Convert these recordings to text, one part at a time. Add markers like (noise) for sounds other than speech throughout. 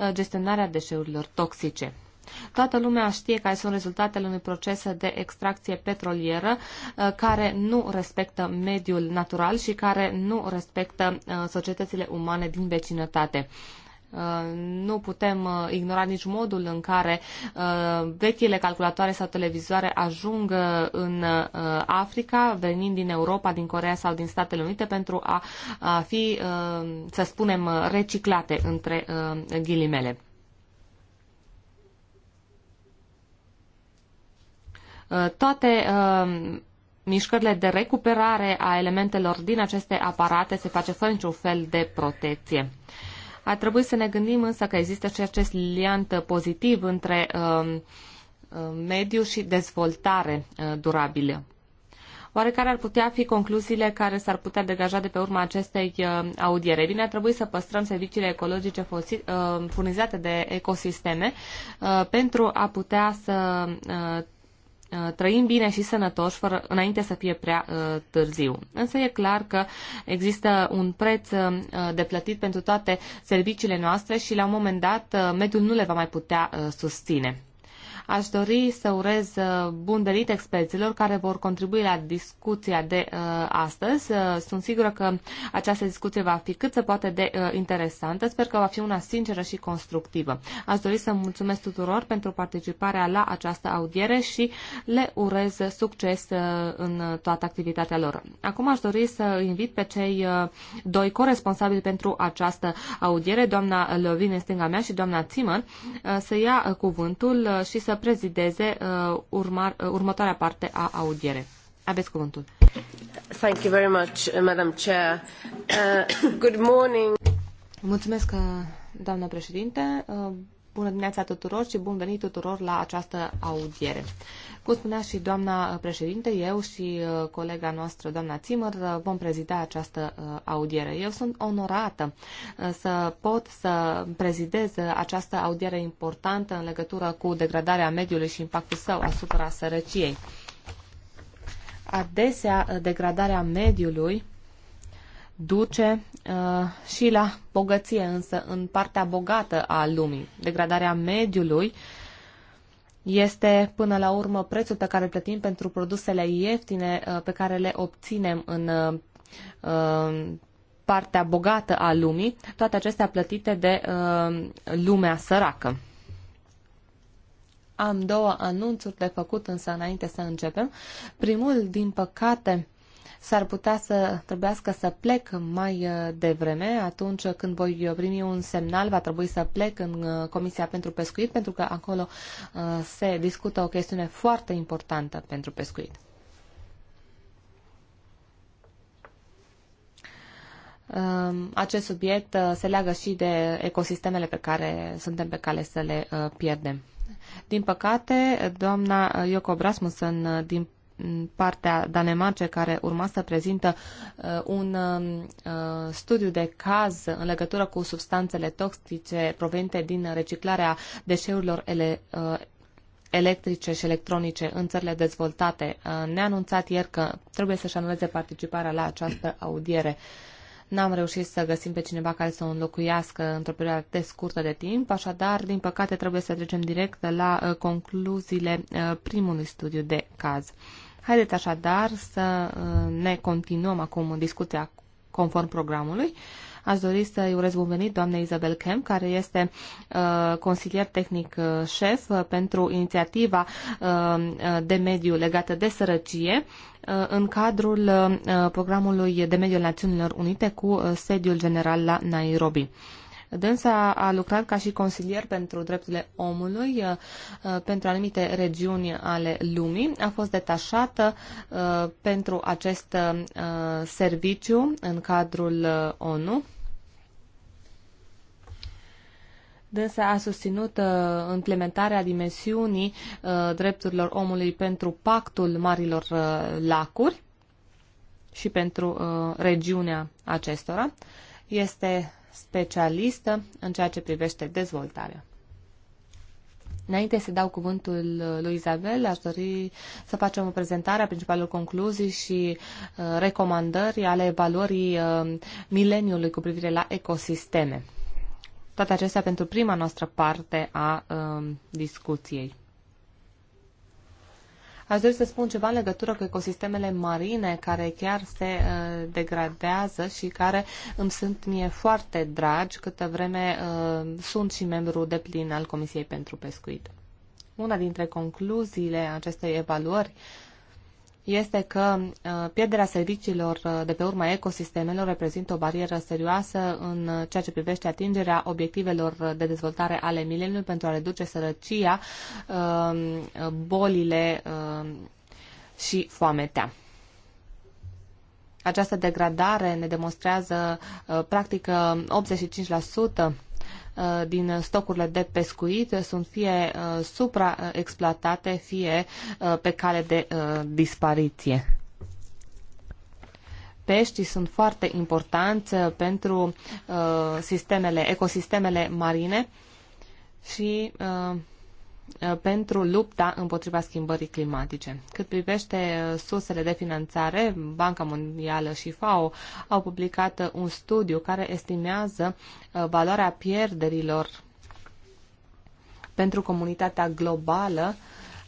Uh, gestionarea deșeurilor toxice. Toată lumea știe care sunt rezultatele unui proces de extracție petrolieră uh, care nu respectă mediul natural și care nu respectă uh, societățile umane din vecinătate. Uh, nu putem uh, ignora nici modul în care uh, vechile calculatoare sau televizoare ajung în Africa, venind din Europa, din Corea sau din Statele Unite, pentru a fi, să spunem, reciclate între ghilimele. Toate mișcările de recuperare a elementelor din aceste aparate se face fără niciun fel de protecție. Uh, ar trebui să ne gândim însă că există și acest liant pozitiv între uh, mediu și dezvoltare uh, durabilă. Oare care ar putea fi concluziile care s-ar putea degaja de pe urma acestei uh, audiere? Bine, ar trebui să păstrăm serviciile ecologice fosi, uh, furnizate de ecosisteme uh, pentru a putea să uh, Uh, trăim bine și sănătoși fără, înainte să fie prea uh, târziu. Însă e clar că există un preț uh, de plătit pentru toate serviciile noastre și la un moment dat uh, mediul nu le va mai putea uh, susține. Aș dori să urez uh, bun venit experților care vor contribui la discuția de uh, astăzi. Uh, sunt sigură că această discuție va fi cât se poate de interesantă. Sper că va fi una sinceră și constructivă. Aș dori să mulțumesc tuturor pentru participarea la această audiere și le urez succes în toată activitatea lor. Acum aș dori să invit pe cei doi coresponsabili pentru această audiere, doamna Lovine stânga mea și doamna Țimăn, să ia cuvântul și să prezideze uh, urmar, uh, următoarea parte a audiere. Aveți cuvântul. Thank you very much, uh, Madam Chair. Uh, (coughs) good morning. Mulțumesc, doamnă președinte. Uh, Bună dimineața tuturor și bun venit tuturor la această audiere. Cum spunea și doamna uh, președinte, eu și uh, colega noastră, doamna Țimăr, uh, vom prezida această audiere. Eu sunt onorată să pot să prezidez această audiere importantă în legătură cu degradarea mediului și impactul său asupra sărăciei. Adesea, degradarea mediului duce uh, și la bogăție, însă în partea bogată a lumii. Degradarea mediului este până la urmă prețul pe care îl plătim pentru produsele ieftine uh, pe care le obținem în uh, uh partea bogată a lumii, toate acestea plătite de uh, lumea săracă. Am două anunțuri de făcut însă înainte să începem. Primul, din păcate, s-ar putea să trebuiască să plec mai uh, devreme. Atunci când voi primi un semnal, va trebui să plec în uh, Comisia pentru Pescuit, pentru că acolo uh, se discută o chestiune foarte importantă pentru pescuit. Um, acest subiect se leagă și de ecosistemele pe care suntem pe cale să le pierdem. Din păcate, doamna Yoko Brasmussen din partea Danemarce care urma să prezintă uh, un uh, uh, studiu de caz în legătură cu substanțele toxice provenite din reciclarea deșeurilor ele, electrice și electronice în țările dezvoltate. Ne-a anunțat ieri că trebuie să-și anuleze participarea la această audiere. N-am reușit să găsim pe cineva care să o înlocuiască într-o perioadă de scurtă de timp, așadar, din păcate, trebuie să trecem direct la concluziile primului studiu de caz. Haideți așadar să uh, ne continuăm acum discuția conform programului. Aș dori să-i urez bun venit doamnei Isabel Kemp, care este uh, consilier tehnic uh, șef uh, pentru inițiativa uh, de mediu legată de sărăcie uh, în cadrul programului de mediu al Națiunilor Unite cu sediul general la Nairobi. Dânsa a lucrat ca și consilier pentru drepturile omului uh, uh, pentru anumite regiuni ale lumii. A fost detașată uh, pentru acest serviciu în cadrul ONU. Dânsa a susținut uh, implementarea dimensiunii uh, drepturilor omului pentru pactul Marilor uh, Lacuri și pentru uh, regiunea acestora. Este specialistă în ceea ce privește dezvoltarea. Înainte să dau cuvântul lui Isabel, aș dori să facem o prezentare a principalelor concluzii și uh, recomandări ale evaluării uh, mileniului cu privire la ecosisteme. Toate acestea pentru prima noastră parte a uh, discuției. Aș dori să spun ceva în legătură cu ecosistemele marine care chiar se uh, degradează și care îmi sunt mie foarte dragi câtă vreme uh, sunt și membru de plin al Comisiei pentru Pescuit. Una dintre concluziile acestei evaluări uh, este că uh, pierderea serviciilor uh, de pe urma ecosistemelor reprezintă o barieră serioasă în uh, ceea ce privește atingerea obiectivelor de dezvoltare ale mileniului pentru a reduce sărăcia, um, bolile um, și foametea. Această degradare ne demonstrează practic 85% Uh, din stocurile de pescuit sunt fie uh, supraexploatate, fie uh, pe cale de dispariție peștii sunt foarte importanți pentru sistemele, ecosistemele marine și uh, Uh, pentru lupta împotriva schimbării climatice. Cât privește uh, sursele de finanțare, Banca Mondială și FAO au publicat uh, un studiu care estimează valoarea pierderilor pentru comunitatea globală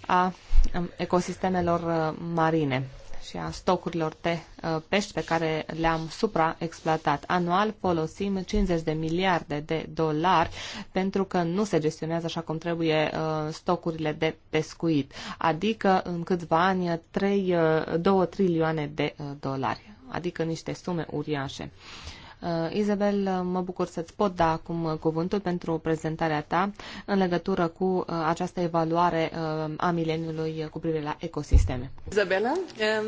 a um, ecosistemelor marine și a stocurilor de uh, pești pe care le-am supraexploatat. Anual folosim 50 de miliarde de dolari pentru că nu se gestionează așa cum trebuie uh, stocurile de pescuit, adică în câțiva ani 3, 2 uh, trilioane de dolari, adică niște sume uriașe. Uh, Uh, Izabel, uh, mă bucur să-ți pot da acum uh, cuvântul pentru prezentarea ta în legătură cu această evaluare a mileniului cu privire la ecosisteme. Izabela, um,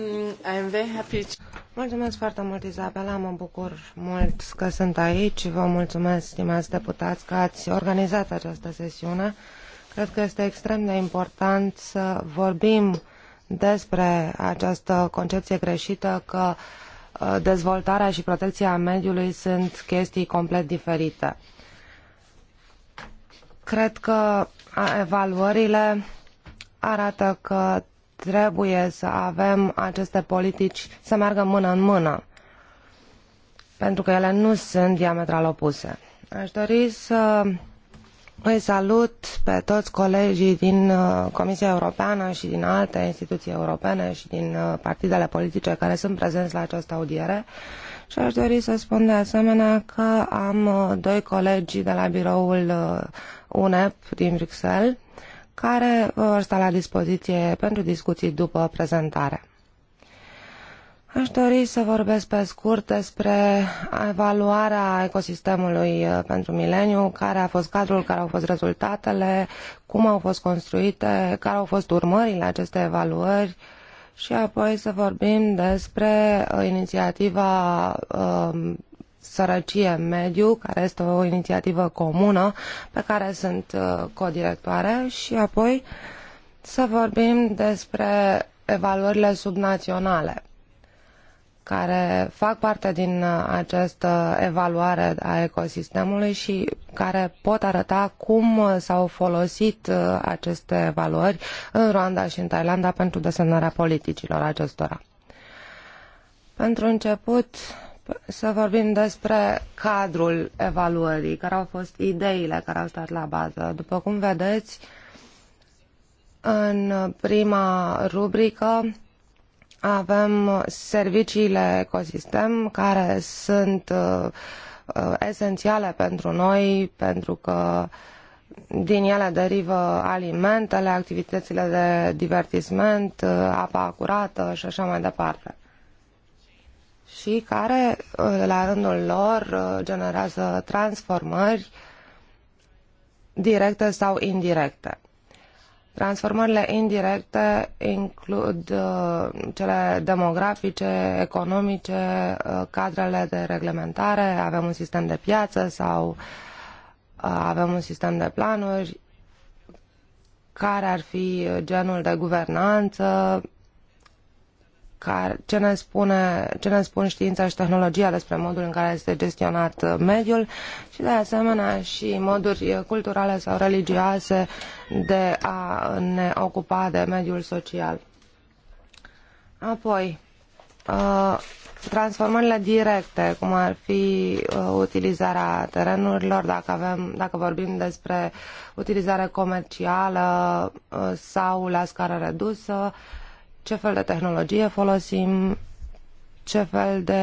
I am very happy. Mulțumesc foarte mult, Izabela, mă bucur mult că sunt aici. Vă mulțumesc, stimați deputați, că ați organizat această sesiune. Cred că este extrem de important să vorbim despre această concepție greșită că uh, Uh, dezvoltarea și protecția mediului sunt chestii complet diferite. Cred că evaluările arată că trebuie să avem aceste politici să meargă mână în mână, pentru că ele nu sunt diametral opuse. Aș dori să îi salut pe toți colegii din uh, Comisia Europeană și din alte instituții europene și din uh, partidele politice care sunt prezenți la această audiere și aș dori să spun de asemenea că am uh, doi colegi de la biroul UNEP din Bruxelles care vor sta la dispoziție pentru discuții după prezentare. Aș dori să vorbesc pe scurt despre evaluarea ecosistemului uh, pentru mileniu, care a fost cadrul, care au fost rezultatele, cum au fost construite, care au fost urmările acestei evaluări și apoi să vorbim despre uh, inițiativa um, Sărăcie Mediu, care este o inițiativă comună pe care sunt uh, codirectoare și apoi să vorbim despre evaluările subnaționale care fac parte din uh, această evaluare a ecosistemului și care pot arăta cum uh, s-au folosit uh, aceste evaluări în Rwanda și în Thailanda pentru desemnarea politicilor acestora. Pentru început, să vorbim despre cadrul evaluării, care au fost ideile care au stat la bază. După cum vedeți, în prima rubrică avem serviciile ecosistem care sunt uh, esențiale pentru noi pentru că din ele derivă alimentele, activitățile de divertisment, uh, apa curată și așa mai departe și care, uh, la rândul lor, generează transformări directe sau indirecte. Transformările indirecte includ uh, cele demografice, economice, uh, cadrele de reglementare, avem un sistem de piață sau uh, avem un sistem de planuri, care ar fi genul de guvernanță, care, ce, ne spune, ce ne spun știința și tehnologia despre modul în care este gestionat uh, mediul și de asemenea și moduri uh, culturale sau religioase de a ne ocupa de mediul social. Apoi, uh, transformările directe, cum ar fi utilizarea terenurilor, dacă, avem, dacă vorbim despre utilizare comercială sau la scară redusă, ce fel de tehnologie folosim, ce fel de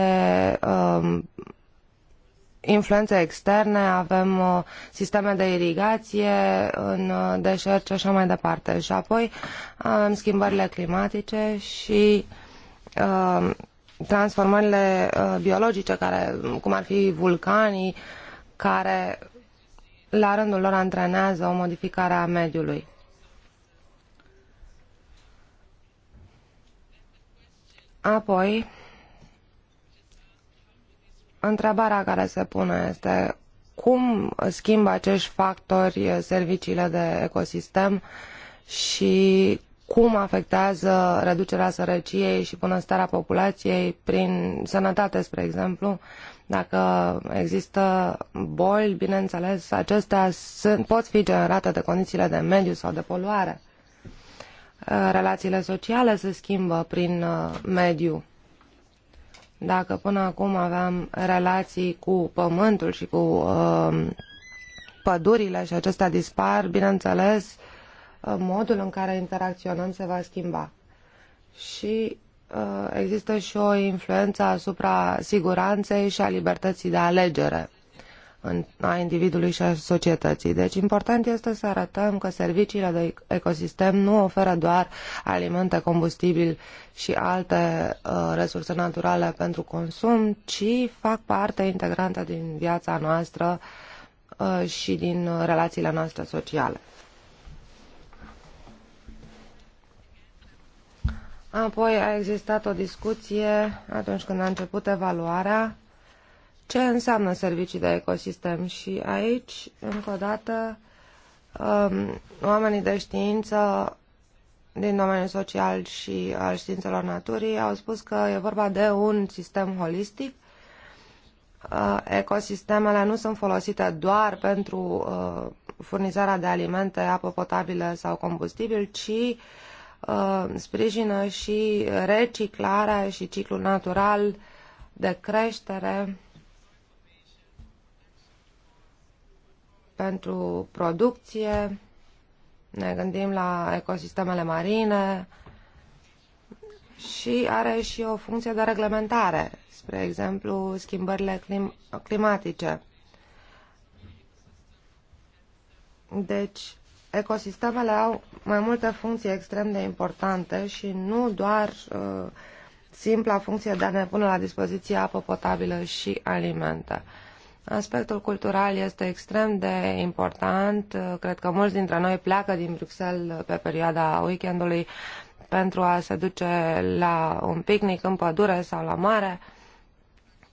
um, influențe externe, avem uh, sisteme de irigație în uh, deșert și așa mai departe. Și apoi uh, avem schimbările climatice și uh, transformările uh, biologice, care, cum ar fi vulcanii, care la rândul lor antrenează o modificare a mediului. Apoi, întrebarea care se pune este cum schimbă acești factori serviciile de ecosistem și cum afectează reducerea sărăciei și bunăstarea populației prin sănătate, spre exemplu. Dacă există boli, bineînțeles, acestea sunt, pot fi generate de condițiile de mediu sau de poluare. Uh, relațiile sociale se schimbă prin uh, mediu. Dacă până acum aveam relații cu pământul și cu uh, pădurile și acestea dispar, bineînțeles, modul în care interacționăm se va schimba. Și există și o influență asupra siguranței și a libertății de alegere a individului și a societății. Deci important este să arătăm că serviciile de ecosistem nu oferă doar alimente, combustibil și alte uh, resurse naturale pentru consum, ci fac parte integrantă din viața noastră uh, și din relațiile noastre sociale. Apoi a existat o discuție atunci când a început evaluarea ce înseamnă servicii de ecosistem? Și aici, încă o dată, um, oamenii de știință din domeniul social și al științelor naturii au spus că e vorba de un sistem holistic. Uh, ecosistemele nu sunt folosite doar pentru uh, furnizarea de alimente, apă potabilă sau combustibil, ci uh, sprijină și reciclarea și ciclul natural de creștere pentru producție, ne gândim la ecosistemele marine și are și o funcție de reglementare, spre exemplu schimbările clim climatice. Deci, ecosistemele au mai multe funcții extrem de importante și nu doar uh, simpla funcție de a ne pune la dispoziție apă potabilă și alimente. Uh, Aspectul cultural este extrem de important. Cred că mulți dintre noi pleacă din Bruxelles pe perioada weekendului pentru a se duce la un picnic în pădure sau la mare.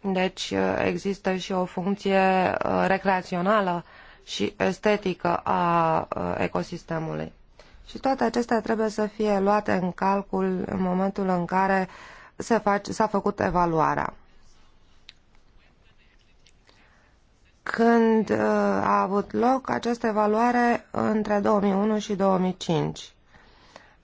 Deci există și o funcție uh, recreațională și estetică a uh, ecosistemului. Și toate acestea trebuie să fie luate în calcul în momentul în care s-a făcut evaluarea. când uh, a avut loc această evaluare între 2001 și 2005.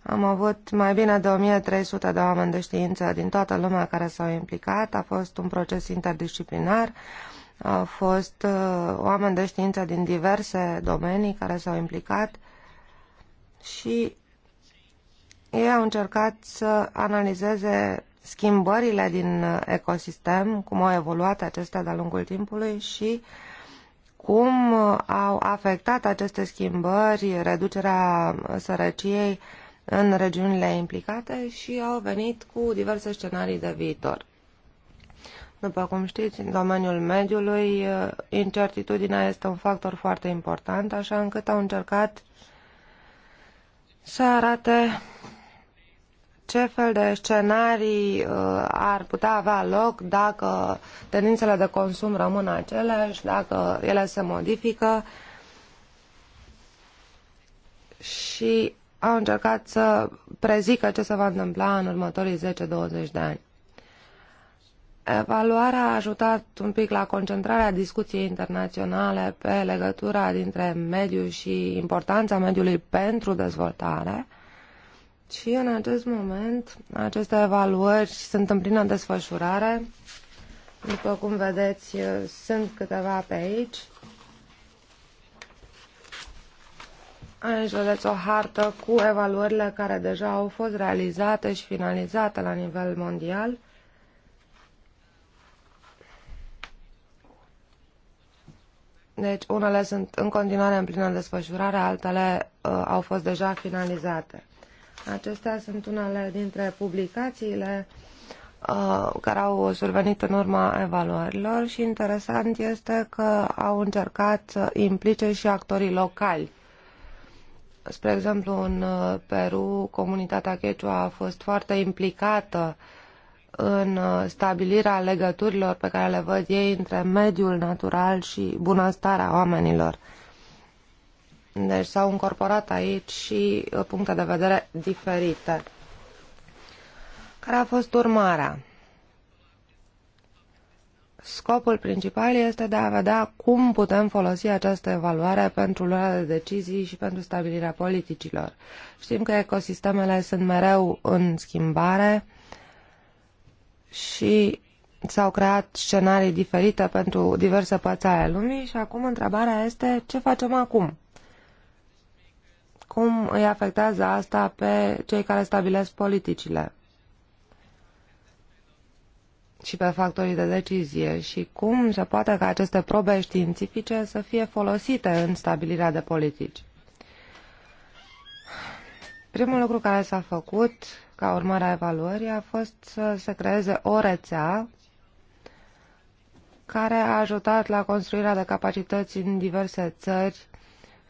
Am avut mai bine de 1300 de oameni de știință din toată lumea care s-au implicat. A fost un proces interdisciplinar. Au fost uh, oameni de știință din diverse domenii care s-au implicat și ei au încercat să analizeze schimbările din uh, ecosistem, cum au evoluat acestea de-a lungul timpului și uh, cum uh, au afectat aceste schimbări reducerea sărăciei în regiunile implicate și au venit cu diverse scenarii de viitor. După cum știți, în domeniul mediului, uh, incertitudinea este un factor foarte important, așa încât au încercat să arate ce fel de scenarii uh, ar putea avea loc dacă tendințele de consum rămân aceleași, dacă ele se modifică și au încercat să prezică ce se va întâmpla în următorii 10-20 de ani. Evaluarea a ajutat un pic la concentrarea discuției internaționale pe legătura dintre mediu și importanța mediului pentru dezvoltare – și în acest moment, aceste evaluări sunt în plină desfășurare. După cum vedeți, sunt câteva pe aici. Aici vedeți o hartă cu evaluările care deja au fost realizate și finalizate la nivel mondial. Deci unele sunt în continuare în plină desfășurare, altele uh, au fost deja finalizate. Acestea sunt unele dintre publicațiile uh, care au survenit în urma evaluărilor și interesant este că au încercat să implice și actorii locali. Spre exemplu, în uh, Peru, comunitatea Quechua a fost foarte implicată în uh, stabilirea legăturilor pe care le văd ei între mediul natural și bunăstarea oamenilor. Deci s-au încorporat aici și uh, puncte de vedere diferite. Care a fost urmarea? Scopul principal este de a vedea cum putem folosi această evaluare pentru luarea de decizii și pentru stabilirea politicilor. Știm că ecosistemele sunt mereu în schimbare și s-au creat scenarii diferite pentru diverse părți ale lumii și acum întrebarea este ce facem acum? cum îi afectează asta pe cei care stabilesc politicile și pe factorii de decizie și cum se poate ca aceste probe științifice să fie folosite în stabilirea de politici. Primul lucru care s-a făcut ca urmare a evaluării a fost să se creeze o rețea care a ajutat la construirea de capacități în diverse țări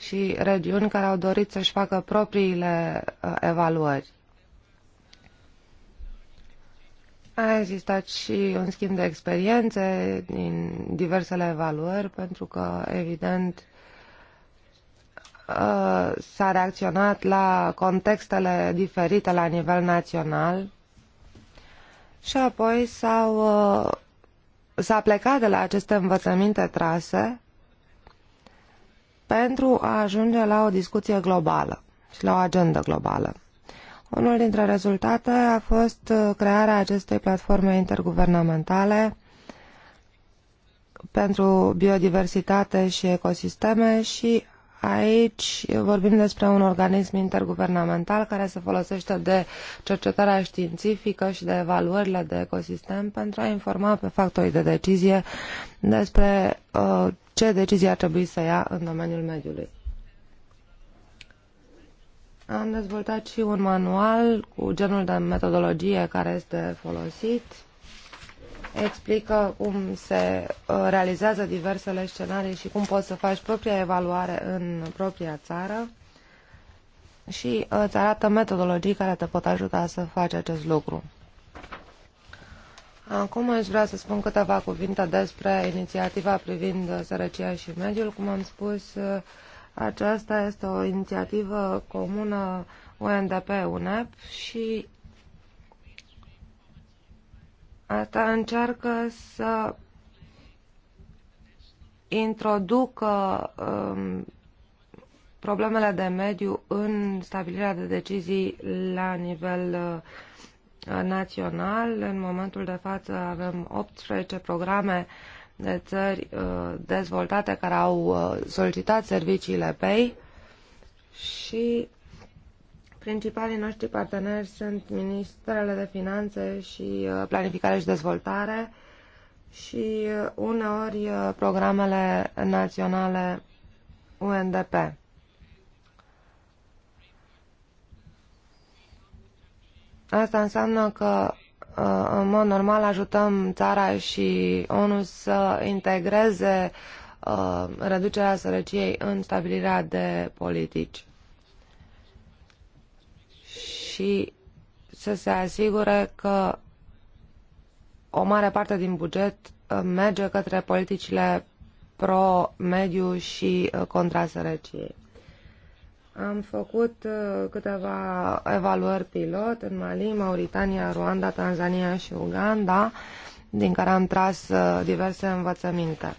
și regiuni care au dorit să-și facă propriile uh, evaluări. A existat și un schimb de experiențe din diversele evaluări, pentru că, evident, uh, s-a reacționat la contextele diferite la nivel național și apoi s-au, uh, s-a plecat de la aceste învățăminte trase pentru a ajunge la o discuție globală și la o agendă globală. Unul dintre rezultate a fost uh, crearea acestei platforme interguvernamentale pentru biodiversitate și ecosisteme și aici vorbim despre un organism interguvernamental care se folosește de cercetarea științifică și de evaluările de ecosistem pentru a informa pe factorii de decizie despre uh, ce decizii ar trebui să ia în domeniul mediului. Am dezvoltat și un manual cu genul de metodologie care este folosit. Explică cum se uh, realizează diversele scenarii și cum poți să faci propria evaluare în propria țară și îți arată metodologii care te pot ajuta să faci acest lucru. Acum aș vrea să spun câteva cuvinte despre inițiativa privind sărăcia și mediul. Cum am spus, aceasta este o inițiativă comună UNDP-UNEP și asta încearcă să introducă um, problemele de mediu în stabilirea de decizii la nivel uh, național. În momentul de față avem 18 programe de țări uh, dezvoltate care au uh, solicitat serviciile PEI și principalii noștri parteneri sunt Ministrele de Finanțe și uh, Planificare și Dezvoltare și uneori programele naționale UNDP. Asta înseamnă că uh, în mod normal ajutăm țara și ONU să integreze uh, reducerea sărăciei în stabilirea de politici și să se asigure că o mare parte din buget uh, merge către politicile pro-mediu și contra sărăciei. Am făcut uh, câteva evaluări pilot în Mali, Mauritania, Ruanda, Tanzania și Uganda, din care am tras uh, diverse învățăminte.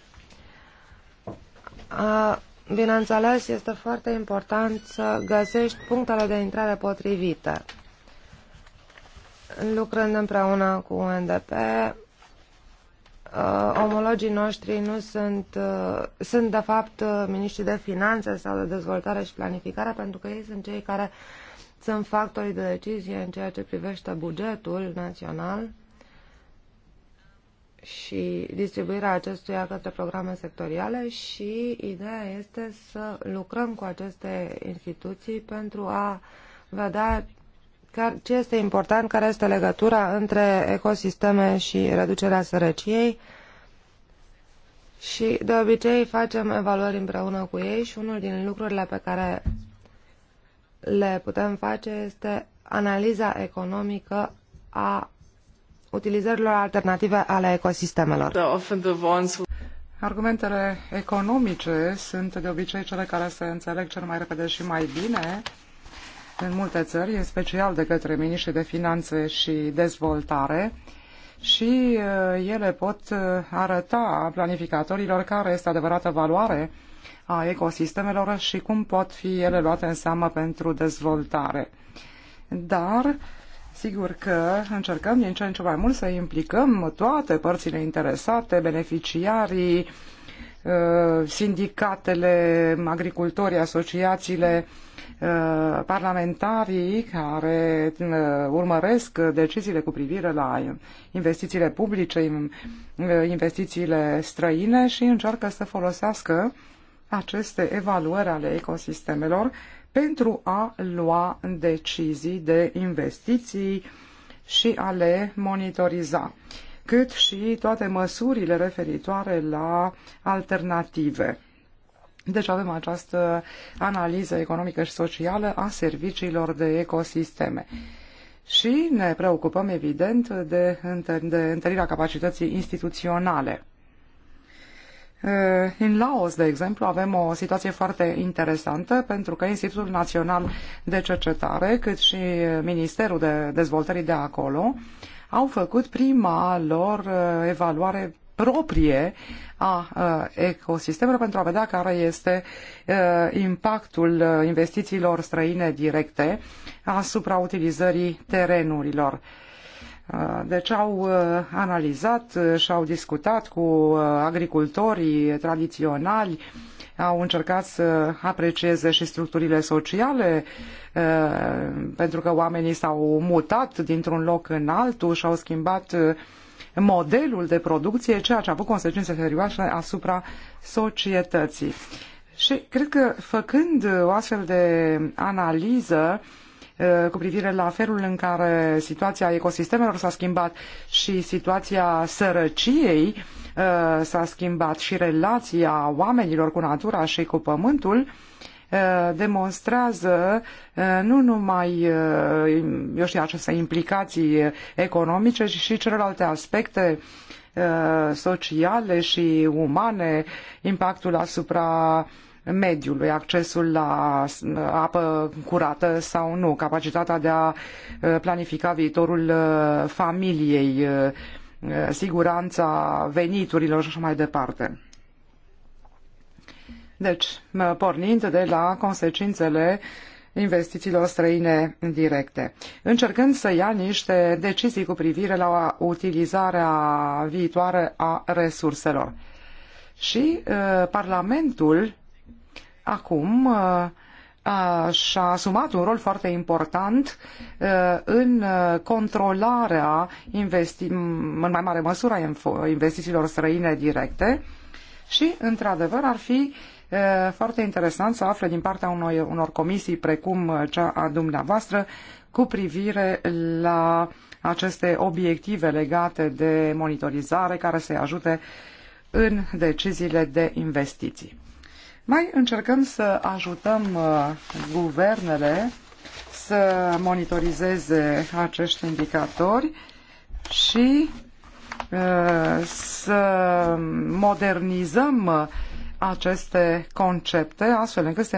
Bineînțeles, este foarte important să găsești punctele de intrare potrivite. Lucrând împreună cu UNDP, uh, omologii noștri nu sunt, uh, sunt de fapt uh, miniștri de finanțe sau de dezvoltare și planificare, pentru că ei sunt cei care sunt factorii de decizie în ceea ce privește bugetul național și distribuirea acestuia către programe sectoriale și ideea este să lucrăm cu aceste instituții pentru a vedea ce este important, care este legătura între ecosisteme și reducerea sărăciei și de obicei facem evaluări împreună cu ei și unul din lucrurile pe care le putem face este analiza economică a utilizărilor alternative ale ecosistemelor. Argumentele economice sunt de obicei cele care se înțeleg cel mai repede și mai bine în multe țări, în special de către miniștri de finanțe și dezvoltare, și uh, ele pot uh, arăta planificatorilor care este adevărată valoare a ecosistemelor și cum pot fi ele luate în seamă pentru dezvoltare. Dar, sigur că încercăm din ce în ce mai mult să implicăm toate părțile interesate, beneficiarii, uh, sindicatele, agricultorii, asociațiile, Uh, parlamentarii care uh, urmăresc deciziile cu privire la investițiile publice, uh, investițiile străine și încearcă să folosească aceste evaluări ale ecosistemelor pentru a lua decizii de investiții și a le monitoriza, cât și toate măsurile referitoare la alternative. Deci avem această analiză economică și socială a serviciilor de ecosisteme. Și ne preocupăm, evident, de, de întărirea capacității instituționale. Eh, în Laos, de exemplu, avem o situație foarte interesantă pentru că Institutul Național de Cercetare, cât și Ministerul de Dezvoltării de acolo, au făcut prima lor eh, evaluare proprie a ecosistemelor pentru a vedea care este impactul investițiilor străine directe asupra utilizării terenurilor. Deci au analizat și au discutat cu agricultorii tradiționali, au încercat să aprecieze și structurile sociale, pentru că oamenii s-au mutat dintr-un loc în altul și au schimbat modelul de producție, ceea ce a avut consecințe serioase asupra societății. Și cred că făcând o astfel de analiză uh, cu privire la felul în care situația ecosistemelor s-a schimbat și situația sărăciei uh, s-a schimbat și relația oamenilor cu natura și cu pământul, Uh, demonstrează uh, nu numai uh, eu știu, aceste implicații economice, ci și celelalte aspecte sociale și umane, impactul asupra mediului, accesul la apă curată sau nu, capacitatea de a planifica viitorul familiei, siguranța veniturilor și așa mai departe. Deci, pornind de la consecințele investițiilor străine directe, încercând să ia niște decizii cu privire la utilizarea viitoare a resurselor. Și uh, Parlamentul acum uh, și-a asumat un rol foarte important uh, în uh, controlarea investi, în mai mare măsură a investițiilor străine directe și, într-adevăr, ar fi foarte interesant să afle din partea unor, unor comisii precum uh, cea a dumneavoastră cu privire la aceste obiective legate de monitorizare care să-i ajute în deciziile de investiții. Mai încercăm să ajutăm uh, guvernele să monitorizeze acești indicatori și uh, să modernizăm aceste concepte astfel încât să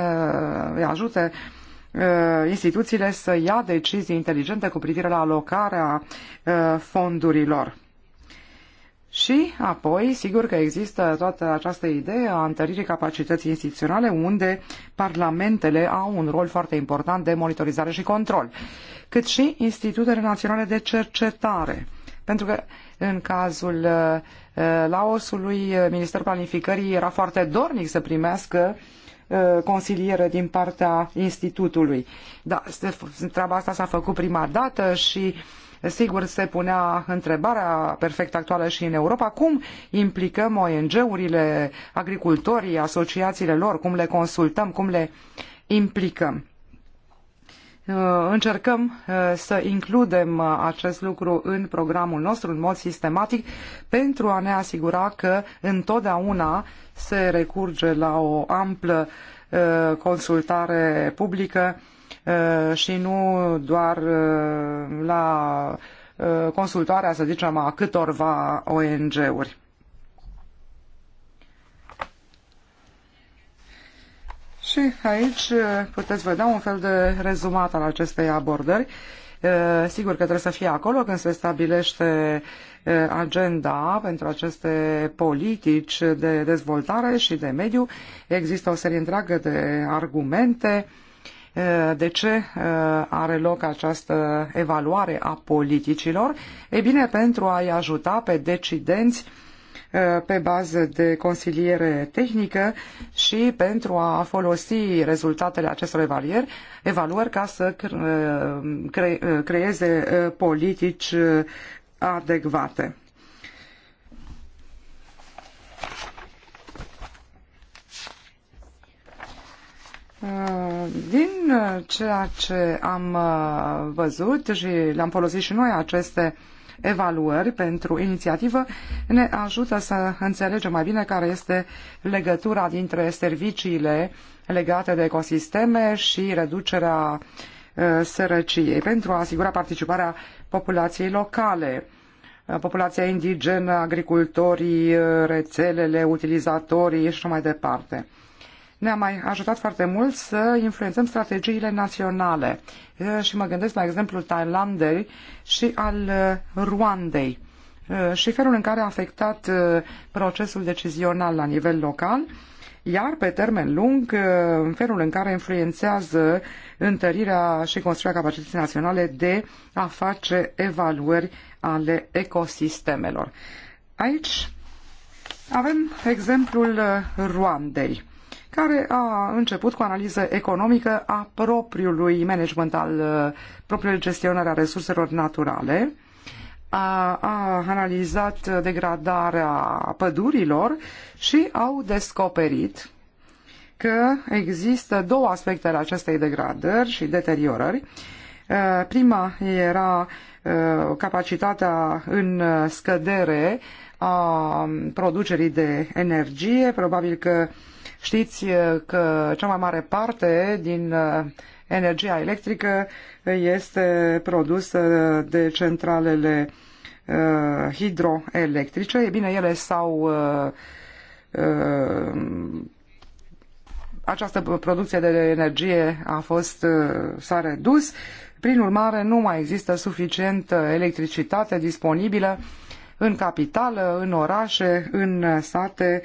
îi ajute uh, instituțiile să ia decizii inteligente cu privire la alocarea uh, fondurilor. Și apoi, sigur că există toată această idee a întăririi capacității instituționale, unde parlamentele au un rol foarte important de monitorizare și control, cât și institutele naționale de cercetare. Pentru că în cazul uh, uh, Laosului, uh, Ministerul Planificării era foarte dornic să primească consilieră din partea institutului. Da, treaba asta s-a făcut prima dată și Sigur, se punea întrebarea perfect actuală și în Europa, cum implicăm ONG-urile, agricultorii, asociațiile lor, cum le consultăm, cum le implicăm. Uh, încercăm uh, să includem uh, acest lucru în programul nostru în mod sistematic pentru a ne asigura că întotdeauna se recurge la o amplă consultare publică și nu doar la consultarea, să zicem, a câtorva ONG-uri. Și aici uh, puteți vedea un fel de rezumat al acestei abordări. Uh, sigur că trebuie să fie acolo când se stabilește uh, agenda pentru aceste politici de dezvoltare și de mediu. Există o serie întreagă de argumente de ce are loc această evaluare a politicilor. E bine, pentru a-i ajuta pe decidenți pe bază de consiliere tehnică și pentru a folosi rezultatele acestor evaluări, evaluări ca să cre creeze uh, politici uh, adecvate. Uh, din ceea ce am văzut și le-am folosit și noi aceste uh, evaluări pentru inițiativă ne ajută să înțelegem mai bine care este legătura dintre serviciile legate de ecosisteme și reducerea uh, sărăciei pentru a asigura participarea populației locale uh, populația indigenă, agricultorii, uh, rețelele, utilizatorii și așa mai departe ne-a mai ajutat foarte mult să influențăm strategiile naționale. Și mă gândesc la exemplul Thailandei și al Ruandei și felul în care a afectat procesul decizional la nivel local, iar pe termen lung felul în care influențează întărirea și construirea capacității naționale de a face evaluări ale ecosistemelor. Aici avem exemplul Ruandei care a început cu analiză economică a propriului management al uh, propriului gestionare a resurselor naturale, a, a analizat degradarea pădurilor și au descoperit că există două aspecte ale acestei degradări și deteriorări. Uh, prima era uh, capacitatea în scădere a producerii de energie, probabil că uh, Știți uh, că cea mai mare parte din uh, energia electrică este produsă de centralele uh, hidroelectrice. E bine, ele s-au această producție de energie a fost s-a redus, prin urmare nu mai există suficientă electricitate disponibilă în capitală, în orașe, în sate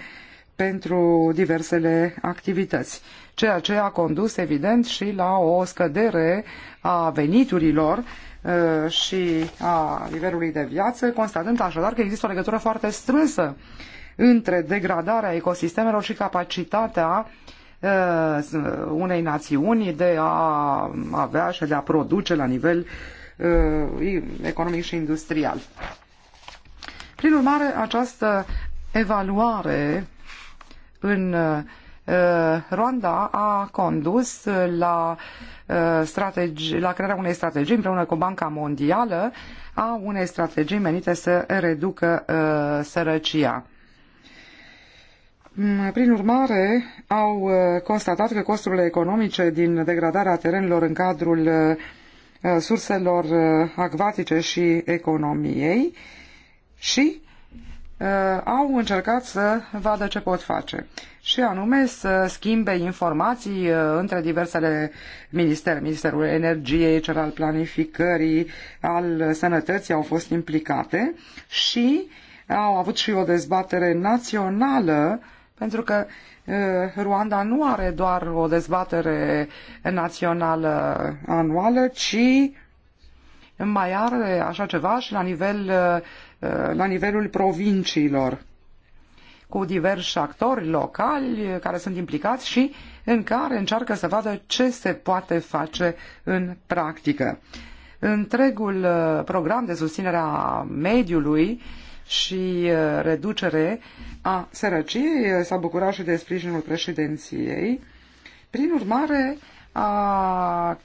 pentru diversele activități, ceea ce a condus, evident, și la o scădere a veniturilor uh, și a nivelului de viață, constatând așadar că există o legătură foarte strânsă între degradarea ecosistemelor și capacitatea uh, unei națiuni de a avea și de a produce la nivel uh, economic și industrial. Prin urmare, această evaluare în uh, Rwanda a condus la, uh, strategi, la crearea unei strategii împreună cu Banca Mondială a unei strategii menite să reducă uh, sărăcia. Mm, prin urmare, au constatat că costurile economice din degradarea terenilor în cadrul surselor acvatice și economiei și Uh, au încercat să vadă ce pot face și anume să schimbe informații uh, între diversele ministere. Ministerul Energiei, cel al planificării, al sănătății au fost implicate și au avut și o dezbatere națională pentru că uh, Ruanda nu are doar o dezbatere națională anuală, ci mai are așa ceva și la nivel Uh, la nivelul provinciilor cu diversi actori locali uh, care sunt implicați și în care încearcă să vadă ce se poate face în practică. Întregul uh, program de susținere a mediului și reducere a sărăciei s-a bucurat și de sprijinul președinției. Prin urmare, a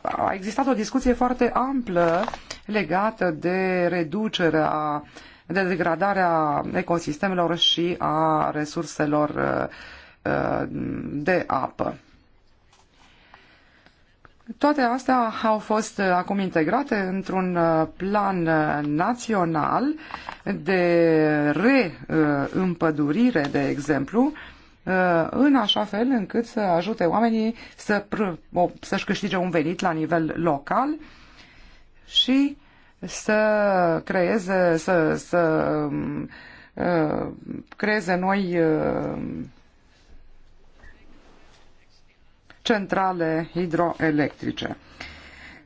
a existat o discuție foarte amplă legată de reducerea, de degradarea ecosistemelor și a resurselor uh, uh, de apă. Toate astea au fost acum integrate într-un uh, plan național de reîmpădurire, de exemplu, Uh, în așa fel încât să ajute oamenii să, să-și câștige un venit la nivel local și să creeze, să, să um, uh, creeze noi uh, centrale hidroelectrice.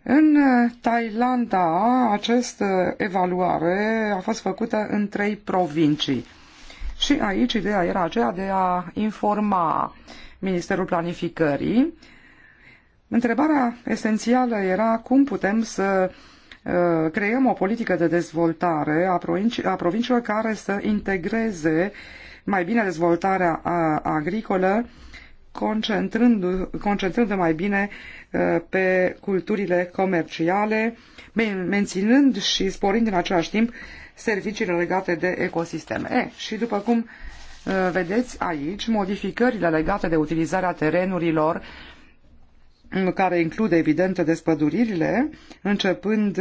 În Thailanda, această evaluare a fost făcută în trei provincii – și aici ideea era aceea de a informa Ministerul Planificării. Întrebarea esențială era cum putem să uh, creăm o politică de dezvoltare a, provinciilor care să integreze mai bine dezvoltarea agricolă, concentrându- concentrându mai bine uh, pe culturile comerciale, menținând și sporind în același timp serviciile legate de ecosisteme. E, și după cum uh, vedeți aici, modificările legate de utilizarea terenurilor mm, care include, evident, despăduririle, începând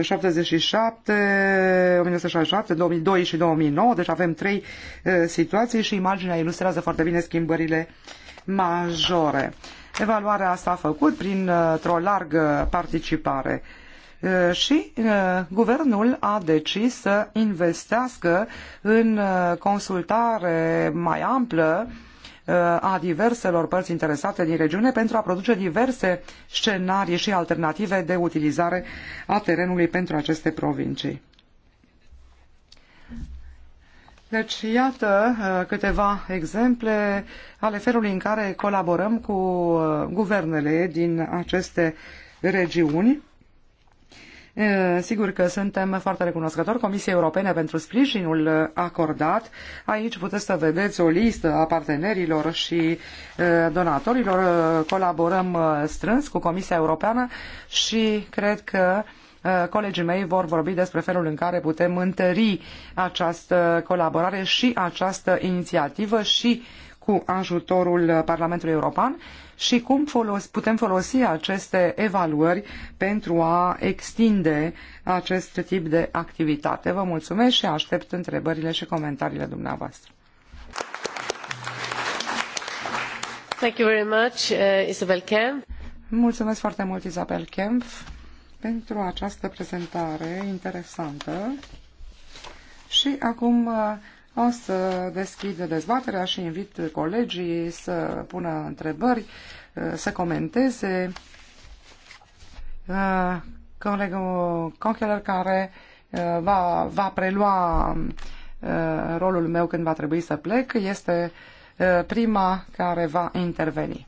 77, 1967, 2002 și 2009, deci avem trei uh, situații și imaginea ilustrează foarte bine schimbările majore. Evaluarea asta a făcut printr-o uh, largă participare și guvernul a decis să investească în consultare mai amplă a diverselor părți interesate din regiune pentru a produce diverse scenarii și alternative de utilizare a terenului pentru aceste provincii. Deci, iată câteva exemple ale felului în care colaborăm cu guvernele din aceste regiuni Sigur că suntem foarte recunoscători Comisiei Europene pentru sprijinul acordat. Aici puteți să vedeți o listă a partenerilor și donatorilor. Colaborăm strâns cu Comisia Europeană și cred că colegii mei vor vorbi despre felul în care putem întări această colaborare și această inițiativă și cu ajutorul Parlamentului European și cum folos, putem folosi aceste evaluări pentru a extinde acest tip de activitate. Vă mulțumesc și aștept întrebările și comentariile dumneavoastră. Thank you very much, uh, Isabel Kemp. Mulțumesc foarte mult, Isabel Kemp, pentru această prezentare interesantă. Și acum uh, o să deschid dezbaterea și invit colegii să pună întrebări, să comenteze. Uh, colegul Concheller care uh, va, va prelua uh, rolul meu când va trebui să plec este prima care va interveni.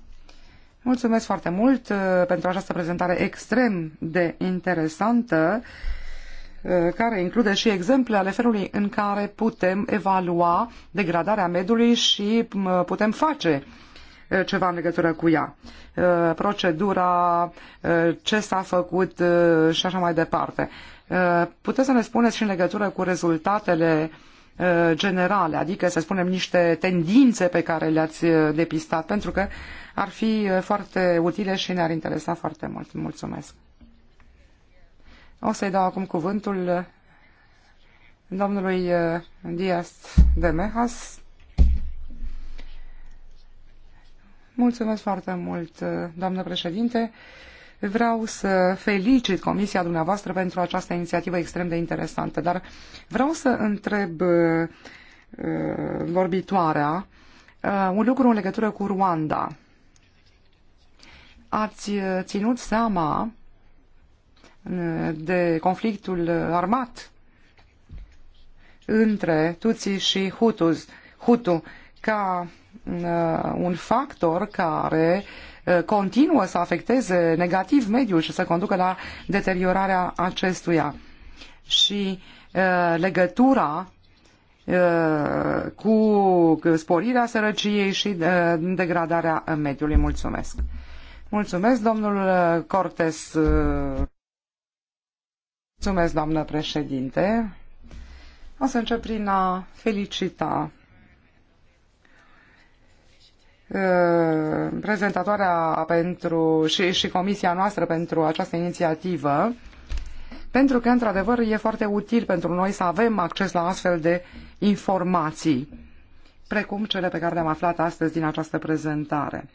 Mulțumesc foarte mult pentru această prezentare extrem de interesantă care include și exemple ale felului în care putem evalua degradarea mediului și putem face uh, ceva în legătură cu ea. Uh, procedura, uh, ce s-a făcut și așa mai departe. Puteți să ne spuneți și în legătură cu rezultatele generale, adică să spunem niște tendințe pe care le-ați depistat, pentru că ar fi foarte utile și ne-ar interesa foarte mult. Mulțumesc! O să-i dau acum cuvântul uh, domnului uh, Dias de Mehas. Mulțumesc foarte mult, uh, doamnă președinte. Vreau să felicit comisia dumneavoastră pentru această inițiativă extrem de interesantă, dar vreau să întreb uh, vorbitoarea uh, un lucru în legătură cu Rwanda. Ați ținut seama de conflictul armat între Tutsi și Hutus, Hutu ca uh, un factor care uh, continuă să afecteze negativ mediul și să conducă la deteriorarea acestuia. Și uh, legătura cu sporirea sărăciei și degradarea mediului. Mulțumesc! Mulțumesc, domnul Cortes. Mulțumesc, doamnă președinte. O să încep prin a felicita uh, prezentatoarea pentru, și, și comisia noastră pentru această inițiativă, pentru că, într-adevăr, e foarte util pentru noi să avem acces la astfel de informații, precum cele pe care le-am aflat astăzi din această prezentare.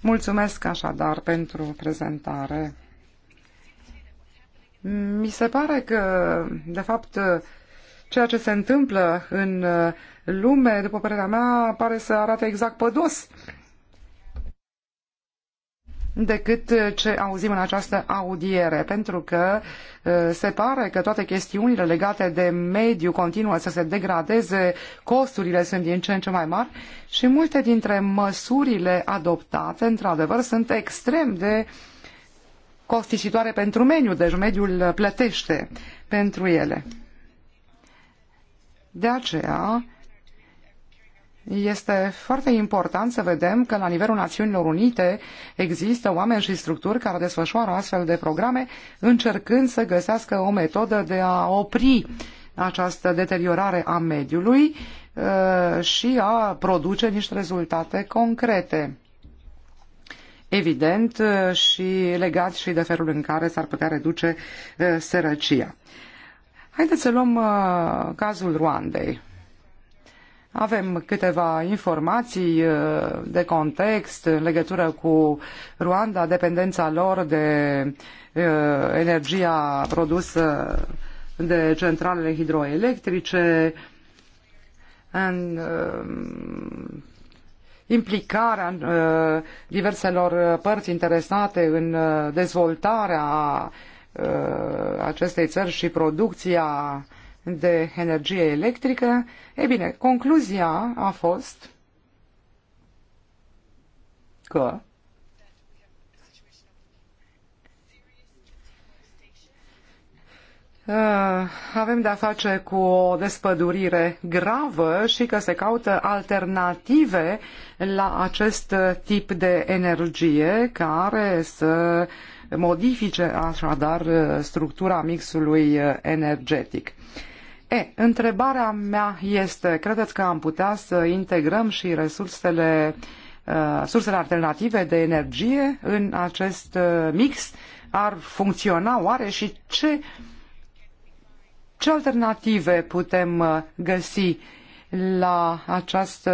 Mulțumesc așadar pentru prezentare. Mi se pare că, de fapt, ceea ce se întâmplă în uh, lume, după părerea mea, pare să arate exact pădos decât ce auzim în această audiere, pentru că uh, se pare că toate chestiunile legate de mediu continuă să se degradeze, costurile sunt din ce în ce mai mari și multe dintre măsurile adoptate, într-adevăr, sunt extrem de uh, costisitoare pentru mediu, deci mediul plătește pentru ele. De aceea, este foarte important să vedem că la nivelul Națiunilor Unite există oameni și structuri care desfășoară astfel de programe încercând să găsească o metodă de a opri această deteriorare a mediului uh, și a produce niște rezultate concrete evident uh, și legat și de felul în care s-ar putea reduce uh, sărăcia. Haideți să luăm uh, cazul Ruandei. Avem câteva informații de context în legătură cu Ruanda, dependența lor de energia produsă de centralele hidroelectrice, în implicarea uh, diverselor uh, părți interesate în uh, dezvoltarea acestei țări și producția de energie electrică. E bine, concluzia a fost că Ah, avem de-a face cu o despădurire gravă și că se caută alternative la acest tip de energie care să modifice așadar structura mixului energetic. E, întrebarea mea este, credeți că am putea să integrăm și resursele, ah, sursele alternative de energie în acest ah, mix? Ar funcționa oare și ce uh, ce alternative putem uh, găsi la această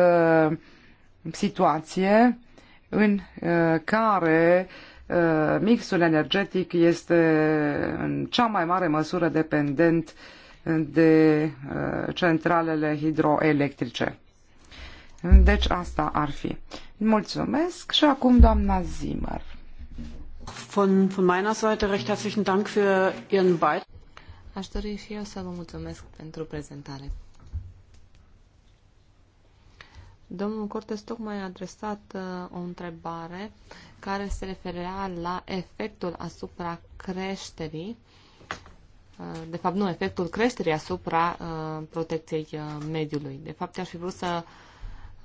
uh, situație în uh, care mixul energetic este în cea mai mare măsură dependent de centralele hidroelectrice. Deci asta ar fi. Mulțumesc și acum doamna Zimmer. Von, von meiner Seite recht herzlichen Dank für Ihren Beitrag. Aș dori și eu să vă mulțumesc pentru prezentare. Domnul Cortes tocmai a adresat uh, o întrebare care se referea la efectul asupra creșterii, uh, de fapt nu, efectul creșterii asupra uh, protecției uh, mediului. De fapt, aș fi vrut să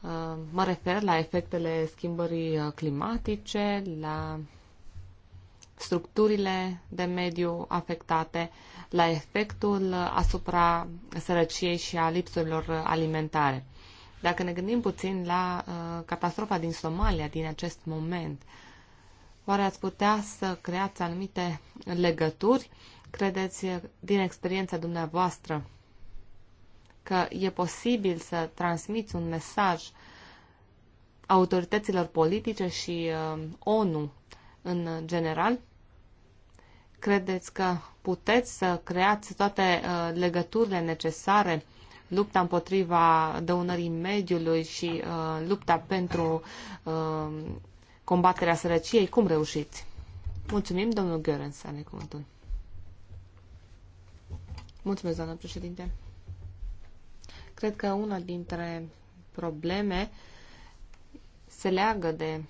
uh, mă refer la efectele schimbării uh, climatice, la structurile de mediu afectate, uh, la efectul asupra sărăciei și a lipsurilor alimentare. Dacă ne gândim puțin la uh, catastrofa din Somalia din acest moment, oare ați putea să creați anumite legături? Credeți din experiența dumneavoastră că e posibil să transmiți un mesaj autorităților politice și uh, ONU în general? Credeți că puteți să creați toate uh, legăturile necesare lupta împotriva dăunării mediului și uh, lupta pentru uh, combaterea sărăciei, cum reușiți? Mulțumim, domnul să ne cuvântul. Mulțumesc, doamnă președinte. Cred că una dintre probleme se leagă de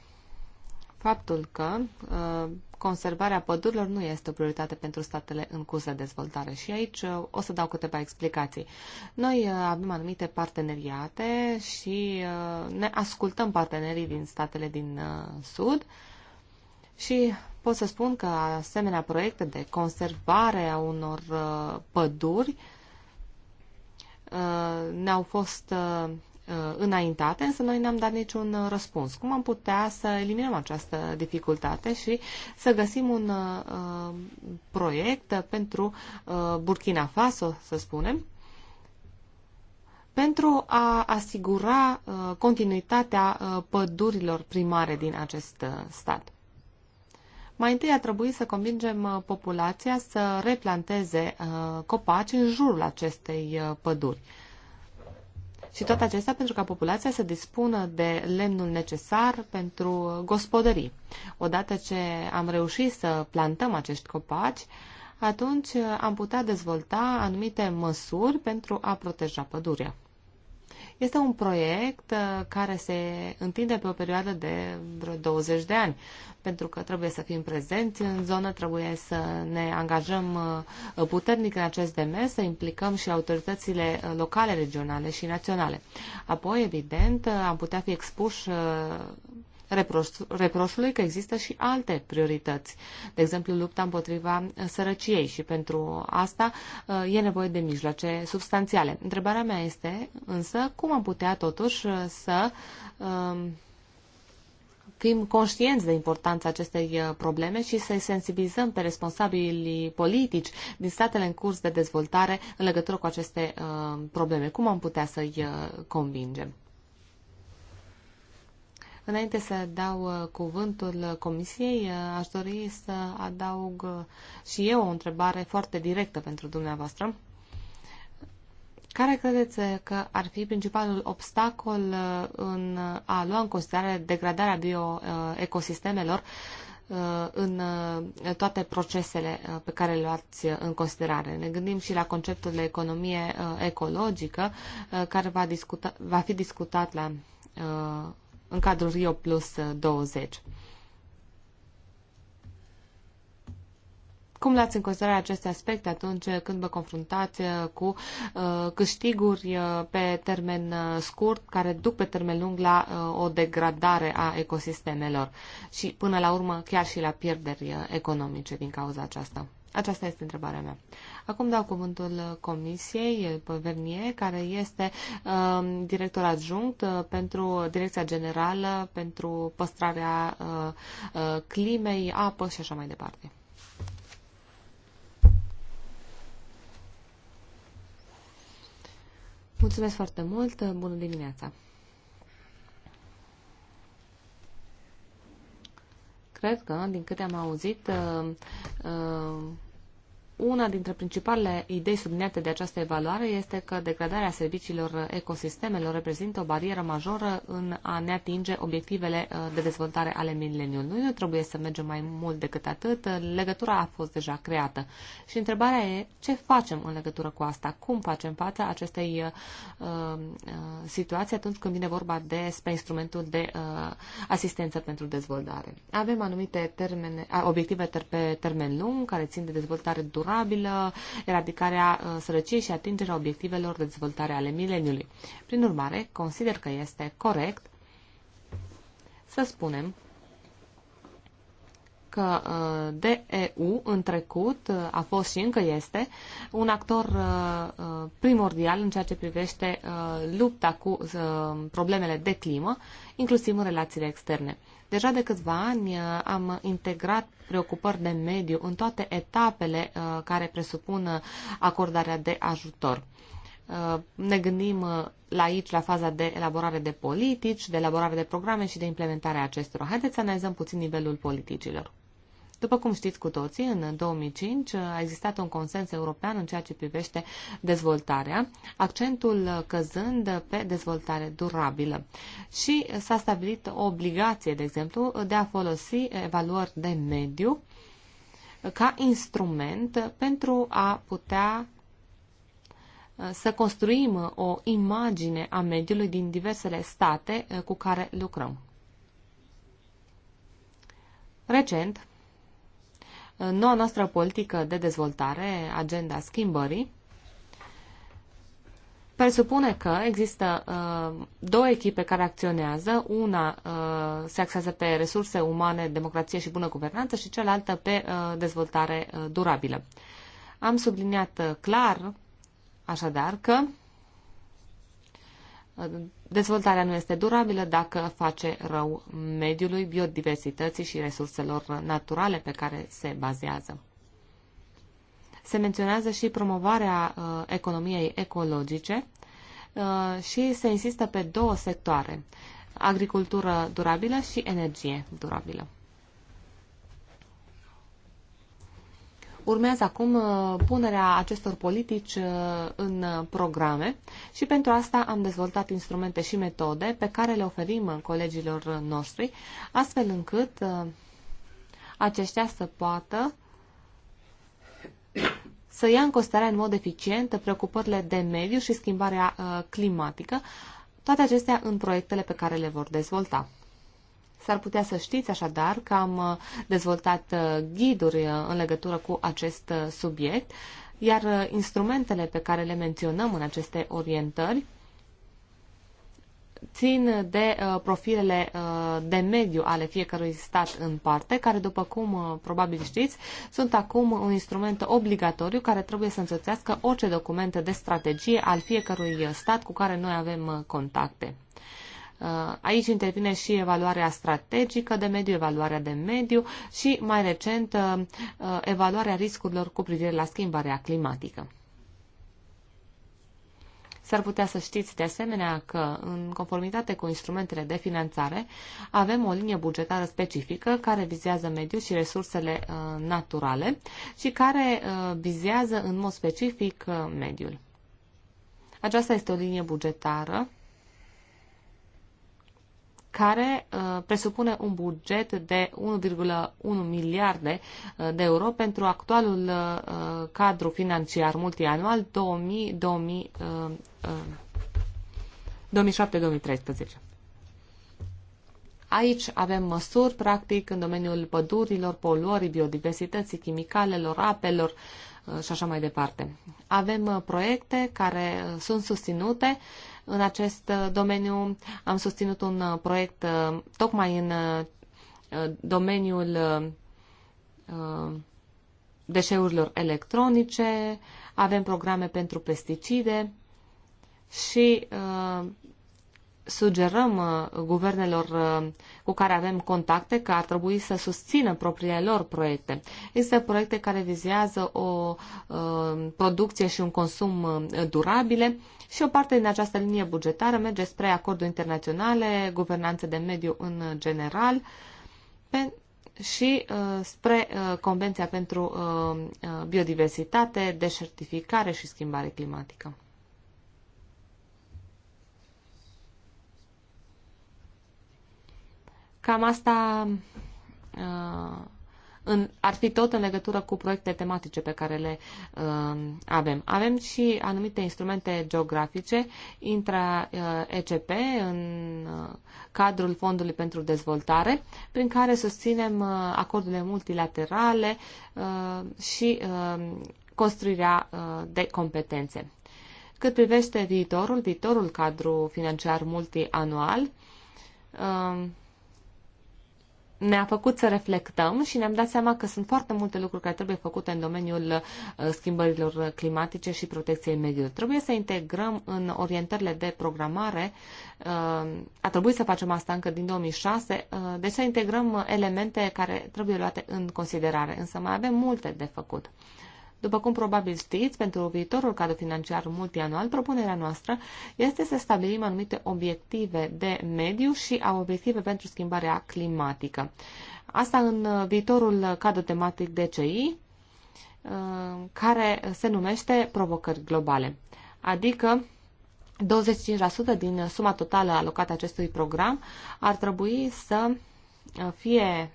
faptul că uh, conservarea pădurilor nu este o prioritate pentru statele în curs de dezvoltare. Și aici uh, o să dau câteva explicații. Noi uh, avem anumite parteneriate și uh, ne ascultăm partenerii din statele din Sud și pot să spun că asemenea proiecte de conservare a unor păduri ne-au fost Uh, înaintate, însă noi n-am dat niciun uh, răspuns. Cum am putea să eliminăm această dificultate și să găsim un uh, uh proiect pentru uh, Burkina Faso, să spunem, pentru a asigura uh, continuitatea pădurilor primare din acest stat. Mai întâi a trebuit să convingem populația să replanteze copaci în jurul acestei păduri. Și toate acestea pentru ca populația să dispună de lemnul necesar pentru gospodării. Odată ce am reușit să plantăm acești copaci, atunci am putea dezvolta anumite măsuri pentru a proteja pădurea. Este un proiect uh, care se întinde pe o perioadă de vreo 20 de ani, pentru că trebuie să fim prezenți în zonă, trebuie să ne angajăm uh, puternic în acest demers, să implicăm și autoritățile uh, locale, regionale și naționale. Apoi, evident, am putea fi expuși reproș, reproșului că există și alte priorități. De exemplu, lupta împotriva sărăciei și pentru asta uh, e nevoie de mijloace substanțiale. Întrebarea mea este însă cum am putea totuși să um, fim conștienți de importanța acestei uh, probleme și să-i sensibilizăm pe responsabilii politici din statele în curs de dezvoltare în legătură cu aceste uh, probleme. Cum am putea să-i convingem? Înainte să dau uh, cuvântul uh, Comisiei, uh, aș dori să adaug și eu o întrebare foarte directă pentru dumneavoastră. Care credeți că ar fi principalul obstacol în a lua în considerare degradarea bioecosistemelor în toate procesele pe care le luați în considerare. Ne gândim și la conceptul de economie ecologică, care va, discuta, va fi discutat la în cadrul Rio Plus 20. Uh, Cum luați în considerare aceste aspecte atunci când vă confruntați uh, cu uh, câștiguri pe termen scurt care duc pe termen lung la o degradare a ecosistemelor și până la urmă chiar și la pierderi economice din cauza aceasta? Aceasta este întrebarea mea. Acum dau cuvântul Comisiei Vernier, care este uh, director adjunct uh, pentru Direcția Generală pentru păstrarea uh, uh, climei, apă și așa mai departe. Mulțumesc foarte mult, bună dimineața! Cred că, din câte am auzit, uh, uh, una dintre principalele idei subliniate de această evaluare este că degradarea serviciilor ecosistemelor reprezintă o barieră majoră în a ne atinge obiectivele uh, de dezvoltare ale mileniului. Nu trebuie să mergem mai mult decât atât, legătura a fost deja creată. Și întrebarea e ce facem în legătură cu asta, cum facem față acestei uh, uh situații atunci când vine vorba despre instrumentul de uh, asistență pentru dezvoltare. Avem anumite termene, obiective ter- pe termen lung care țin de dezvoltare durabilă durabilă, eradicarea uh, sărăciei și atingerea obiectivelor de dezvoltare ale mileniului. Prin urmare, consider că este corect să spunem că uh, DEU în trecut uh, a fost și încă este un actor primordial în ceea ce privește lupta cu problemele de climă, inclusiv în relațiile externe. Deja de câțiva ani uh, am integrat preocupări de mediu în toate etapele uh, care presupun uh, acordarea de ajutor ne gândim la aici, la faza de elaborare de politici, de elaborare de programe și de implementare a acestora. Haideți să analizăm puțin nivelul politicilor. După cum știți cu toții, în 2005 a existat un consens european în ceea ce privește dezvoltarea, accentul căzând pe dezvoltare durabilă. Și s-a stabilit o obligație, de exemplu, de a folosi evaluări de mediu ca instrument pentru a putea uh, să construim o imagine a mediului din diversele state uh, cu care lucrăm. Recent, noua noastră politică de dezvoltare, agenda schimbării, presupune că există uh, două echipe care acționează. Una uh, se axează pe resurse umane, democrație și bună guvernanță și cealaltă pe uh, dezvoltare uh, durabilă. Am subliniat uh, clar, așadar, că uh, dezvoltarea nu este durabilă dacă face rău mediului, biodiversității și resurselor naturale pe care se bazează. Se menționează și promovarea uh, economiei ecologice uh, și se insistă pe două sectoare, agricultură durabilă și energie durabilă. Urmează acum uh, punerea acestor politici uh, în uh, programe și pentru asta am dezvoltat instrumente și metode pe care le oferim colegilor noștri, astfel încât aceștia să poată să ia în considerare în mod eficient preocupările de mediu și schimbarea climatică, toate acestea în proiectele pe care le vor dezvolta. S-ar putea să știți așadar că am uh, dezvoltat uh, ghiduri uh, în legătură cu acest subiect, iar instrumentele pe care le menționăm în aceste orientări țin de profilele de mediu ale fiecărui stat în parte, care, după cum probabil știți, sunt acum un instrument obligatoriu care trebuie să însoțească orice document de strategie al fiecărui stat cu care noi avem contacte. Uh, aici intervine și evaluarea strategică de mediu, evaluarea de mediu și, mai recent, uh, uh, evaluarea riscurilor cu privire la schimbarea climatică. S-ar putea să știți de asemenea că, în conformitate cu instrumentele de finanțare, avem o linie bugetară specifică care vizează mediul și resursele uh, naturale și care uh, vizează în mod specific uh, mediul. Aceasta este o linie bugetară care uh, presupune un buget de 1,1 miliarde uh, de euro pentru actualul uh, cadru financiar multianual 2007-2013. Aici avem măsuri, practic, în domeniul pădurilor, poluării, biodiversității, chimicalelor, apelor și așa mai departe. Avem proiecte care sunt susținute în acest uh, domeniu am susținut un uh, proiect uh, tocmai în domeniul deșeurilor electronice, avem programe pentru pesticide și sugerăm guvernelor cu care avem contacte că ar trebui să susțină propriile lor proiecte. Există proiecte care vizează o producție și un consum durabile și o parte din această linie bugetară merge spre acorduri internaționale, guvernanță de mediu în general pe, și uh, spre uh, Convenția pentru uh, uh Biodiversitate, Deșertificare și Schimbare Climatică. Cam asta uh, în, ar fi tot în legătură cu proiectele tematice pe care le uh, avem. Avem și anumite instrumente geografice, intra uh, în uh, cadrul Fondului pentru Dezvoltare, prin care susținem uh, acordurile multilaterale uh, și uh, construirea uh, de competențe. Cât privește viitorul, viitorul cadru financiar multianual, uh, ne-a făcut să reflectăm și ne-am dat seama că sunt foarte multe lucruri care trebuie făcute în domeniul uh, schimbărilor climatice și protecției mediului. Trebuie să integrăm în orientările de programare, uh, a trebuit să facem asta încă din 2006, uh, deci să integrăm elemente care trebuie luate în considerare, însă mai avem multe de făcut. După cum probabil știți, pentru viitorul cadru financiar multianual, propunerea noastră este să stabilim anumite obiective de mediu și a obiective pentru schimbarea climatică. Asta în viitorul cadru tematic DCI, uh, care se numește provocări globale. Adică 25% din suma totală alocată acestui program ar trebui să fie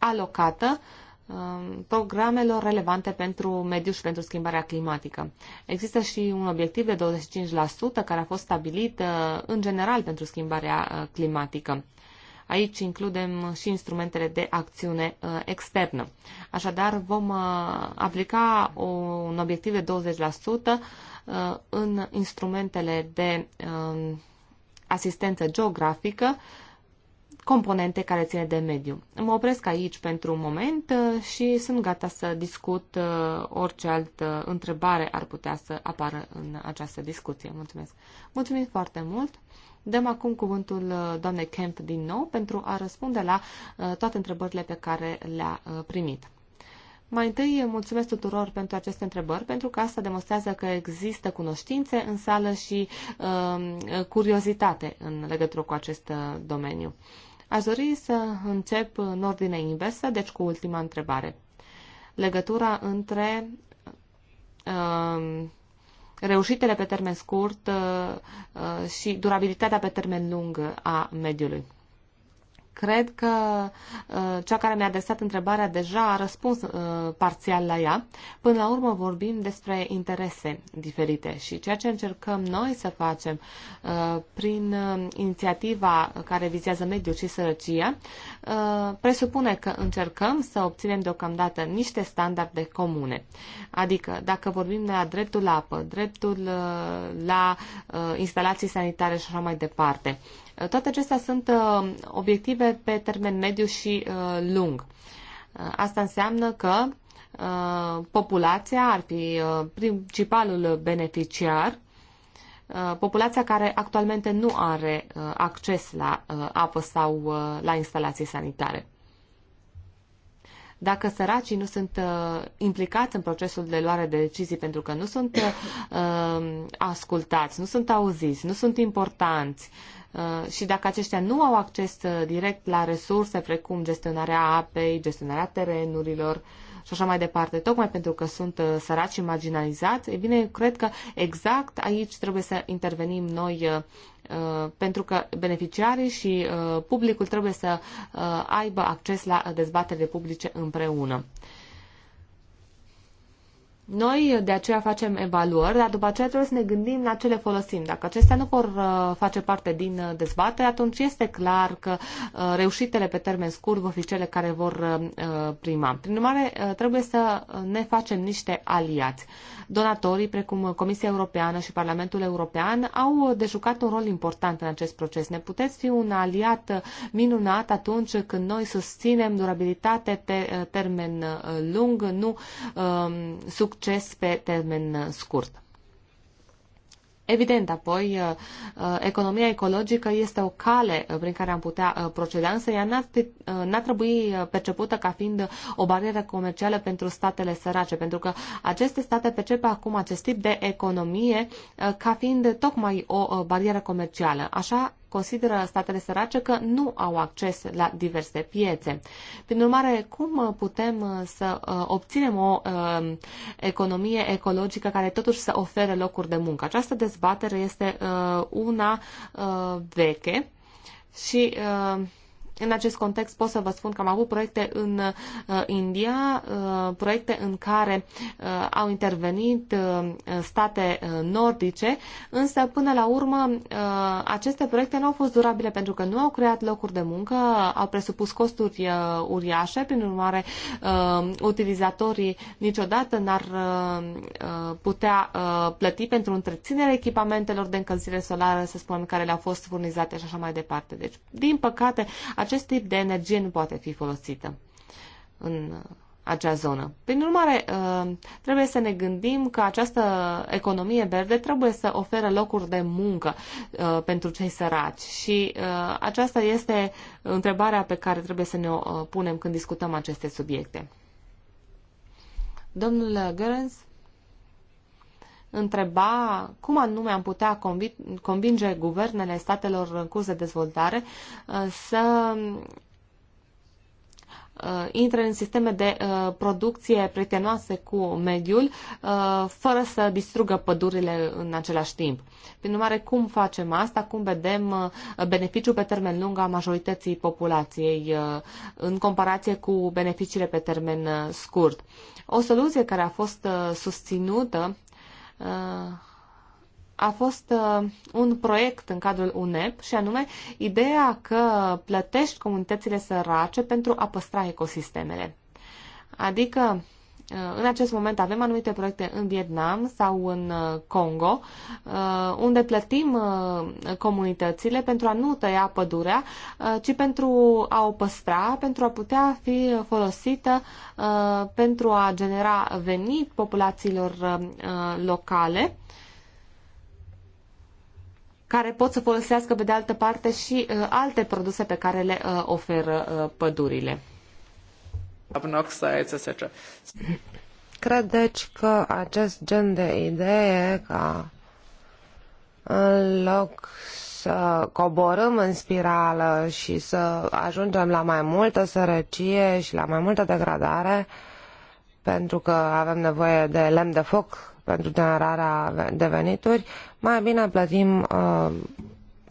alocată um, programelor relevante pentru mediu și pentru schimbarea climatică. Există și un obiectiv de 25% care a fost stabilit uh, în general pentru schimbarea uh, climatică. Aici includem și instrumentele de acțiune uh, externă. Așadar, vom aplica un obiectiv de 20% în instrumentele de um, asistență geografică componente care ține de mediu. Mă opresc aici pentru un moment uh, și sunt gata să discut uh, orice altă întrebare ar putea să apară în această discuție. Mulțumesc! Mulțumim foarte mult! Dăm acum cuvântul uh, doamnei Kemp din nou pentru a răspunde la toate întrebările pe care le-a primit. Mai întâi, mulțumesc tuturor pentru aceste întrebări, pentru că asta demonstrează că există cunoștințe în sală și uh, curiozitate în legătură cu acest domeniu. Uh, Aș dori să încep în ordine inversă, deci cu ultima întrebare. Legătura între um, reușitele pe termen scurt uh, uh, și durabilitatea pe termen lung a mediului. Cred că uh, cea care mi-a adresat întrebarea deja a răspuns uh, parțial la ea. Până la urmă vorbim despre interese diferite și ceea ce încercăm noi să facem uh, prin inițiativa care vizează mediul și sărăcia presupune că încercăm să obținem deocamdată niște standarde comune. Adică, dacă vorbim la dreptul la apă, dreptul la instalații sanitare și așa mai departe, toate acestea sunt uh, obiective pe termen mediu și uh, lung. Uh, asta înseamnă că populația ar fi principalul beneficiar, populația care actualmente nu are acces la apă sau la instalații sanitare. Dacă săracii nu sunt uh, implicați în procesul de luare de decizii pentru că nu sunt uh, uh ascultați, nu sunt auziți, nu sunt importanți, uh, și dacă aceștia nu au acces uh, direct la resurse precum gestionarea apei, gestionarea terenurilor și așa mai departe, tocmai pentru că sunt săraci și marginalizați, e bine, cred că exact aici trebuie să intervenim noi Uh, pentru că beneficiarii și uh, publicul trebuie să uh, aibă acces la dezbaterile publice împreună. Noi de aceea facem evaluări, dar după aceea trebuie să ne gândim la ce le folosim. Dacă acestea nu vor uh, face parte din uh, dezbatere, atunci este clar că uh, reușitele pe termen scurt vor fi cele care vor prima. Prin urmare, trebuie să ne facem niște aliați. Donatorii, precum Comisia Europeană și Parlamentul European, au de jucat un rol important în acest proces. Ne puteți fi un aliat minunat atunci când noi susținem durabilitate pe termen lung, nu um, sub succes pe termen uh, scurt. Evident, apoi, uh, uh, economia ecologică este o cale prin care am putea proceda, însă ea n-ar trebui percepută ca fiind o barieră comercială pentru statele sărace, pentru că aceste state percep acum acest tip de economie ca fiind tocmai o barieră comercială. Așa consideră statele sărace că nu au acces la diverse piețe. Prin urmare, cum putem să uh, obținem o uh, economie ecologică care totuși să ofere locuri de muncă? Această dezbatere este uh, una veche și în acest context pot să vă spun că am avut proiecte în uh, India, uh, proiecte în care uh, au intervenit uh, state uh, nordice, însă până la urmă uh, aceste proiecte nu au fost durabile pentru că nu au creat locuri de muncă, au presupus costuri uh, uriașe, prin urmare uh, utilizatorii niciodată n-ar uh, uh putea uh, plăti pentru întreținerea echipamentelor de încălzire solară, să spunem, care le-au fost furnizate și așa mai departe. Deci, din păcate, acest tip de energie nu poate fi folosită în acea zonă. Prin urmare, ă, trebuie să ne gândim că această economie verde trebuie să oferă locuri de muncă ă, pentru cei săraci și ă, aceasta este întrebarea pe care trebuie să ne o punem când discutăm aceste subiecte. Domnul Gerens? întreba cum anume am putea convinge guvernele statelor în curs de dezvoltare uh, să uh, intre în sisteme de uh, producție prietenoase cu mediul, fără să distrugă pădurile în același timp. Prin urmare, cum facem asta? Cum vedem beneficiul pe termen lung a majorității populației în comparație cu beneficiile pe termen scurt? O soluție care a fost susținută a fost uh, un proiect în cadrul UNEP și anume ideea că plătești comunitățile sărace pentru a păstra ecosistemele. Adică Uh, în acest moment avem anumite proiecte în Vietnam sau în uh, Congo, uh, unde plătim comunitățile pentru a nu tăia pădurea, ci pentru a o păstra, pentru a putea fi folosită pentru a genera venit populațiilor locale care pot să folosească pe de altă parte și alte produse pe care le oferă pădurile carbon oxides, etc. Cred deci că acest gen de idee ca în loc să coborâm în spirală și să ajungem la mai multă sărăcie și la mai multă degradare, pentru că avem nevoie de lemn de foc pentru generarea de venituri, mai bine plătim uh,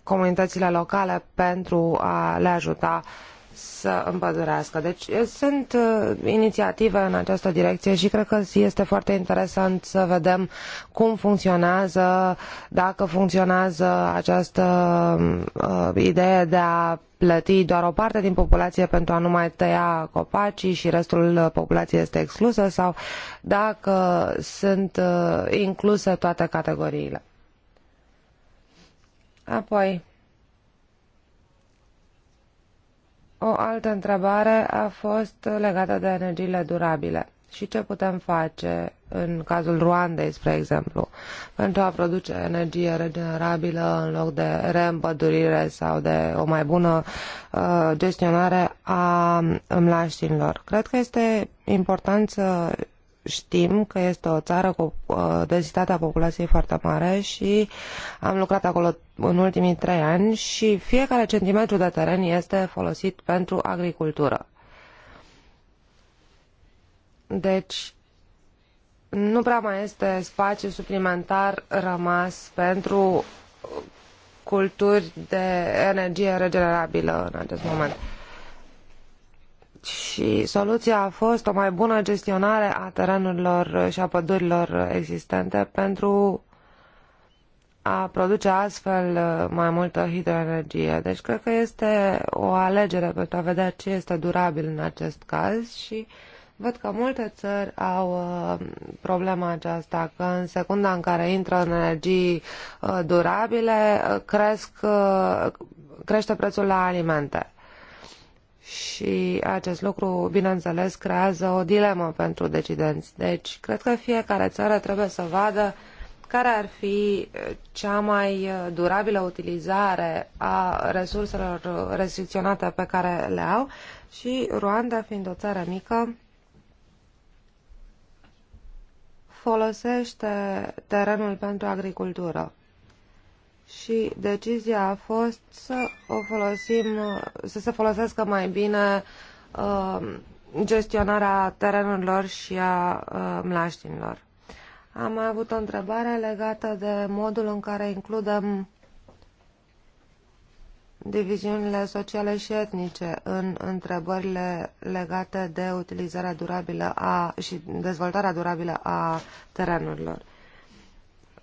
comunitățile locale pentru a le ajuta să împădurească. Deci sunt uh, inițiative în această direcție și cred că este foarte interesant să vedem cum funcționează, dacă funcționează această uh, idee de a plăti doar o parte din populație pentru a nu mai tăia copacii și restul uh, populației este exclusă sau dacă sunt uh, incluse toate categoriile. Apoi, O altă întrebare a fost legată de energiile durabile și ce putem face în cazul Ruandei, spre exemplu, pentru a produce energie regenerabilă în loc de reîmpădurire sau de o mai bună uh, gestionare a mlaștinilor. Um, Cred că este important să știm că este o țară cu uh, densitatea populației foarte mare și am lucrat acolo în ultimii trei ani și fiecare centimetru de teren este folosit pentru agricultură. Deci, nu prea mai este spațiu suplimentar rămas pentru culturi de energie regenerabilă în acest moment și soluția a fost o mai bună gestionare a terenurilor și a pădurilor existente pentru a produce astfel mai multă hidroenergie. Deci cred că este o alegere pentru a vedea ce este durabil în acest caz și văd că multe țări au uh, problema aceasta, că în secunda în care intră în energii uh, durabile cresc, uh, crește prețul la alimente și acest lucru, bineînțeles, creează o dilemă pentru decidenți. Deci, cred că fiecare țară trebuie să vadă care ar fi eh, cea mai eh, durabilă utilizare a resurselor eh, restricționate pe care le au și Rwanda, fiind o țară mică, folosește terenul pentru agricultură și decizia a fost să o folosim, să se folosească mai bine uh, gestionarea terenurilor și a uh, mlaștinilor. Am mai avut o întrebare legată de modul în care includem diviziunile sociale și etnice în întrebările legate de utilizarea durabilă a, și dezvoltarea durabilă a terenurilor.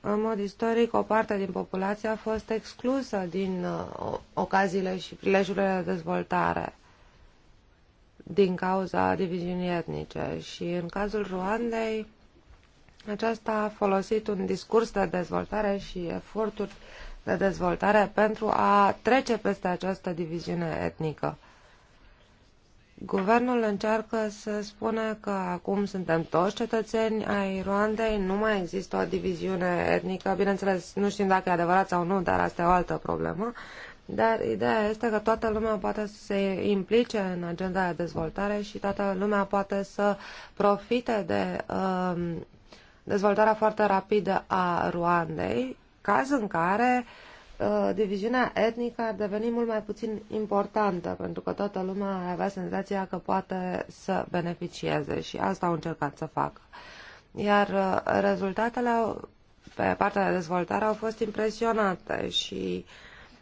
În mod istoric, o parte din populație a fost exclusă din uh, ocaziile și prilejurile de dezvoltare din cauza diviziunii etnice și în cazul Ruandei aceasta a folosit un discurs de dezvoltare și eforturi de dezvoltare pentru a trece peste această diviziune etnică. Guvernul încearcă să spună că acum suntem toți cetățeni ai Rwandei, nu mai există o diviziune etnică. Bineînțeles, nu știm dacă e adevărat sau nu, dar asta e o altă problemă. Dar ideea este că toată lumea poate să se implice în agenda de dezvoltare și toată lumea poate să profite de um, dezvoltarea foarte rapidă a Ruandei, caz în care uh, Uh, diviziunea etnică ar deveni mult mai puțin importantă, pentru că toată lumea avea senzația că poate să beneficieze și asta au încercat să facă. Iar uh, rezultatele pe partea de dezvoltare au fost impresionate și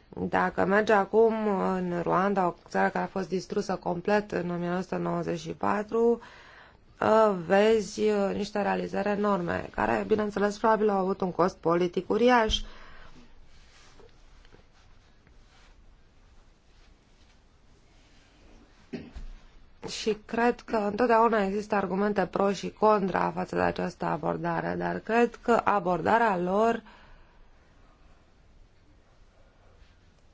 dacă merge acum în Ruanda, o țară care a fost distrusă complet în 1994, uh, vezi niște realizări enorme, care, bineînțeles, probabil au avut un cost politic uriaș, și cred că întotdeauna există argumente pro și contra față de această abordare, dar cred că abordarea lor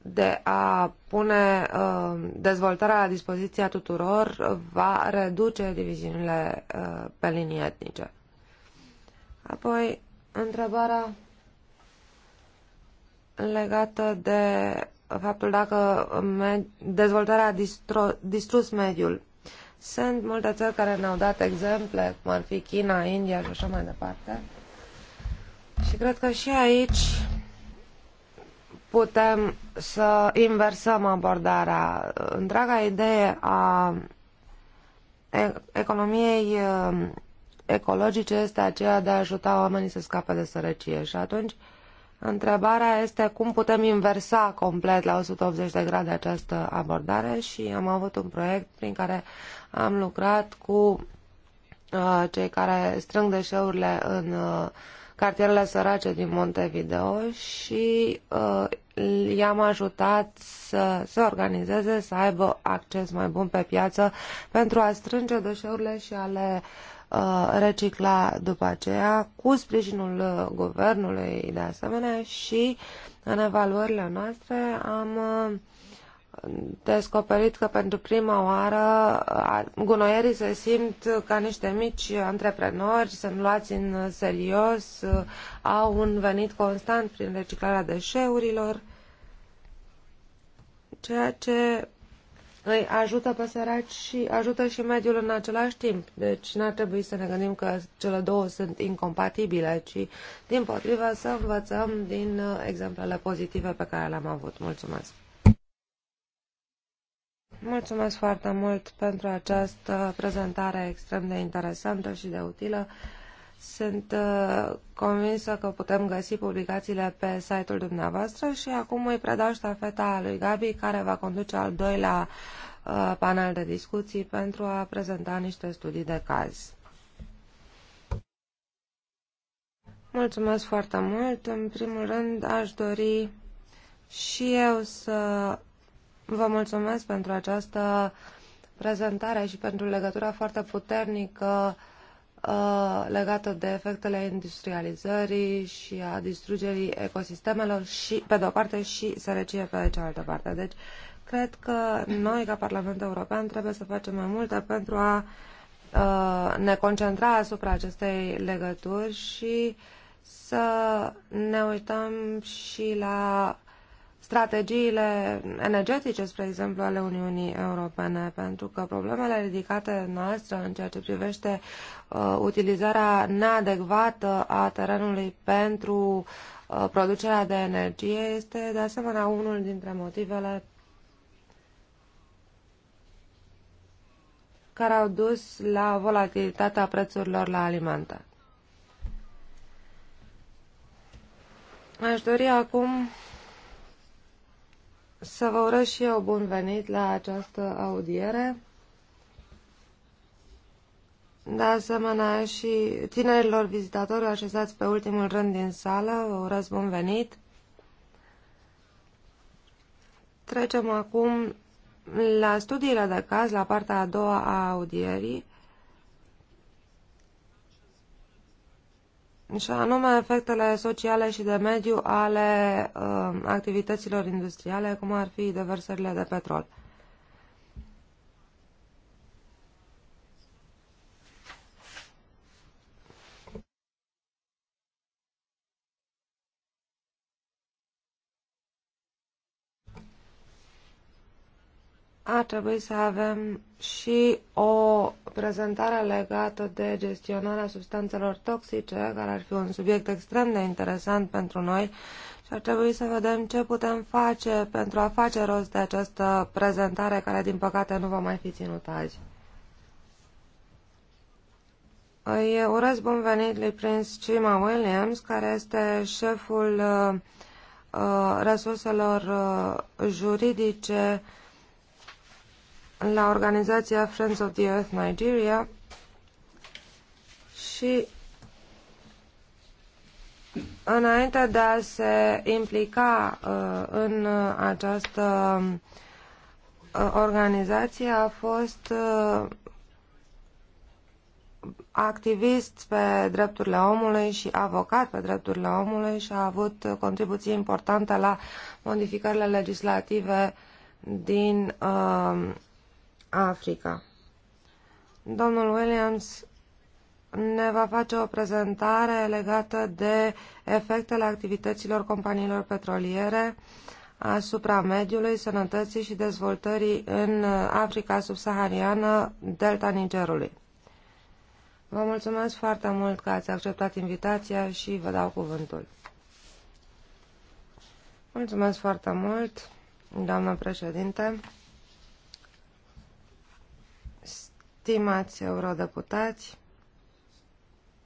de a pune uh, dezvoltarea la dispoziția tuturor va reduce diviziunile uh, pe linii etnice. Apoi, întrebarea legată de faptul dacă dezvoltarea a distrus mediul. Sunt multe țări care ne-au dat exemple, cum ar fi China, India și așa mai departe. Și cred că și aici putem să inversăm abordarea. Întreaga idee a economiei uh, ecologice este aceea de a ajuta oamenii să scape de sărăcie și atunci întrebarea este cum putem inversa complet la 180 de grade această abordare și am avut un proiect prin care am lucrat cu uh, cei care strâng deșeurile în uh, cartierele sărace din Montevideo și uh, i-am ajutat să se organizeze, să aibă acces mai bun pe piață pentru a strânge deșeurile și a le uh, recicla după aceea cu sprijinul uh, guvernului de asemenea și în evaluările noastre am uh, descoperit că pentru prima oară gunoierii se simt ca niște mici antreprenori, sunt luați în serios, au un venit constant prin reciclarea deșeurilor, ceea ce îi ajută pe săraci și ajută și mediul în același timp. Deci n-ar trebui să ne gândim că cele două sunt incompatibile, ci din potrivă să învățăm din uh, exemplele pozitive pe care le-am avut. Mulțumesc! Mulțumesc foarte mult pentru această prezentare extrem de interesantă și de utilă. Sunt uh, convinsă că putem găsi publicațiile pe site-ul dumneavoastră și acum îi predau ștafeta lui Gabi, care va conduce al doilea uh, panel de discuții pentru a prezenta niște studii de caz. Mulțumesc foarte mult. În primul rând, aș dori și eu să Vă mulțumesc pentru această prezentare și pentru legătura foarte puternică uh, legată de efectele industrializării și a distrugerii ecosistemelor și pe de o parte și sărăcie pe cealaltă parte. Deci, cred că noi, ca Parlament European, trebuie să facem mai multe pentru a uh, ne concentra asupra acestei legături și să ne uităm și la strategiile energetice, spre exemplu, ale Uniunii Europene, pentru că problemele ridicate noastre în ceea ce privește uh, utilizarea neadecvată a terenului pentru uh, producerea de energie este, de asemenea, unul dintre motivele care au dus la volatilitatea prețurilor la alimente. Aș dori acum să vă urez și eu bun venit la această audiere. De asemenea și tinerilor vizitatori așezați pe ultimul rând din sală, vă urez bun venit. Trecem acum la studiile de caz, la partea a doua a audierii. și anume efectele sociale și de mediu ale uh, activităților industriale, cum ar fi deversările de petrol. ar trebui să avem și o prezentare legată de gestionarea substanțelor toxice, care ar fi un subiect extrem de interesant pentru noi și ar trebui să vedem ce putem face pentru a face rost de această prezentare care, din păcate, nu va mai fi ținută azi. Îi urez bun venit lui Prince Chima Williams, care este șeful uh, uh resurselor uh, juridice la organizația Friends of the Earth Nigeria și înainte de a se implica uh, în uh, această uh, organizație a fost activist pe drepturile omului și avocat pe drepturile omului și a avut contribuții importante la modificările legislative din uh, Africa. Domnul Williams ne va face o prezentare legată de efectele activităților companiilor petroliere asupra mediului, sănătății și dezvoltării în Africa subsahariană, delta Nigerului. Vă mulțumesc foarte mult că ați acceptat invitația și vă dau cuvântul. Mulțumesc foarte mult, doamnă președinte. Stimați eurodeputați,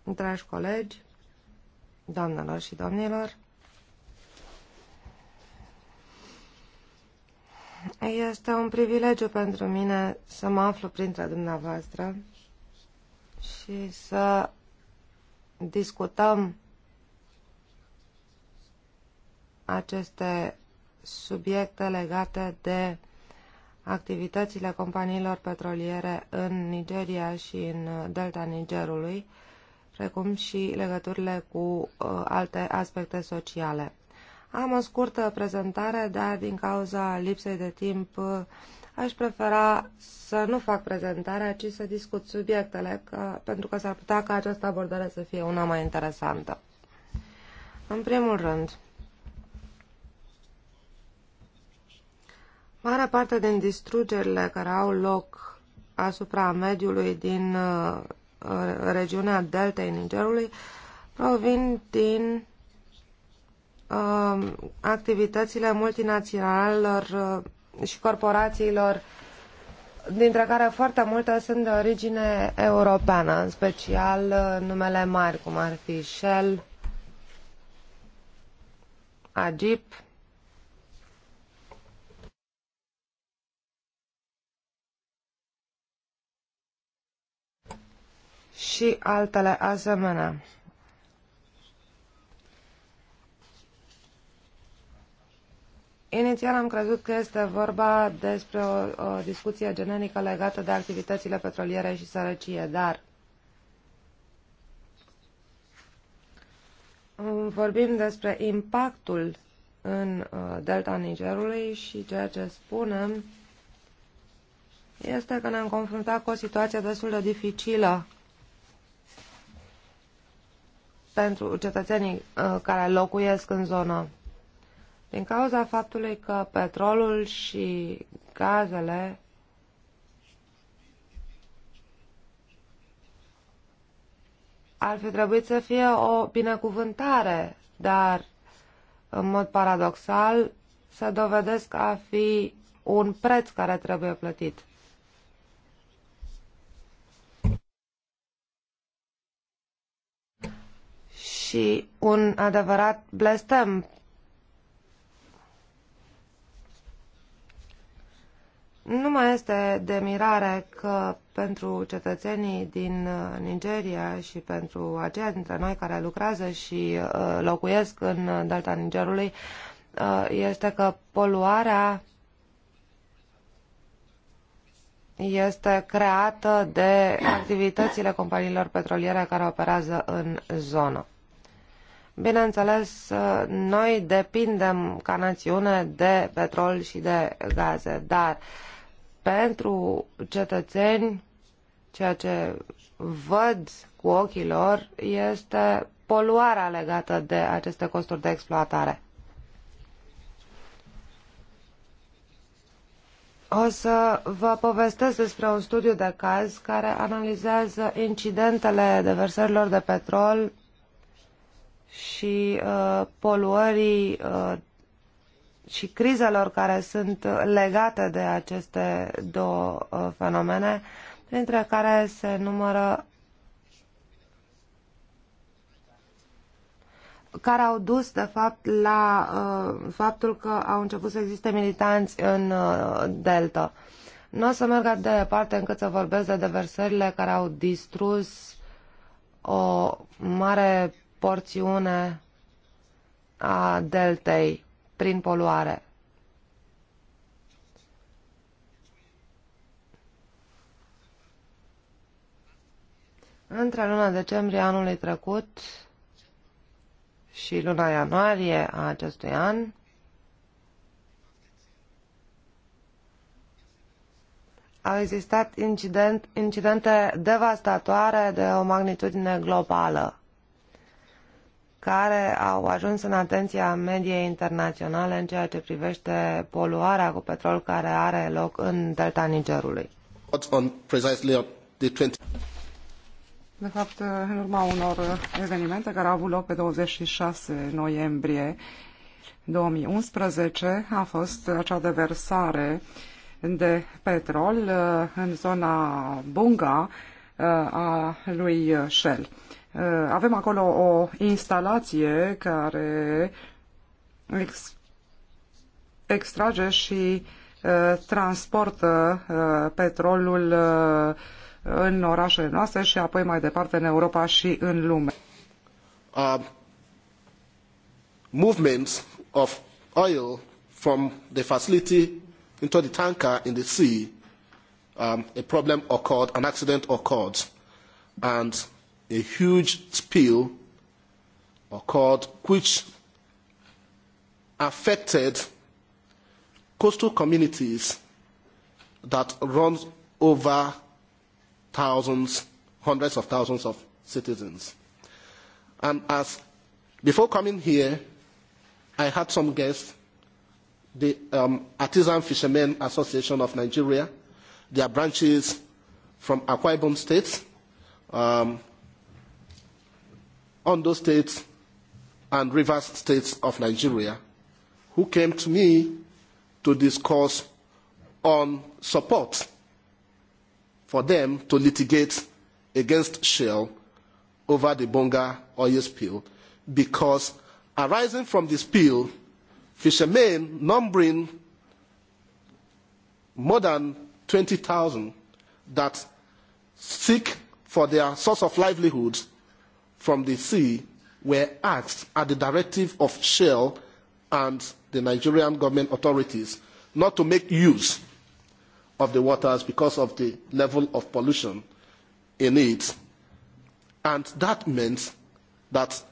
dragi colegi, doamnelor și domnilor, este un privilegiu pentru mine să mă aflu printre dumneavoastră și să discutăm aceste subiecte legate de activitățile companiilor petroliere în Nigeria și în uh, delta Nigerului, precum și legăturile cu uh, alte aspecte sociale. Am o scurtă prezentare, dar din cauza lipsei de timp uh, aș prefera să nu fac prezentarea, ci să discut subiectele, că, pentru că s-ar putea ca această abordare să fie una mai interesantă. În primul rând, Marea parte din distrugerile care au loc asupra mediului din uh, uh, regiunea deltei Nigerului provin din uh, activitățile multinaționalelor uh, și corporațiilor, dintre care foarte multe sunt de origine europeană, în special uh, numele mari, cum ar fi Shell, Agip, și altele asemenea. Inițial am crezut că este vorba despre o, o discuție generică legată de activitățile petroliere și sărăcie, dar vorbim despre impactul în uh, delta Nigerului și ceea ce spunem este că ne-am confruntat cu o situație destul de dificilă pentru cetățenii uh, care locuiesc în zonă. Din cauza faptului că petrolul și gazele ar fi trebuit să fie o binecuvântare, dar în mod paradoxal se dovedesc a fi un preț care trebuie plătit. și un adevărat blestem. Nu mai este de mirare că pentru cetățenii din uh, Nigeria și pentru aceia dintre noi care lucrează și uh, locuiesc în uh, delta Nigerului este că poluarea este creată de activitățile companiilor petroliere care operează în zonă. Bineînțeles, noi depindem ca națiune de petrol și de gaze, dar pentru cetățeni, ceea ce văd cu ochii lor este poluarea legată de aceste costuri de exploatare. O să vă povestesc despre un studiu de caz care analizează incidentele deversărilor de petrol și uh, poluării uh, și crizelor care sunt legate de aceste două uh, fenomene, printre care se numără care au dus, de fapt, la uh, faptul că au început să existe militanți în uh, Delta. Nu o să merg de departe încât să vorbesc de deversările care au distrus o mare porțiune a deltei prin poluare. Între luna decembrie anului trecut și luna ianuarie a acestui an, au existat incident, incidente devastatoare de o magnitudine globală care au ajuns în atenția mediei internaționale în ceea ce privește poluarea cu petrol care are loc în delta Nigerului. De fapt, în urma unor evenimente care au avut loc pe 26 noiembrie 2011, a fost acea deversare de petrol uh, în zona Bunga uh, a lui Shell. Uh, avem acolo o instalație care ex, extrage și uh, transportă uh, petrolul în orașele noastre și apoi mai departe în Europa și în lume. Uh, movements of oil from the facility into the tanker in the sea, um, a problem occurred, an accident occurred, and a huge spill occurred which affected coastal communities that run over thousands, hundreds of thousands of citizens. And as before coming here, I had some guests, the um, Artisan Fishermen Association of Nigeria, their branches from Akwa Ibom State, um, Ondo State and Rivers State of Nigeria, who came to me to discuss on support for them to litigate against Shell over the Bonga oil spill because arising from the spill, fishermen numbering more than 20,000 that seek for their source of livelihoods from the sea were asked at the directive of Shell and the Nigerian government authorities not to make use of the waters because of the level of pollution in it. And that meant that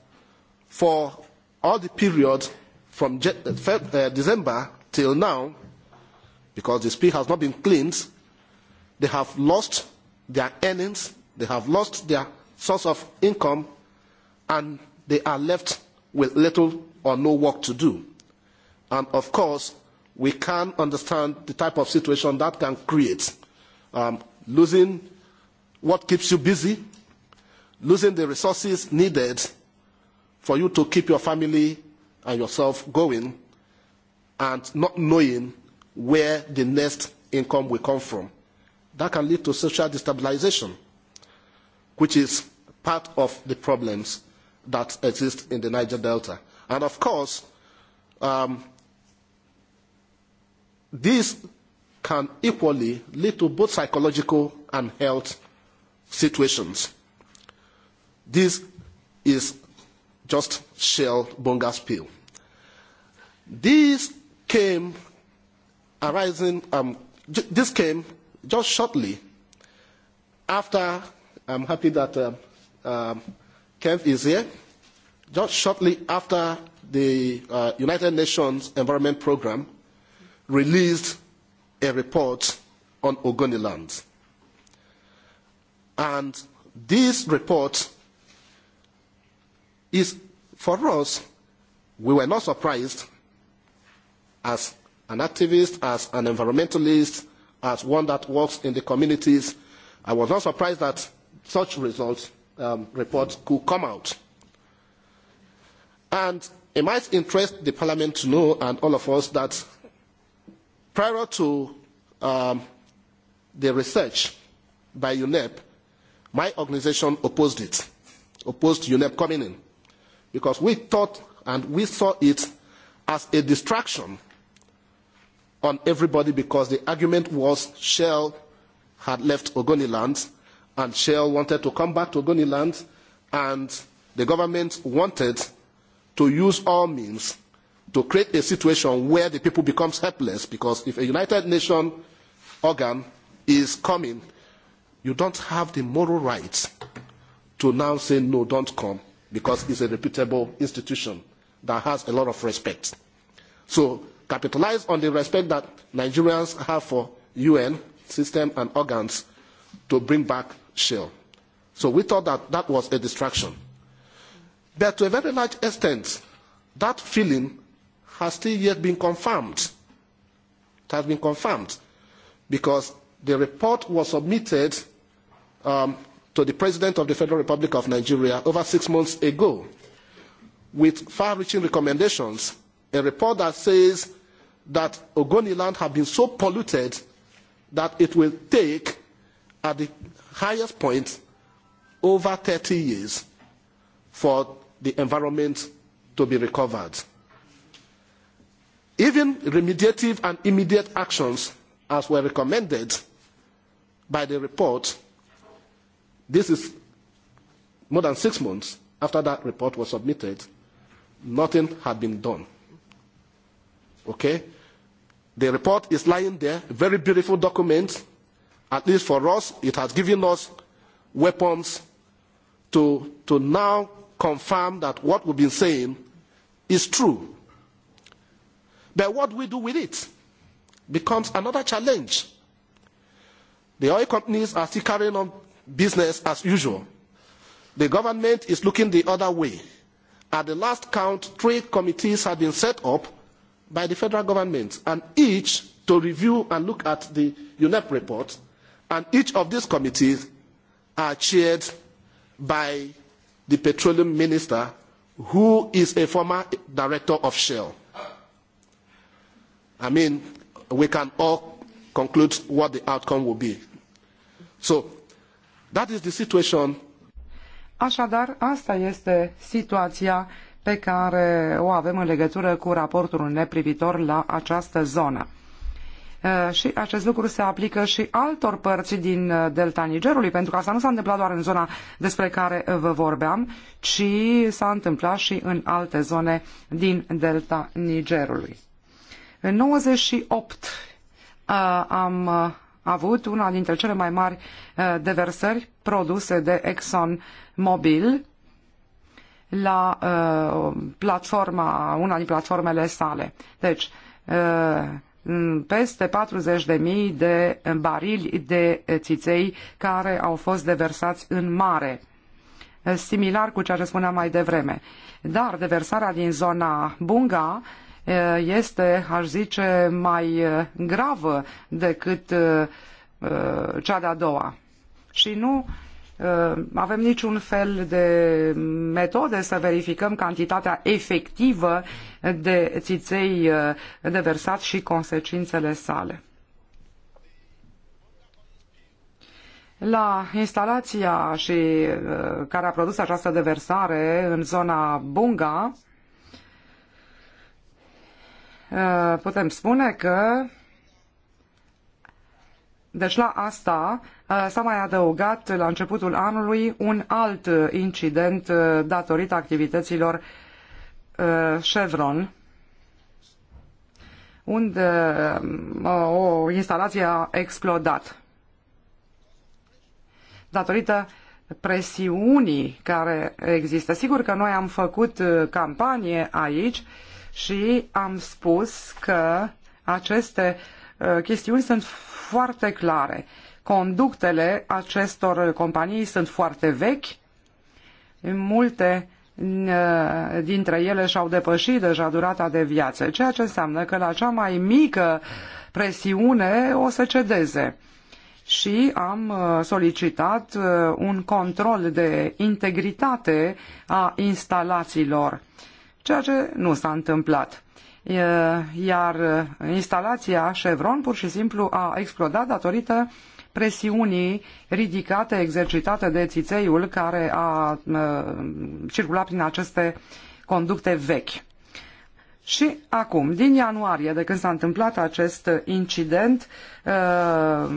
for all the period from uh, uh, December till now, because the sea has not been cleaned, they have lost their earnings, they have lost their source of income and they are left with little or no work to do. And of course, we can understand the type of situation that can create. Um, losing what keeps you busy, losing the resources needed for you to keep your family and yourself going, and not knowing where the next income will come from. That can lead to social destabilization, which is part of the problems that exist in the Niger Delta. And of course, um, this can equally lead to both psychological and health situations. This is just shell bonga spill. This came arising, um, this came just shortly after, I'm happy that uh, um, came is here. just shortly after the uh, United Nations Environment Programme released a report on Ogoniland. And this report is, for us, we were not surprised as an activist, as an environmentalist, as one that works in the communities. I was not surprised that such results Um, report could come out. And it might interest the Parliament to know and all of us that prior to um, the research by UNEP, my organisation opposed it, opposed UNEP coming in, because we thought and we saw it as a distraction on everybody because the argument was Shell had left Ogoniland and Shell wanted to come back to Ogoniland, and the government wanted to use all means to create a situation where the people becomes helpless because if a United Nations organ is coming, you don't have the moral right to now say no, don't come because it's a reputable institution that has a lot of respect. So capitalize on the respect that Nigerians have for UN system and organs to bring back Shell, So we thought that that was a distraction. But to a very large extent, that feeling has still yet been confirmed. It has been confirmed because the report was submitted um, to the President of the Federal Republic of Nigeria over six months ago with far-reaching recommendations, a report that says that Ogoniland have been so polluted that it will take at the highest point over 30 years for the environment to be recovered. Even remediative and immediate actions, as were recommended by the report, this is more than six months after that report was submitted, nothing had been done. Okay? The report is lying there, a very beautiful document, At least for us, it has given us weapons to, to now confirm that what we've been saying is true. But what we do with it becomes another challenge. The oil companies are still carrying on business as usual. The government is looking the other way. At the last count, three committees have been set up by the federal government, and each to review and look at the UNEP report And each of these committees are chaired by the petroleum minister, who is a former director of Shell. I mean, we can all conclude what the outcome will be. So, that is the situation. Așadar, asta este situația pe care o avem în legătură cu raportul neprivitor la această zonă. Uh, și acest lucru se aplică și altor părți din uh, delta Nigerului, pentru că asta nu s-a întâmplat doar în zona despre care uh, vă vorbeam, ci s-a întâmplat și în alte zone din delta Nigerului. În 98 am avut una dintre cele mai mari deversări produse de Exxon Mobil la platforma, una din platformele sale. Deci, Mm, peste 40.000 de barili de țiței care au fost deversați în mare, similar cu ceea ce spuneam mai devreme. Dar deversarea din zona Bunga este, aș zice, mai gravă decât cea de-a doua. Și nu Uh, avem niciun fel de metode să verificăm cantitatea efectivă de țiței uh, deversat și consecințele sale. La instalația și uh, care a produs această deversare în zona Bunga, putem spune că deci la asta uh, s-a mai adăugat la începutul anului un alt uh, incident uh, datorită activităților Chevron, unde o instalație a explodat. Datorită presiunii care există. Sigur că noi am făcut campanie aici și am spus că aceste uh, Uh, chestiuni sunt foarte clare. Conductele acestor companii sunt foarte vechi, multe uh, dintre ele și-au depășit deja durata de viață, ceea ce înseamnă că la cea mai mică presiune o să cedeze. Și am uh, solicitat un control de integritate a instalațiilor, ceea ce nu s-a întâmplat iar uh, instalația Chevron pur și simplu a explodat datorită presiunii ridicate, exercitate de țițeiul care a uh, circulat prin aceste conducte vechi. Și acum, din ianuarie, de când s-a întâmplat acest incident, uh,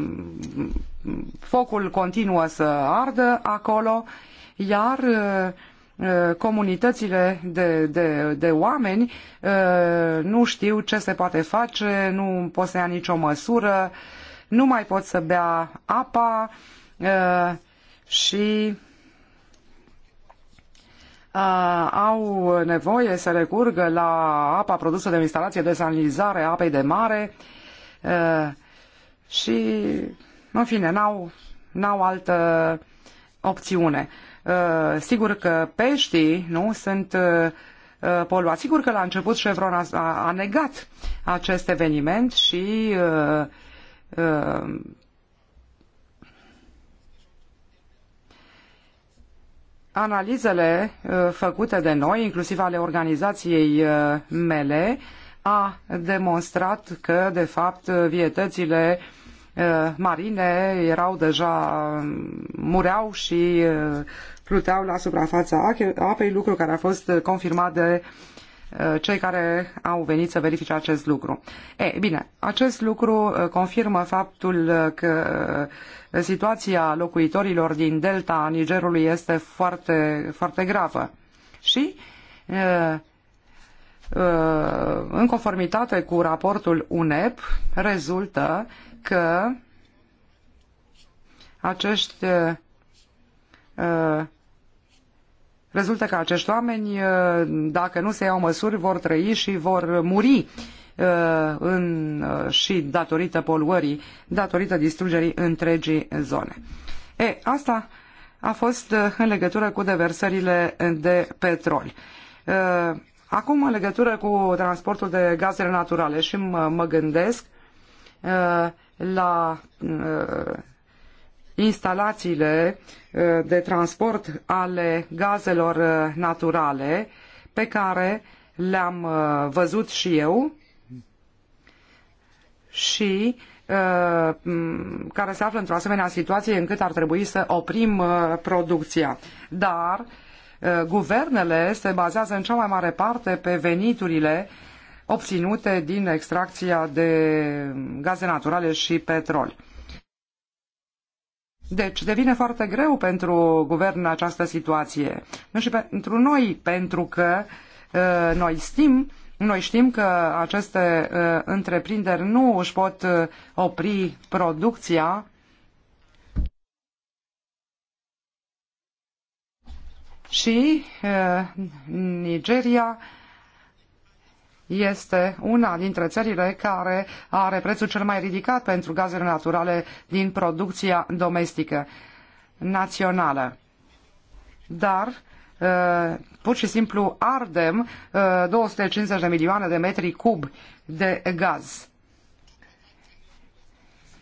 focul continuă să ardă acolo, iar Uh, comunitățile de, de, de oameni uh, nu știu ce se poate face, nu pot să ia nicio măsură, nu mai pot să bea apa uh, și au nevoie să recurgă la apa produsă de o instalație de sanizare a apei de mare și, în fine, n-au, n-au altă opțiune. Uh, sigur că peștii nu sunt uh, uh, poluați. Sigur că la început Chevron a, a negat acest eveniment și uh, uh, analizele uh, făcute de noi, inclusiv ale organizației mele, a demonstrat că, de fapt, vietățile marine erau deja mureau și pluteau la suprafața apei, lucru care a fost uh, confirmat de uh, cei care au venit să verifice acest lucru. E, bine, acest lucru uh, confirmă faptul că situația locuitorilor din delta Nigerului este foarte, foarte gravă. Și în conformitate cu raportul UNEP, rezultă că acești Rezultă că acești oameni, uh, dacă nu se iau măsuri, vor trăi și vor muri uh, în, uh, și datorită poluării, datorită distrugerii întregii zone. E, asta a fost în legătură cu deversările de petrol. Acum, în legătură cu transportul de gazele naturale și mă, mă gândesc la instalațiile uh, de transport ale gazelor uh, naturale pe care le-am uh, văzut și eu și care se află într-o asemenea situație încât ar trebui să oprim producția. Dar guvernele se bazează în cea mai mare parte pe veniturile obținute din extracția de gaze naturale și petrol. Deci devine foarte greu pentru guvern această situație. Nu și pentru noi, pentru că uh, noi știm, noi știm că aceste uh, întreprinderi nu își pot uh, opri producția și uh, Nigeria uh, este una dintre țările care are prețul cel mai ridicat pentru gazele naturale din producția domestică națională. Dar uh, pur și simplu ardem 250 uh, de milioane de metri cub de gaz.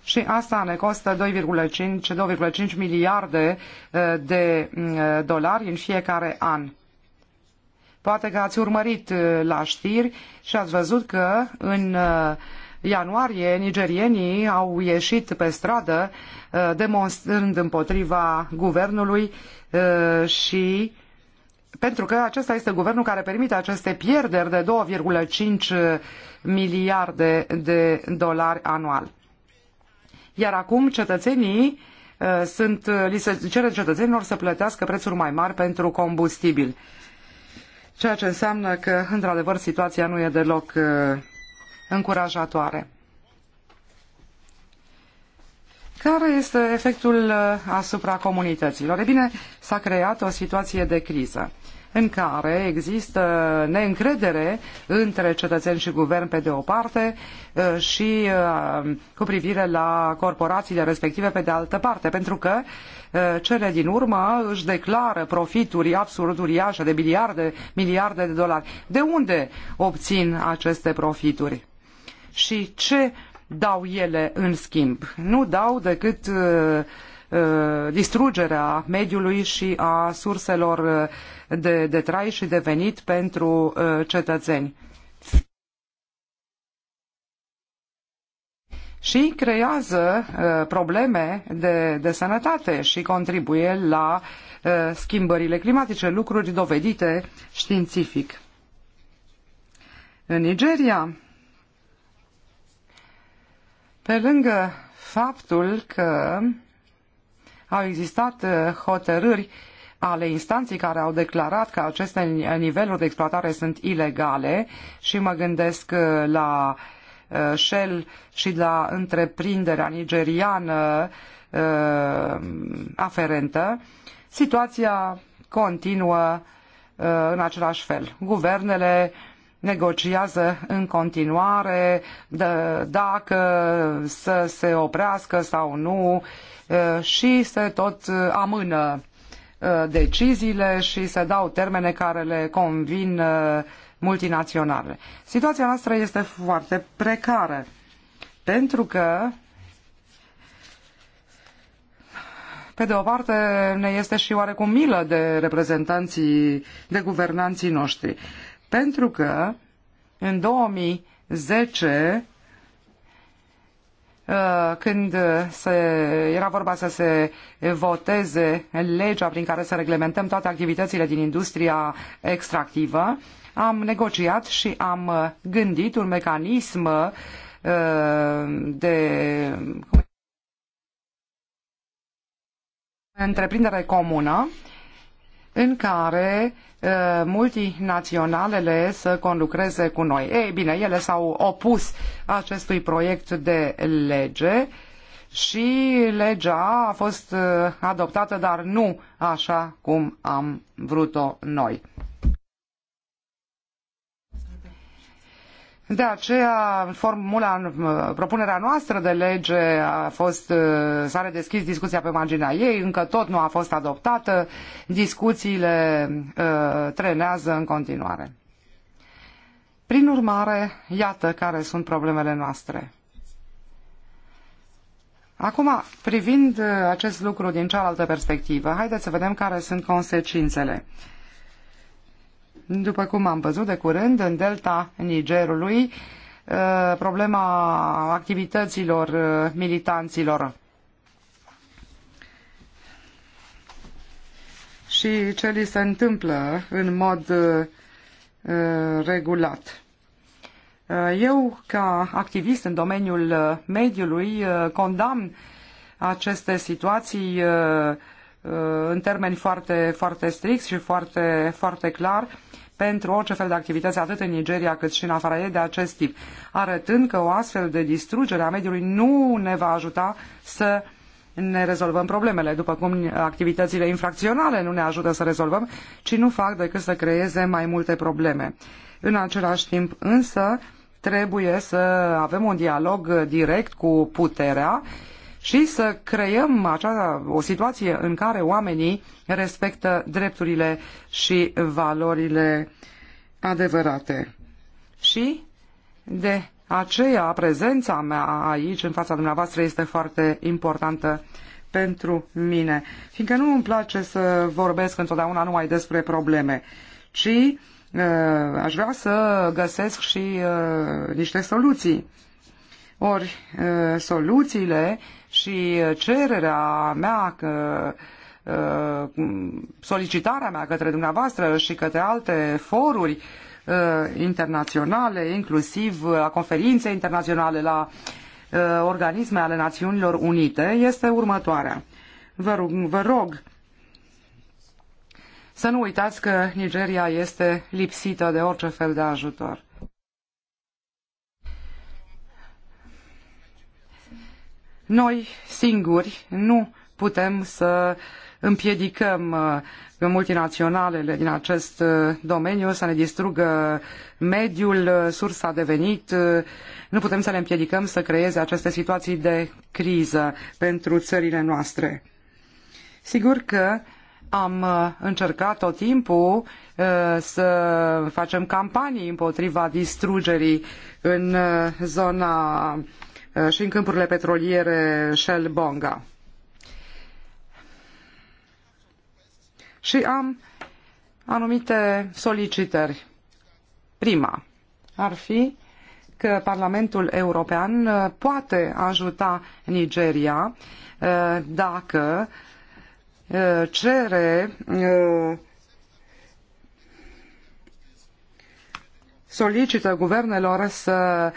Și asta ne costă 2,5 miliarde uh, de dolari în fiecare an. Poate că ați urmărit uh, la știri și ați văzut că în uh, ianuarie nigerienii au ieșit pe stradă uh, demonstrând împotriva guvernului și pentru că acesta este guvernul care permite aceste pierderi de 2,5 miliarde de dolari anual. Iar acum cetățenii sunt, li se cere cetățenilor să plătească prețuri mai mari pentru combustibil ceea ce înseamnă că, într-adevăr, situația nu e deloc uh, încurajatoare. Care este efectul uh, asupra comunităților? E bine, s-a creat o situație de criză în care există neîncredere între cetățeni și guvern pe de o parte uh, și uh, cu privire la corporațiile respective pe de altă parte, pentru că uh, cele din urmă își declară profituri absurd uriașe de miliarde, miliarde de dolari. De unde obțin aceste profituri? Și ce dau ele în schimb? Nu dau decât uh, Uh, distrugerea mediului și a surselor uh, de, de trai și de venit pentru uh, cetățeni. și creează probleme de, de sănătate și contribuie la schimbările climatice, lucruri dovedite științific. În Nigeria, pe lângă faptul că au existat uh, hotărâri ale instanței care au declarat că aceste niveluri de exploatare sunt ilegale și mă gândesc uh, la uh, Shell și la întreprinderea nigeriană aferentă, situația continuă în același fel. Guvernele negociază în continuare de, dacă să se oprească sau nu și se tot amână deciziile și se dau termene care le convin multinaționale. Situația noastră este foarte precară pentru că Pe de o parte, ne este și oarecum milă de reprezentanții, de guvernanții noștri. Pentru că în 2010 uh, când se, era vorba să se voteze legea prin care să reglementăm toate activitățile din industria extractivă, am negociat și am gândit un mecanism uh, de întreprindere comună în care uh, multinaționalele să conlucreze cu noi. Ei bine, ele s-au opus acestui proiect de lege și legea a fost uh, adoptată, dar nu așa cum am vrut-o noi. De aceea, formula, propunerea noastră de lege a fost, uh, s-a redeschis discuția pe marginea ei, încă tot nu a fost adoptată, discuțiile uh, trenează în continuare. Prin urmare, iată care sunt problemele noastre. Acum, privind uh, acest lucru din cealaltă perspectivă, haideți să vedem care sunt consecințele. Uh, după cum am văzut de curând, în delta Nigerului, uh, problema activităților uh, militanților și ce li se întâmplă în mod uh, regulat. Eu, ca activist în domeniul mediului, condamn aceste situații uh, Uh, în termeni foarte, foarte strict și foarte, foarte clar pentru orice fel de activități, atât în Nigeria cât și în afara ei, de acest tip, arătând că o astfel de distrugere a mediului nu ne va ajuta să ne rezolvăm problemele, după cum activitățile infracționale nu ne ajută să rezolvăm, ci nu fac decât să creeze mai multe probleme. În același timp, însă, trebuie să avem un dialog direct cu puterea și să creăm acea, o situație în care oamenii respectă drepturile și valorile adevărate. Și de aceea prezența mea aici în fața dumneavoastră este foarte importantă pentru mine, fiindcă nu îmi place să vorbesc întotdeauna numai despre probleme, ci uh, aș vrea să găsesc și uh, niște soluții. Ori uh, soluțiile uh, și cererea mea că ă, solicitarea mea către dumneavoastră și către alte foruri ă, internaționale, inclusiv la conferințe internaționale, la ă, organisme ale Națiunilor Unite, este următoarea. Vă rog, vă rog să nu uitați că Nigeria este lipsită de orice fel de ajutor. Noi singuri nu putem să împiedicăm uh, multinaționalele din acest uh, domeniu să ne distrugă mediul, uh, sursa de venit. Nu putem să le împiedicăm să creeze aceste situații de criză pentru țările noastre. Sigur că am încercat tot timpul să facem campanii împotriva distrugerii în zona Eh, și în câmpurile petroliere Shell Bonga. Și am anumite solicitări. Prima ar fi că Parlamentul European eh, poate ajuta Nigeria eh, dacă cere solicită guvernelor să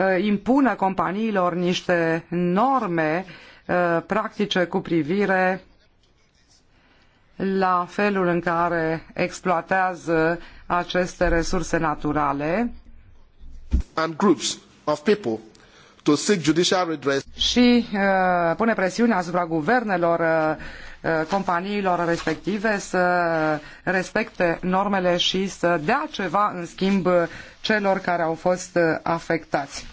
Uh, impună companiilor niște norme uh, practice cu privire la felul în care exploatează aceste resurse naturale and groups of people to seek judicial redress. și uh, pune presiune asupra guvernelor uh, companiilor respective să respecte normele și să dea ceva în schimb celor care au fost afectați.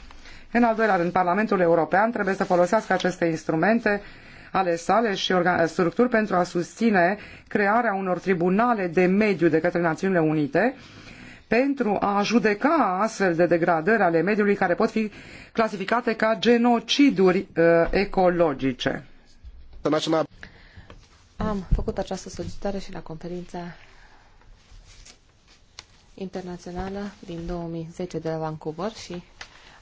În al doilea rând, Parlamentul European trebuie să folosească aceste instrumente ale sale și structuri pentru a susține crearea unor tribunale de mediu de către Națiunile Unite pentru a judeca astfel de degradări ale mediului care pot fi clasificate ca genociduri uh, ecologice. Am făcut această solicitare și la conferința internațională din 2010 de la Vancouver și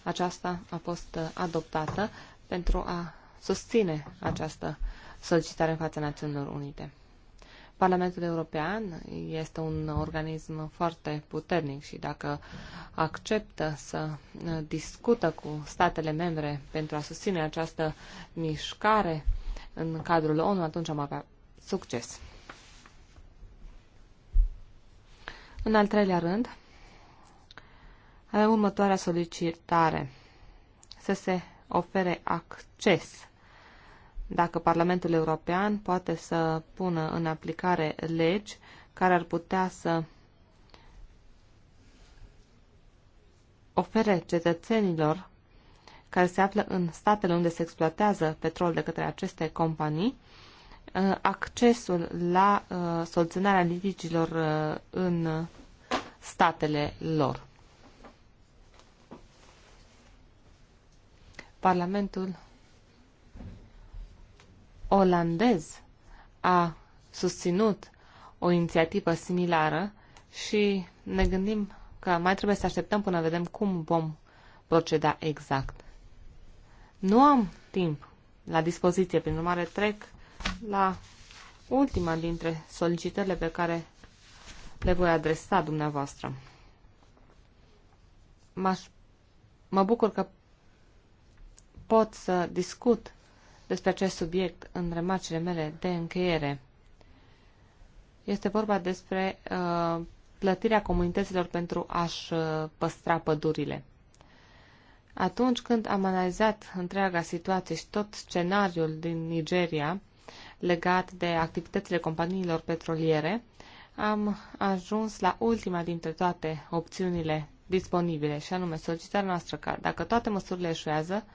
aceasta a fost adoptată pentru a susține această solicitare în fața Națiunilor Unite. Parlamentul European este un organism foarte puternic și dacă acceptă să discută cu statele membre pentru a susține această mișcare în cadrul ONU, atunci am avea succes. În al treilea rând, avem următoarea solicitare. Să se ofere acces dacă Parlamentul European poate să pună în aplicare legi care ar putea să ofere cetățenilor care se află în statele unde se exploatează petrol de către aceste companii Uh, accesul la uh, soluționarea litigilor uh, în statele lor. Parlamentul olandez a susținut o inițiativă similară și ne gândim că mai trebuie să așteptăm până vedem cum vom proceda exact. Nu am timp la dispoziție, prin urmare trec la ultima dintre solicitările pe care le voi adresa dumneavoastră. M-aș, mă bucur că pot să discut despre acest subiect în remarcile mele de încheiere. Este vorba despre uh, plătirea comunităților pentru a-și uh, păstra pădurile. Atunci când am analizat întreaga situație și tot scenariul din Nigeria, legat de activitățile companiilor petroliere, am ajuns la ultima dintre toate opțiunile disponibile, și anume solicitarea noastră ca, dacă toate măsurile eșuează,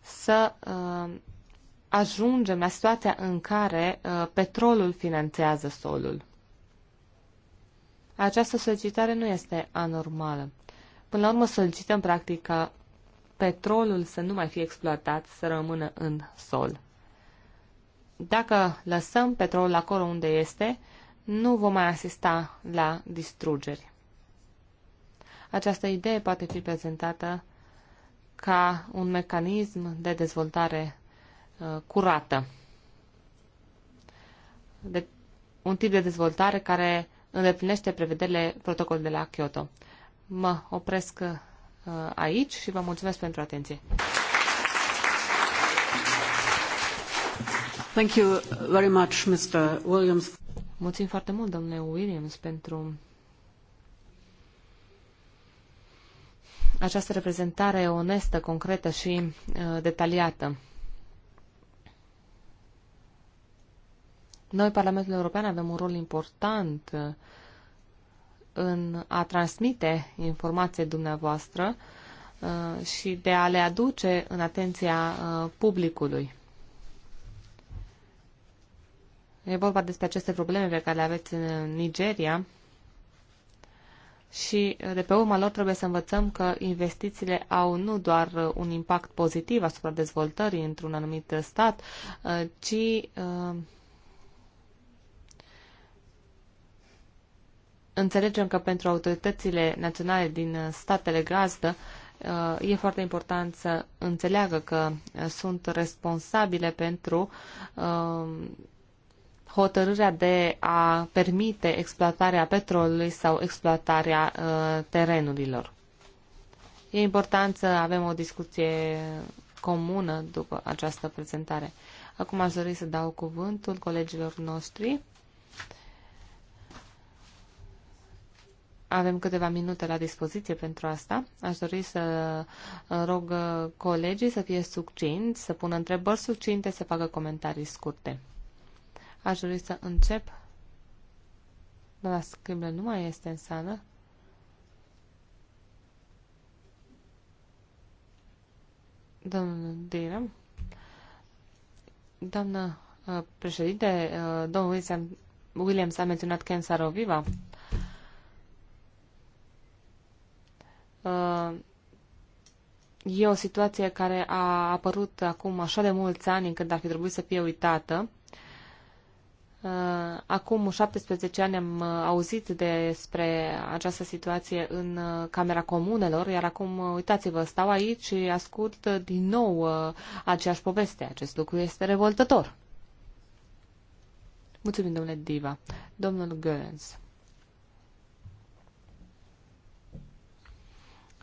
să uh, ajungem la situația în care uh, petrolul finanțează solul. Această solicitare nu este anormală. Până la urmă solicităm practic ca petrolul să nu mai fie exploatat, să rămână în sol. Dacă lăsăm petrolul acolo unde este, nu vom mai asista la distrugeri. Această idee poate fi prezentată ca un mecanism de dezvoltare uh, curată. De, un tip de dezvoltare care îndeplinește prevederile protocolului de la Kyoto. Mă opresc uh, Uh, aici și vă mulțumesc pentru atenție. Thank you very much, Mr. Williams. Mulțumim foarte mult, domnule Williams, pentru această reprezentare onestă, concretă și uh, detaliată. Noi, Parlamentul European, avem un rol important uh, în a transmite informații dumneavoastră uh, și de a le aduce în atenția uh, publicului. E vorba despre aceste probleme pe care le aveți în Nigeria și uh, de pe urma lor trebuie să învățăm că investițiile au nu doar un impact pozitiv asupra dezvoltării într-un anumit stat, ci înțelegem că pentru autoritățile naționale din uh, statele gazdă uh, e foarte important să înțeleagă că uh, sunt responsabile pentru hotărârea de a permite exploatarea petrolului sau exploatarea terenurilor. E important să avem o discuție comună după această prezentare. Acum aș dori să dau cuvântul colegilor noștri Avem câteva minute la dispoziție pentru asta. Aș dori să uh, rog uh, colegii să fie succinți, să pună întrebări succinte, să facă comentarii scurte. Aș dori să încep. La scribă nu mai este în sală. Domnul Diram. Doamnă uh, președinte, domnul Williams a menționat Ken Saroviva Uh, e o situație care a apărut acum așa de mulți ani încât ar fi trebuit să fie uitată. Uh, acum 17 ani am uh, auzit despre această situație în Camera Comunelor, iar acum, uitați-vă, stau aici și ascult din nou aceeași poveste. Acest lucru este revoltător. Mulțumim, domnule Diva. Domnul Görens.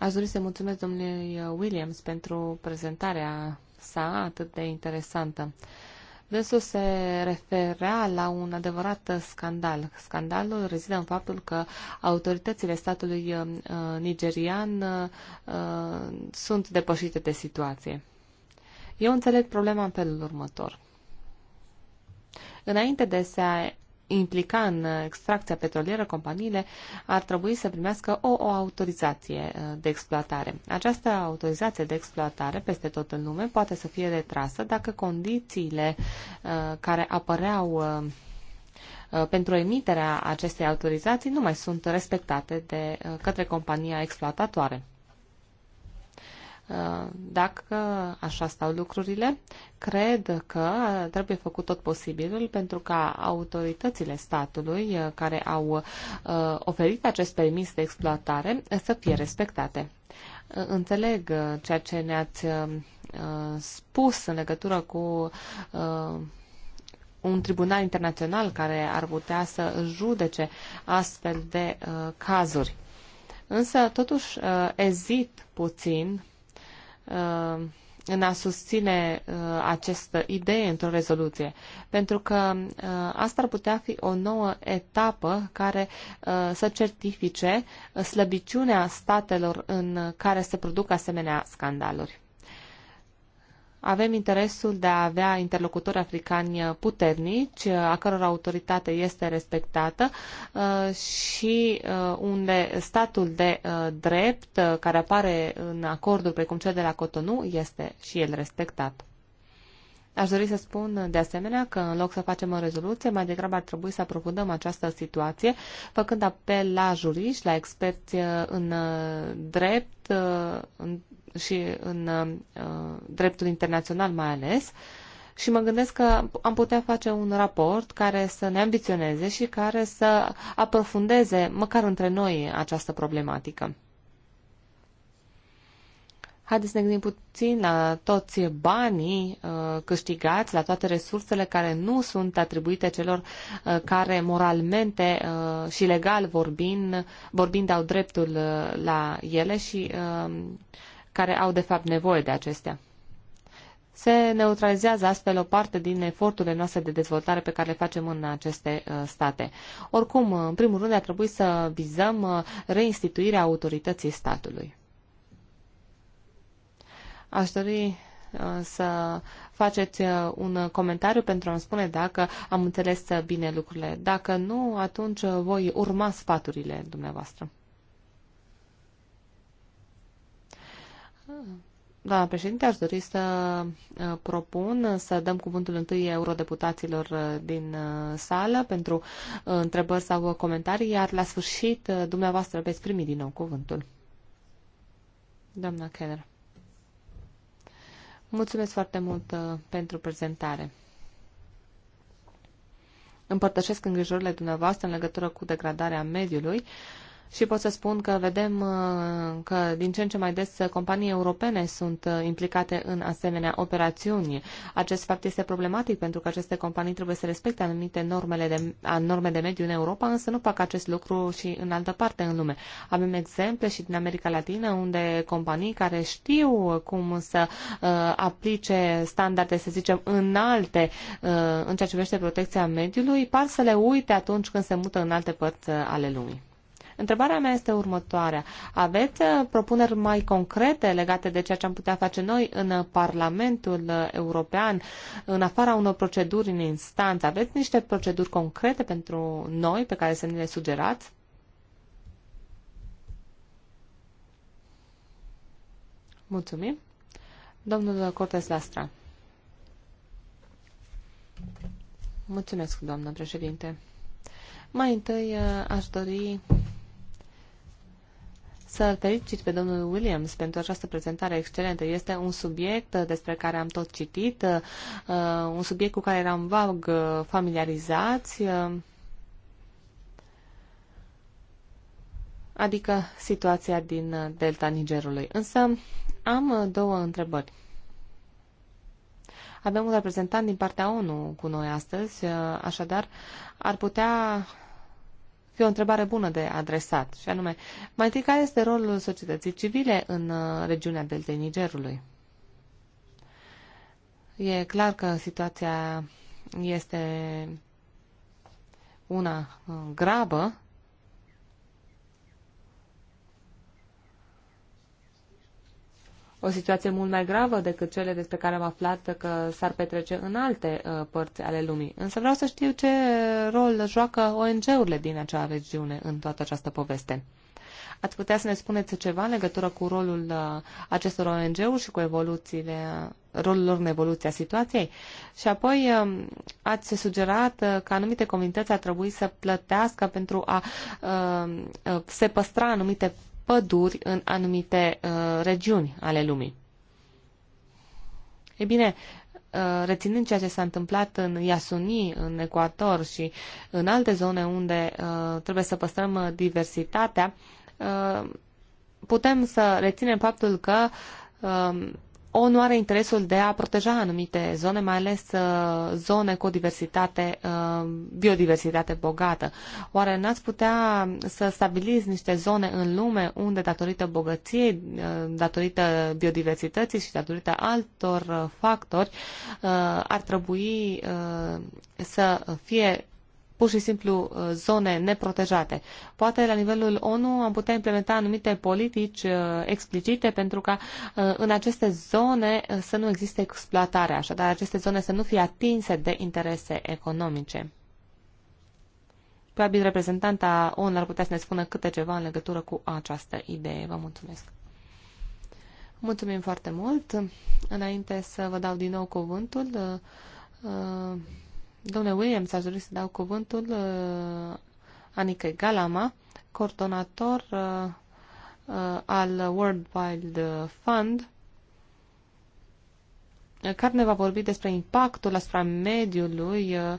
Aș dori să mulțumesc domnului Williams pentru prezentarea sa atât de interesantă. Dânsul se referea la un adevărat scandal. Scandalul rezidă în faptul că autoritățile statului uh, nigerian uh, sunt depășite de situație. Eu înțeleg problema în felul următor. Înainte de, se, implica în extracția petrolieră, companiile ar trebui să primească o, o autorizație uh, de exploatare. Această autorizație de exploatare peste tot în lume poate să fie retrasă dacă condițiile uh, care apăreau uh, pentru emiterea acestei autorizații nu mai sunt respectate de către compania exploatatoare. Dacă așa stau lucrurile, cred că trebuie făcut tot posibilul pentru ca autoritățile statului uh, care au uh, oferit acest permis de exploatare să fie respectate. Uh, înțeleg ceea ce ne-ați spus în legătură cu un tribunal internațional care ar putea să judece astfel de cazuri. Însă, totuși, ezit puțin Uh, în a susține uh, această idee într-o rezoluție, pentru că uh, asta ar putea fi o nouă etapă care să certifice slăbiciunea statelor în care se produc asemenea scandaluri avem interesul de a avea interlocutori africani puternici, a căror autoritate este respectată uh, și uh, unde statul de uh, drept care apare în acordul precum cel de la Cotonou este și el respectat. Aș dori să spun de asemenea că în loc să facem o rezoluție, mai degrabă ar trebui să aprofundăm această situație, făcând apel la juriști, la experți uh, în uh, drept uh, și în dreptul internațional mai ales. Și mă gândesc că am putea face un raport care să ne ambiționeze și care să aprofundeze, măcar între noi, această problematică. Haideți să ne gândim puțin la toți banii uh, câștigați, la toate resursele care nu sunt atribuite celor uh, care moralmente uh, și legal vorbind, vorbind au dreptul uh, la ele și uh, care au de fapt nevoie de acestea. Se neutralizează astfel o parte din eforturile noastre de dezvoltare pe care le facem în aceste uh, state. Oricum, uh, în primul rând, ar trebui să vizăm uh, reinstituirea autorității statului. Aș dori uh, să faceți uh, un comentariu pentru a-mi spune dacă am înțeles uh, bine lucrurile. Dacă nu, atunci voi urma sfaturile dumneavoastră. Doamna președinte, aș dori să propun să dăm cuvântul întâi eurodeputaților din sală pentru întrebări sau comentarii, iar la sfârșit dumneavoastră veți primi din nou cuvântul. Doamna Keller. Mulțumesc foarte mult uh, pentru prezentare. Împărtășesc îngrijorile dumneavoastră în legătură cu degradarea mediului. Uh, și pot să spun că vedem uh, că din ce în ce mai des companii europene sunt uh, implicate în asemenea operațiuni. Acest fapt este problematic pentru că aceste companii trebuie să respecte anumite normele de, norme de mediu în Europa, însă nu fac acest lucru și în altă parte în lume. Avem exemple și din America Latină unde companii care știu cum să uh, aplice standarde, să zicem, înalte uh, în ceea ce privește protecția mediului, par să le uite atunci când se mută în alte părți uh, ale lumii. Întrebarea mea este următoarea. Aveți uh, propuneri mai concrete legate de ceea ce am putea face noi în Parlamentul uh, European, în afara unor proceduri în instanță? Aveți niște proceduri concrete pentru noi pe care să ne le sugerați? Mulțumim. Domnul Cortes Lastra. Mulțumesc, doamnă președinte. Mai întâi uh, aș dori să-l felicit pe domnul Williams pentru această prezentare excelentă. Este un subiect uh, despre care am tot citit, uh, uh, un subiect cu care eram vag familiarizați, adică situația din delta Nigerului. Însă am două întrebări. Avem un reprezentant din partea ONU cu noi astăzi, așadar ar putea fi o întrebare bună de adresat, și anume, mai întâi, care este rolul societății civile în uh, regiunea Deltei Nigerului? E clar că situația este una uh, grabă o situație mult mai gravă decât cele despre care am aflat că s-ar petrece în alte uh, părți ale lumii. Însă vreau să știu ce uh, rol joacă ONG-urile din acea regiune în toată această poveste. Ați putea să ne spuneți ceva în legătură cu rolul uh, acestor ONG-uri și cu evoluțiile, uh, rolul lor în evoluția situației? Și apoi uh, ați sugerat uh, că anumite comunități ar trebui să plătească pentru a uh, se păstra anumite păduri în anumite uh, regiuni ale lumii. E bine, uh, reținând ceea ce s-a întâmplat în Iasuni, în Ecuador și în alte zone unde uh, trebuie să păstrăm uh, diversitatea, uh, putem să reținem faptul că um, ONU are interesul de a proteja anumite zone, mai ales uh, zone cu o diversitate, uh, biodiversitate bogată. Oare n-ați putea să stabiliți niște zone în lume unde, datorită bogăției, uh, datorită biodiversității și datorită altor factori, ar trebui să fie pur și simplu uh, zone neprotejate. Poate la nivelul ONU am putea implementa anumite politici uh, explicite pentru ca uh, în aceste zone să nu existe exploatare, așadar aceste zone să nu fie atinse de interese economice. Probabil reprezentanta ONU ar putea să ne spună câte ceva în legătură cu această idee. Vă mulțumesc! Mulțumim foarte mult! Înainte să vă dau din nou cuvântul, Domnule Williams, aș dori să dau cuvântul uh, Anicăi Galama, coordonator uh, uh, al World Wild Fund, uh, care ne va vorbi despre impactul asupra mediului uh,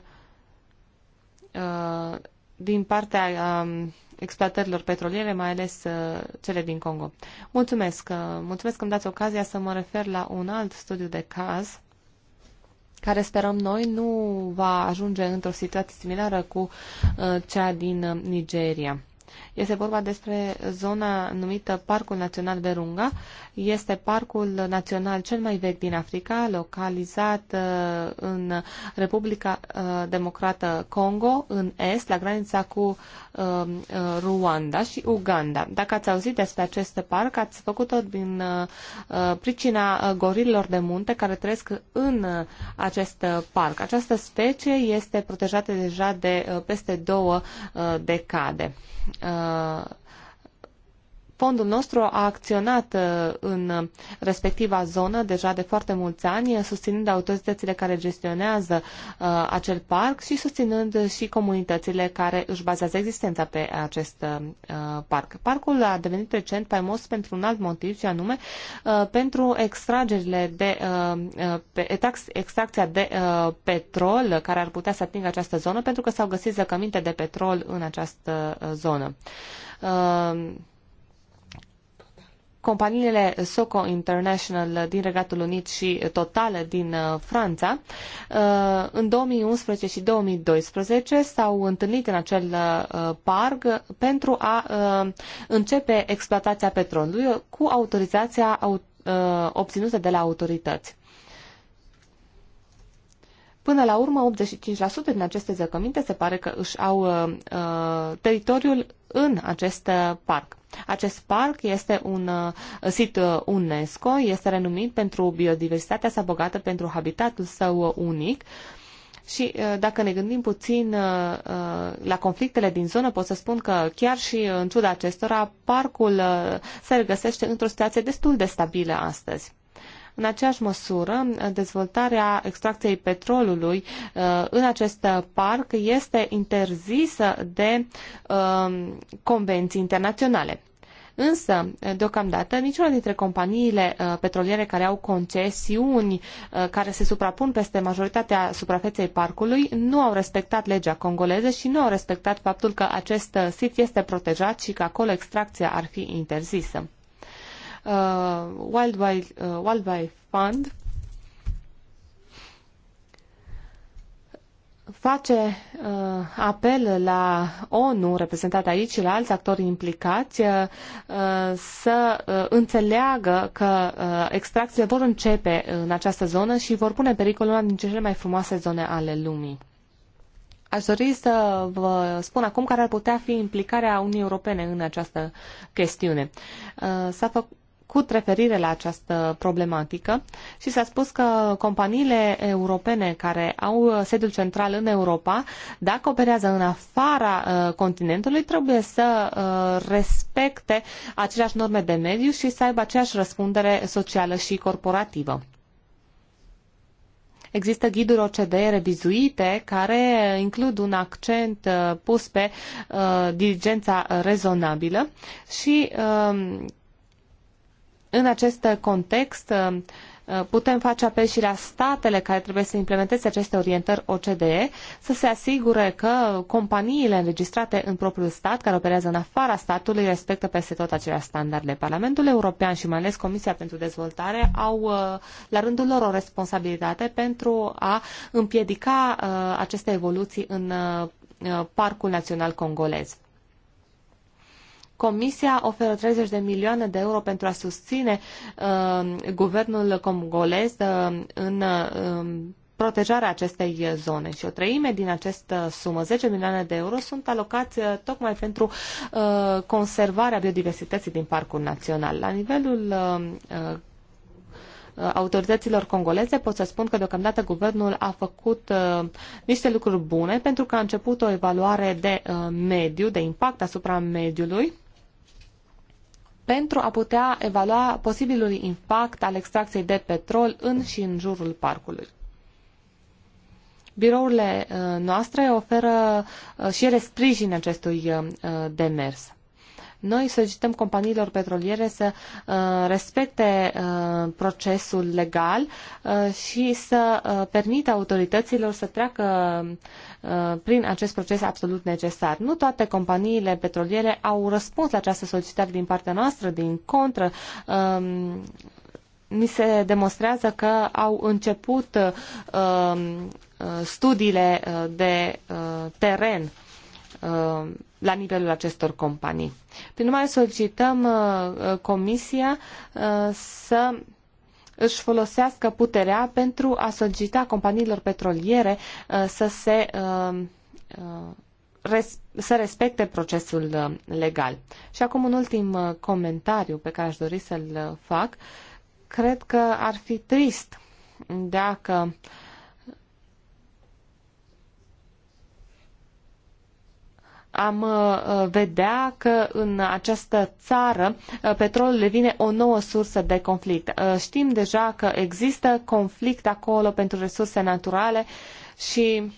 uh, din partea uh, exploatărilor petroliere, mai ales uh, cele din Congo. Mulțumesc! Uh, mulțumesc că îmi dați ocazia să mă refer la un alt studiu de caz care sperăm noi nu va ajunge într-o situație similară cu uh, cea din uh, Nigeria. Este vorba despre zona numită Parcul Național Verunga. Este parcul național cel mai vechi din Africa, localizat uh, în Republica uh, Democrată Congo, în est, la granița cu uh, Ruanda și Uganda. Dacă ați auzit despre acest parc, ați făcut-o din pricina gorilor de munte care trăiesc în acest parc. Această specie este protejată deja de peste două decade uh, Fondul nostru a acționat uh, în respectiva zonă deja de foarte mulți ani, susținând autoritățile care gestionează uh, acel parc și susținând și comunitățile care își bazează existența pe acest uh, parc. Parcul a devenit recent faimos pentru un alt motiv și anume pentru extragerile de extracția de petrol care ar putea să atingă această zonă pentru că s-au găsit zăcăminte de petrol în această zonă companiile Soco International din Regatul Unit și Total din uh, Franța, uh, în 2011 și 2012 s-au întâlnit în acel uh, parc pentru a începe exploatația petrolului cu autorizația obținută de la autorități. Până la urmă, 85% din aceste zăcăminte se pare că își au uh, teritoriul în acest parc. Acest parc este un uh, sit uh, UNESCO, este renumit pentru biodiversitatea sa bogată, pentru habitatul său unic. Și uh, dacă ne gândim puțin la conflictele din zonă, pot să spun că chiar și în ciuda acestora, parcul se regăsește într-o situație destul de stabilă astăzi. În aceeași măsură, dezvoltarea extracției petrolului uh, în acest parc este interzisă de um, convenții internaționale. Însă, deocamdată, niciuna dintre companiile uh, petroliere care au concesiuni uh, care se suprapun peste majoritatea suprafeței parcului nu au respectat legea congoleză și nu au respectat faptul că acest sit este protejat și că acolo extracția ar fi interzisă uh, Wildlife, uh, Wildlife Fund face uh, apel la ONU, reprezentat aici, și la alți actori implicați, uh, uh, să uh, înțeleagă că uh, extracțiile vor începe în această zonă și vor pune în pericol una dintre cele mai frumoase zone ale lumii. Aș dori să vă spun acum care ar putea fi implicarea Uniunii Europene în această chestiune. Uh, s-a făcut făcut referire la această problematică și s-a spus că companiile europene care au uh, sediul central în Europa, dacă operează în afara uh, continentului, trebuie să uh, respecte aceleași norme de mediu și să aibă aceeași răspundere socială și corporativă. Există ghiduri OCDE revizuite care includ un accent pus pe uh, diligența rezonabilă și uh, în acest context, uh, uh, putem face apel și la statele care trebuie să implementeze aceste orientări OCDE să se asigure că companiile înregistrate în propriul stat, care operează în afara statului, respectă peste tot aceleași standarde. Parlamentul European și mai ales Comisia pentru Dezvoltare au uh, la rândul lor o responsabilitate pentru a împiedica aceste evoluții în Parcul Național Congolez. Comisia oferă 30 de milioane de euro pentru a susține uh, guvernul congolez uh, în uh, protejarea acestei zone și o treime din această sumă, 10 milioane de euro, sunt alocați uh, tocmai pentru uh, conservarea biodiversității din parcul național. La nivelul uh, uh, autorităților congoleze, pot să spun că deocamdată guvernul a făcut uh, niște lucruri bune pentru că a început o evaluare de uh, mediu, de impact asupra mediului pentru a putea evalua posibilul impact al extracției de petrol în și în jurul parcului. Birourile uh, noastre oferă uh, și ele sprijin acestui uh, demers. Noi solicităm companiilor petroliere să uh, respecte uh, procesul legal uh, și să permită autorităților să treacă prin acest proces absolut necesar. Nu toate companiile petroliere au răspuns la această solicitare din partea noastră, din contră um, ni se demonstrează că au început uh, studiile de uh, teren uh, la nivelul acestor companii. Prin urmare, solicităm uh, uh, Comisia uh, să își folosească puterea pentru a solicita companiilor petroliere să se să respecte procesul legal. Și acum un ultim comentariu pe care aș dori să-l fac. Cred că ar fi trist dacă uh, am uh, uh, vedea că în această țară uh, petrolul devine o nouă sursă de conflict. Știm deja că există conflict acolo pentru resurse naturale și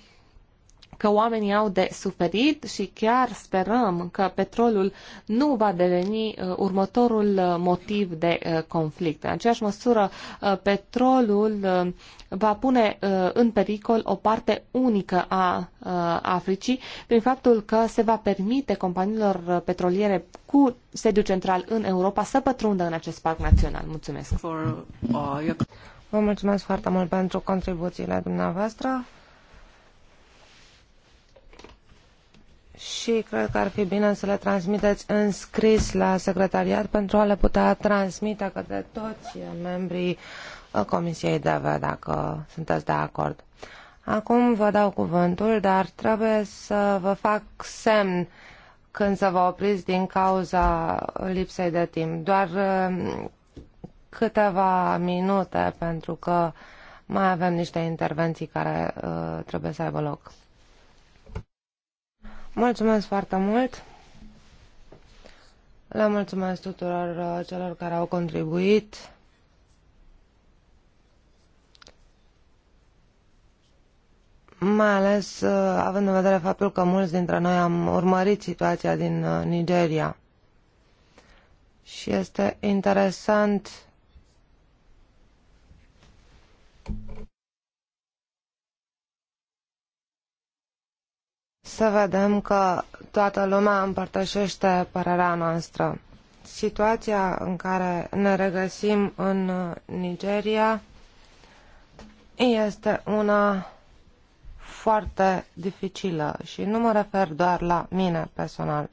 că oamenii au de suferit și chiar sperăm că petrolul nu va deveni uh, următorul uh, motiv de uh, conflict. În aceeași măsură, petrolul va pune în pericol o parte unică a Africii prin faptul că se va permite companiilor petroliere cu sediu central în Europa să pătrundă în acest parc național. Mulțumesc! Vă mulțumesc foarte mult pentru contribuțiile dumneavoastră. și cred că ar fi bine să le transmiteți în scris la secretariat pentru a le putea transmite către toți membrii uh, Comisiei DEVE, dacă sunteți de acord. Acum vă dau cuvântul, dar trebuie să vă fac semn când să vă opriți din cauza lipsei de timp. Doar uh, câteva minute, pentru că mai avem niște intervenții care uh, trebuie să aibă loc. Mulțumesc foarte mult! Le mulțumesc tuturor uh, celor care au contribuit. Mai ales uh, având în vedere faptul că mulți dintre noi am urmărit situația din uh, Nigeria. Și este interesant să vedem că toată lumea împărtășește părerea noastră. Situația în care ne regăsim în uh, Nigeria este una foarte dificilă și nu mă refer doar la mine personal,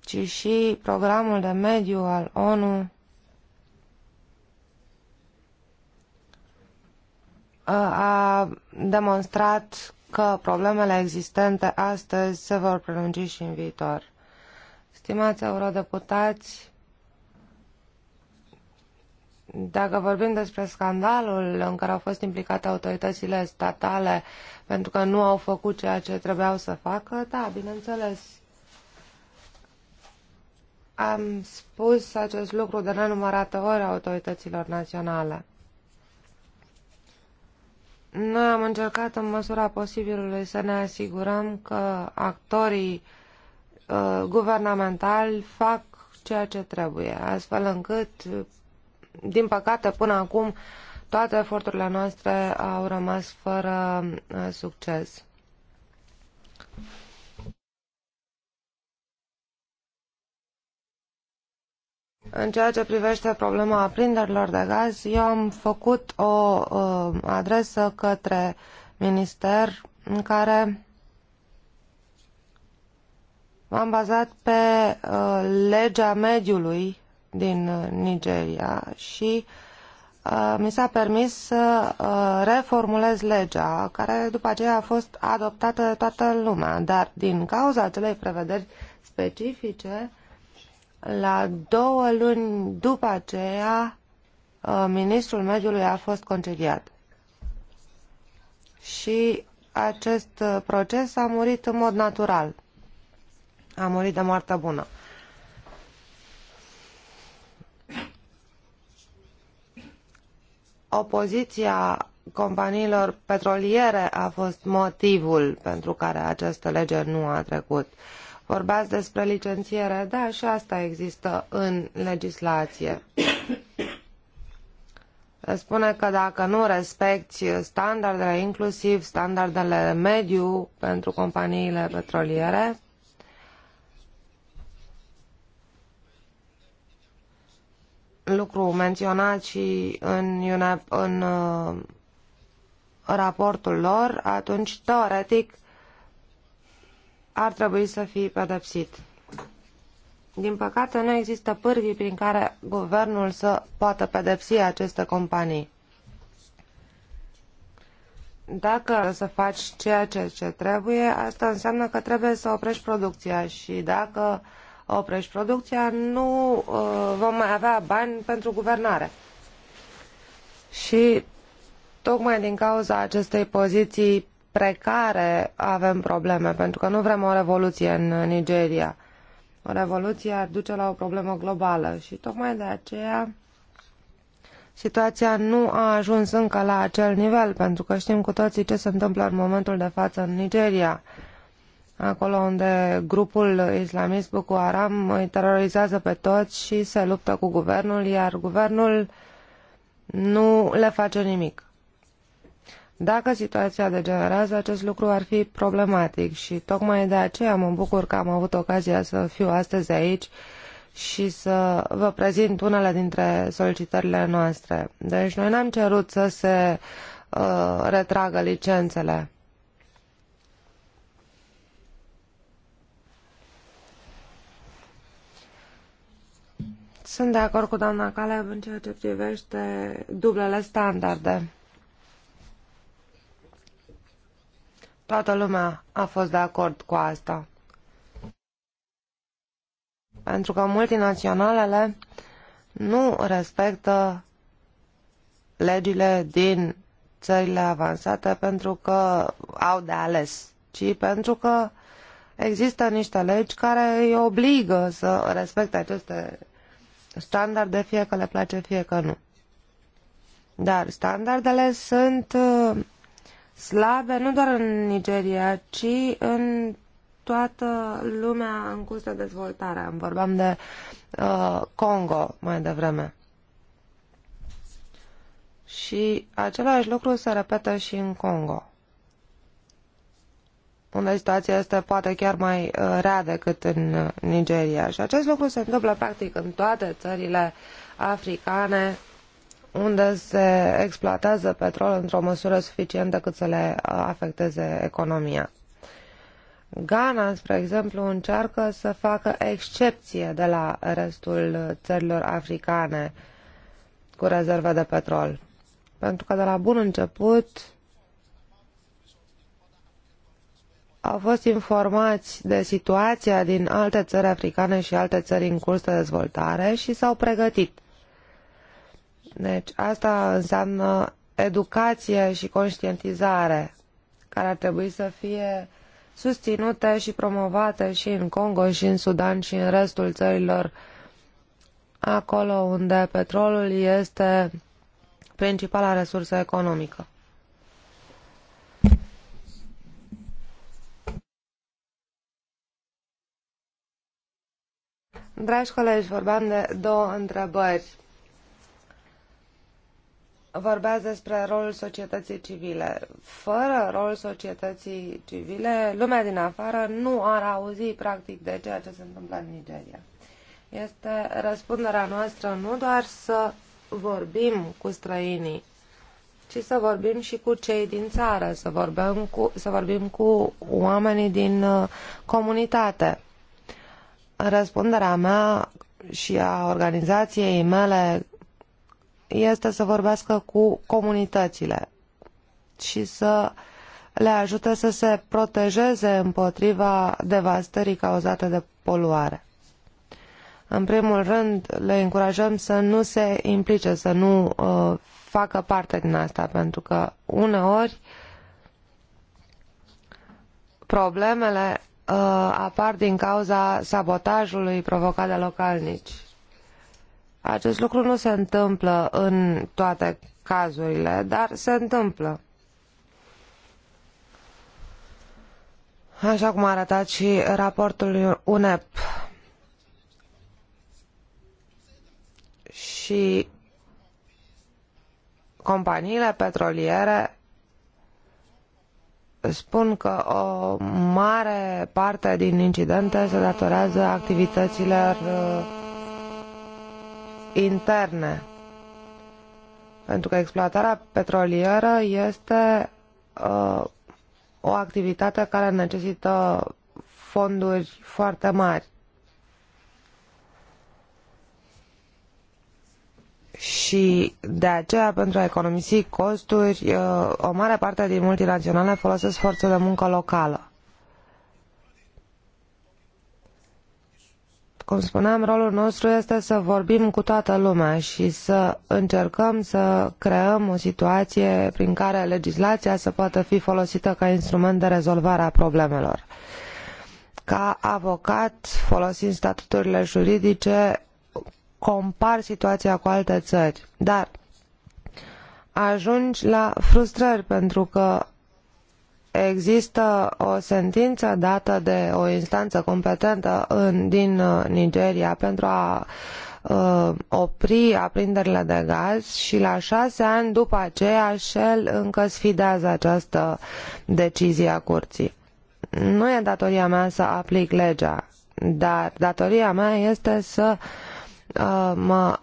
ci și programul de mediu al ONU uh, a demonstrat că problemele existente astăzi se vor prelungi și în viitor. Stimați eurodeputați, dacă vorbim despre scandalul în care au fost implicate autoritățile statale pentru că nu au făcut ceea ce trebuiau să facă, da, bineînțeles. Am spus acest lucru de nenumărate ori autorităților naționale. Noi am încercat în măsura posibilului să ne asigurăm că actorii uh, guvernamentali fac ceea ce trebuie, astfel încât, din păcate, până acum, toate eforturile noastre au rămas fără uh, succes. În ceea ce privește problema aprinderilor de gaz, eu am făcut o uh, adresă către minister în care m-am bazat pe uh, legea mediului din uh, Nigeria și uh, mi s-a permis să uh, reformulez legea, care după aceea a fost adoptată de toată lumea, dar din cauza acelei prevederi specifice, la două luni după aceea, uh, ministrul mediului a fost concediat. Și acest uh, proces a murit în mod natural. A murit de moartea bună. Opoziția companiilor petroliere a fost motivul pentru care această lege nu a trecut. Uh, Vorbeați despre licențiere, da, și asta există în legislație. Spune că dacă nu respecti standardele, inclusiv standardele mediu pentru companiile petroliere, lucru menționat și în, UNEP, în uh, raportul lor, atunci, teoretic, ar trebui să fie pedepsit. Din păcate, nu există pârghii prin care guvernul să poată pedepsi aceste companii. Dacă să faci ceea ce, ce trebuie, asta înseamnă că trebuie să oprești producția și dacă oprești producția, nu uh, vom mai avea bani pentru guvernare. Și tocmai din cauza acestei poziții care avem probleme, pentru că nu vrem o revoluție în Nigeria. O revoluție ar duce la o problemă globală și tocmai de aceea situația nu a ajuns încă la acel nivel, pentru că știm cu toții ce se întâmplă în momentul de față în Nigeria, acolo unde grupul islamist Boko Haram îi terorizează pe toți și se luptă cu guvernul, iar guvernul nu le face nimic. Dacă situația degenerează, acest lucru ar fi problematic și tocmai de aceea mă bucur că am avut ocazia să fiu astăzi aici și să vă prezint unele dintre solicitările noastre. Deci noi n-am cerut să se uh, retragă licențele. Sunt de acord cu doamna Caleb în ceea ce privește dublele standarde. Toată lumea a fost de acord cu asta. Pentru că multinaționalele nu respectă legile din țările avansate pentru că au de ales, ci pentru că există niște legi care îi obligă să respecte aceste standarde, fie că le place, fie că nu. Dar standardele sunt uh, slabe, nu doar în Nigeria, ci în toată lumea în curs de dezvoltare. Am vorbeam de uh, Congo mai devreme. Și același lucru se repetă și în Congo, unde situația este poate chiar mai uh, rea decât în uh, Nigeria. Și acest lucru se întâmplă practic în toate țările africane unde se exploatează petrol într-o măsură suficientă cât să le afecteze economia. Ghana, spre exemplu, încearcă să facă excepție de la restul țărilor africane cu rezerve de petrol. Pentru că de la bun început au fost informați de situația din alte țări africane și alte țări în curs de dezvoltare și s-au pregătit deci asta înseamnă educație și conștientizare, care ar trebui să fie susținute și promovate și în Congo, și în Sudan, și în restul țărilor, acolo unde petrolul este principala resursă economică. Dragi colegi, vorbeam de două întrebări vorbeați despre rolul societății civile. Fără rolul societății civile, lumea din afară nu ar auzi practic de ceea ce se întâmplă în Nigeria. Este răspunderea noastră nu doar să vorbim cu străinii, ci să vorbim și cu cei din țară, să vorbim cu, să vorbim cu oamenii din uh, comunitate. Răspunderea mea și a organizației mele este să vorbească cu comunitățile și să le ajute să se protejeze împotriva devastării cauzate de poluare. În primul rând, le încurajăm să nu se implice, să nu uh, facă parte din asta, pentru că uneori problemele uh, apar din cauza sabotajului provocat de localnici acest lucru nu se întâmplă în toate cazurile, dar se întâmplă. Așa cum a arătat și raportul UNEP. Și companiile petroliere spun că o mare parte din incidente se datorează activităților uh, interne. Pentru că exploatarea petrolieră este uh, o activitate care necesită fonduri foarte mari. și de aceea pentru a economisi costuri uh, o mare parte din multinaționale folosesc forță de muncă locală. Cum spuneam, rolul nostru este să vorbim cu toată lumea și să încercăm să creăm o situație prin care legislația să poată fi folosită ca instrument de rezolvare a problemelor. Ca avocat, folosind statuturile juridice, compar situația cu alte țări, dar ajungi la frustrări pentru că există o sentință dată de o instanță competentă în, din uh, Nigeria pentru a uh, opri aprinderile de gaz și la șase ani după aceea Shell încă sfidează această decizie a curții. Nu e datoria mea să aplic legea, dar datoria mea este să uh, mă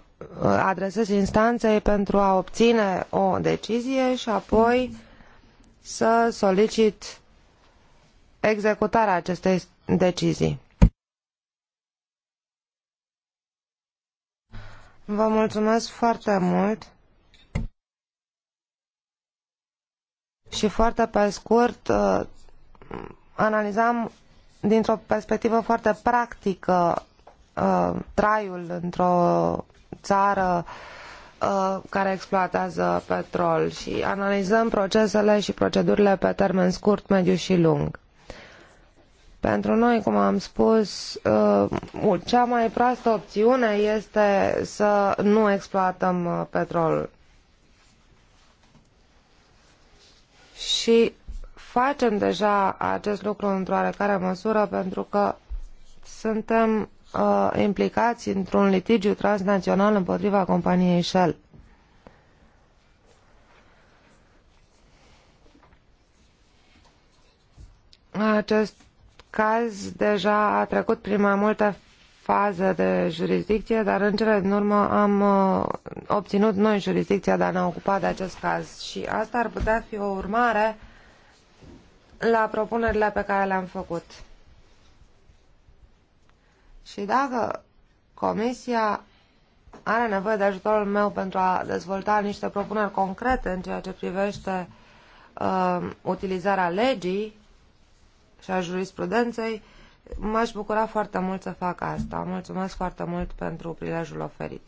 adresez instanței pentru a obține o decizie și apoi să solicit executarea acestei decizii. Vă mulțumesc foarte mult și foarte pe scurt uh, analizam dintr-o perspectivă foarte practică uh, traiul într-o țară uh, Uh, care exploatează petrol și analizăm procesele și procedurile pe termen scurt, mediu și lung. Pentru noi, cum am spus, uh, cea mai proastă opțiune este să nu exploatăm uh, petrolul. Și facem deja acest lucru într-o oarecare măsură pentru că suntem uh, implicați într-un litigiu transnațional împotriva companiei Shell. Acest caz deja a trecut prin mai multe faze de jurisdicție, dar în cele din urmă am uh, obținut noi jurisdicția de a ne ocupa de acest caz și asta ar putea fi o urmare la propunerile pe care le-am făcut. Și dacă Comisia are nevoie de ajutorul meu pentru a dezvolta niște propuneri concrete în ceea ce privește uh, utilizarea legii și a jurisprudenței, m-aș bucura foarte mult să fac asta. Mulțumesc foarte mult pentru prilejul oferit.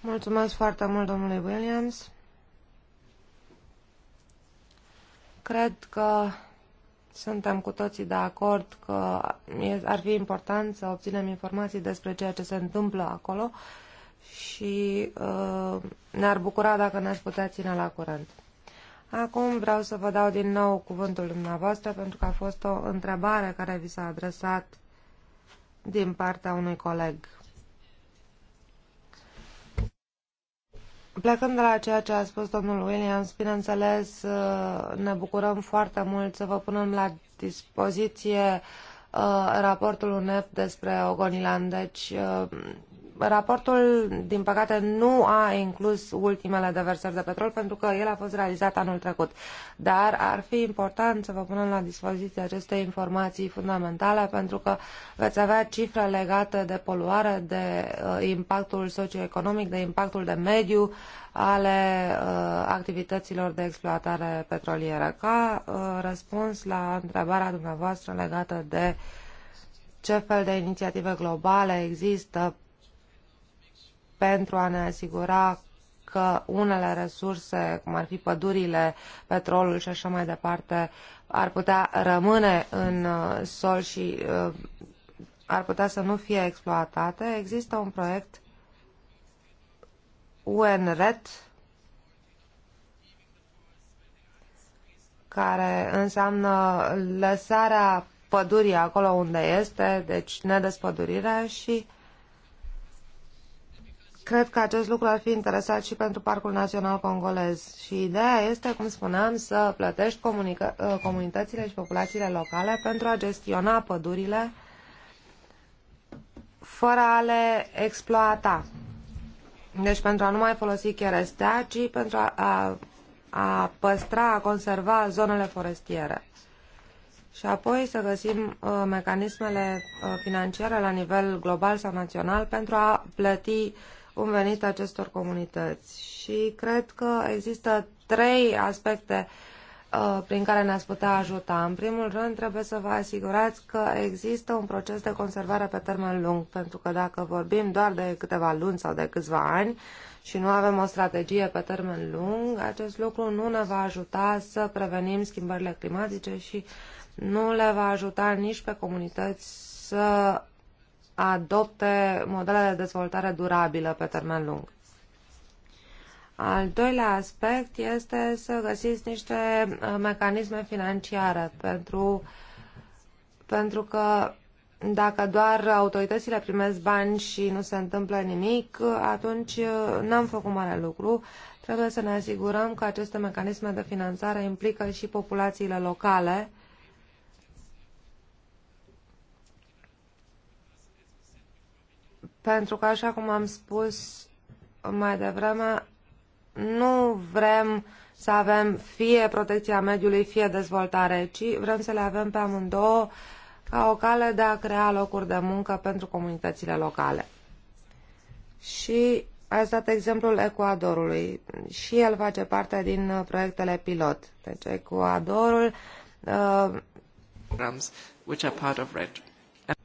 Mulțumesc foarte mult, domnului Williams. Cred că suntem cu toții de acord că ar fi important să obținem informații despre ceea ce se întâmplă acolo și uh, ne-ar bucura dacă ne aș putea ține la curent. Acum vreau să vă dau din nou cuvântul dumneavoastră pentru că a fost o întrebare care vi s-a adresat din partea unui coleg Plecând de la ceea ce a spus domnul Williams, bineînțeles, uh, ne bucurăm foarte mult să vă punem la dispoziție uh, raportul UNEP despre Ogoniland. Deci, uh, raportul, din păcate, nu a inclus ultimele deversări de petrol pentru că el a fost realizat anul trecut. Dar ar fi important să vă punem la dispoziție aceste informații fundamentale pentru că veți avea cifre legate de poluare, de uh, impactul socioeconomic, de impactul de mediu ale uh, activităților de exploatare petrolieră. Ca uh, răspuns la întrebarea dumneavoastră legată de ce fel de inițiative globale există pentru a ne asigura că unele resurse, cum ar fi pădurile, petrolul și așa mai departe, ar putea rămâne în uh, sol și uh, ar putea să nu fie exploatate, există un proiect UNRET care înseamnă lăsarea pădurii acolo unde este, deci nedespădurirea și Cred că acest lucru ar fi interesat și pentru Parcul Național Congolez. Și ideea este, cum spuneam, să plătești ă, comunitățile și populațiile locale pentru a gestiona pădurile fără a le exploata. Deci pentru a nu mai folosi cherestea, ci pentru a, a, a păstra, a conserva zonele forestiere. Și apoi să găsim uh, mecanismele uh, financiare la nivel global sau național pentru a plăti uh, bun venit acestor comunități. Și cred că există trei aspecte uh, prin care ne-ați putea ajuta. În primul rând, trebuie să vă asigurați că există un proces de conservare pe termen lung, pentru că dacă vorbim doar de câteva luni sau de câțiva ani și nu avem o strategie pe termen lung, acest lucru nu ne va ajuta să prevenim schimbările climatice și nu le va ajuta nici pe comunități să adopte modele de dezvoltare durabilă pe termen lung. Al doilea aspect este să găsiți niște uh, mecanisme financiare pentru, pentru că dacă doar autoritățile primesc bani și nu se întâmplă nimic, atunci uh, n-am făcut mare lucru. Trebuie să ne asigurăm că aceste mecanisme de finanțare implică și populațiile locale uh, Pentru că, așa cum am spus mai devreme, nu vrem să avem fie protecția mediului, fie dezvoltare, ci vrem să le avem pe amândouă ca o cale de a crea locuri de muncă pentru comunitățile locale. Și ați dat exemplul Ecuadorului și el face parte din uh, proiectele pilot. Deci Ecuadorul uh, which are part of RED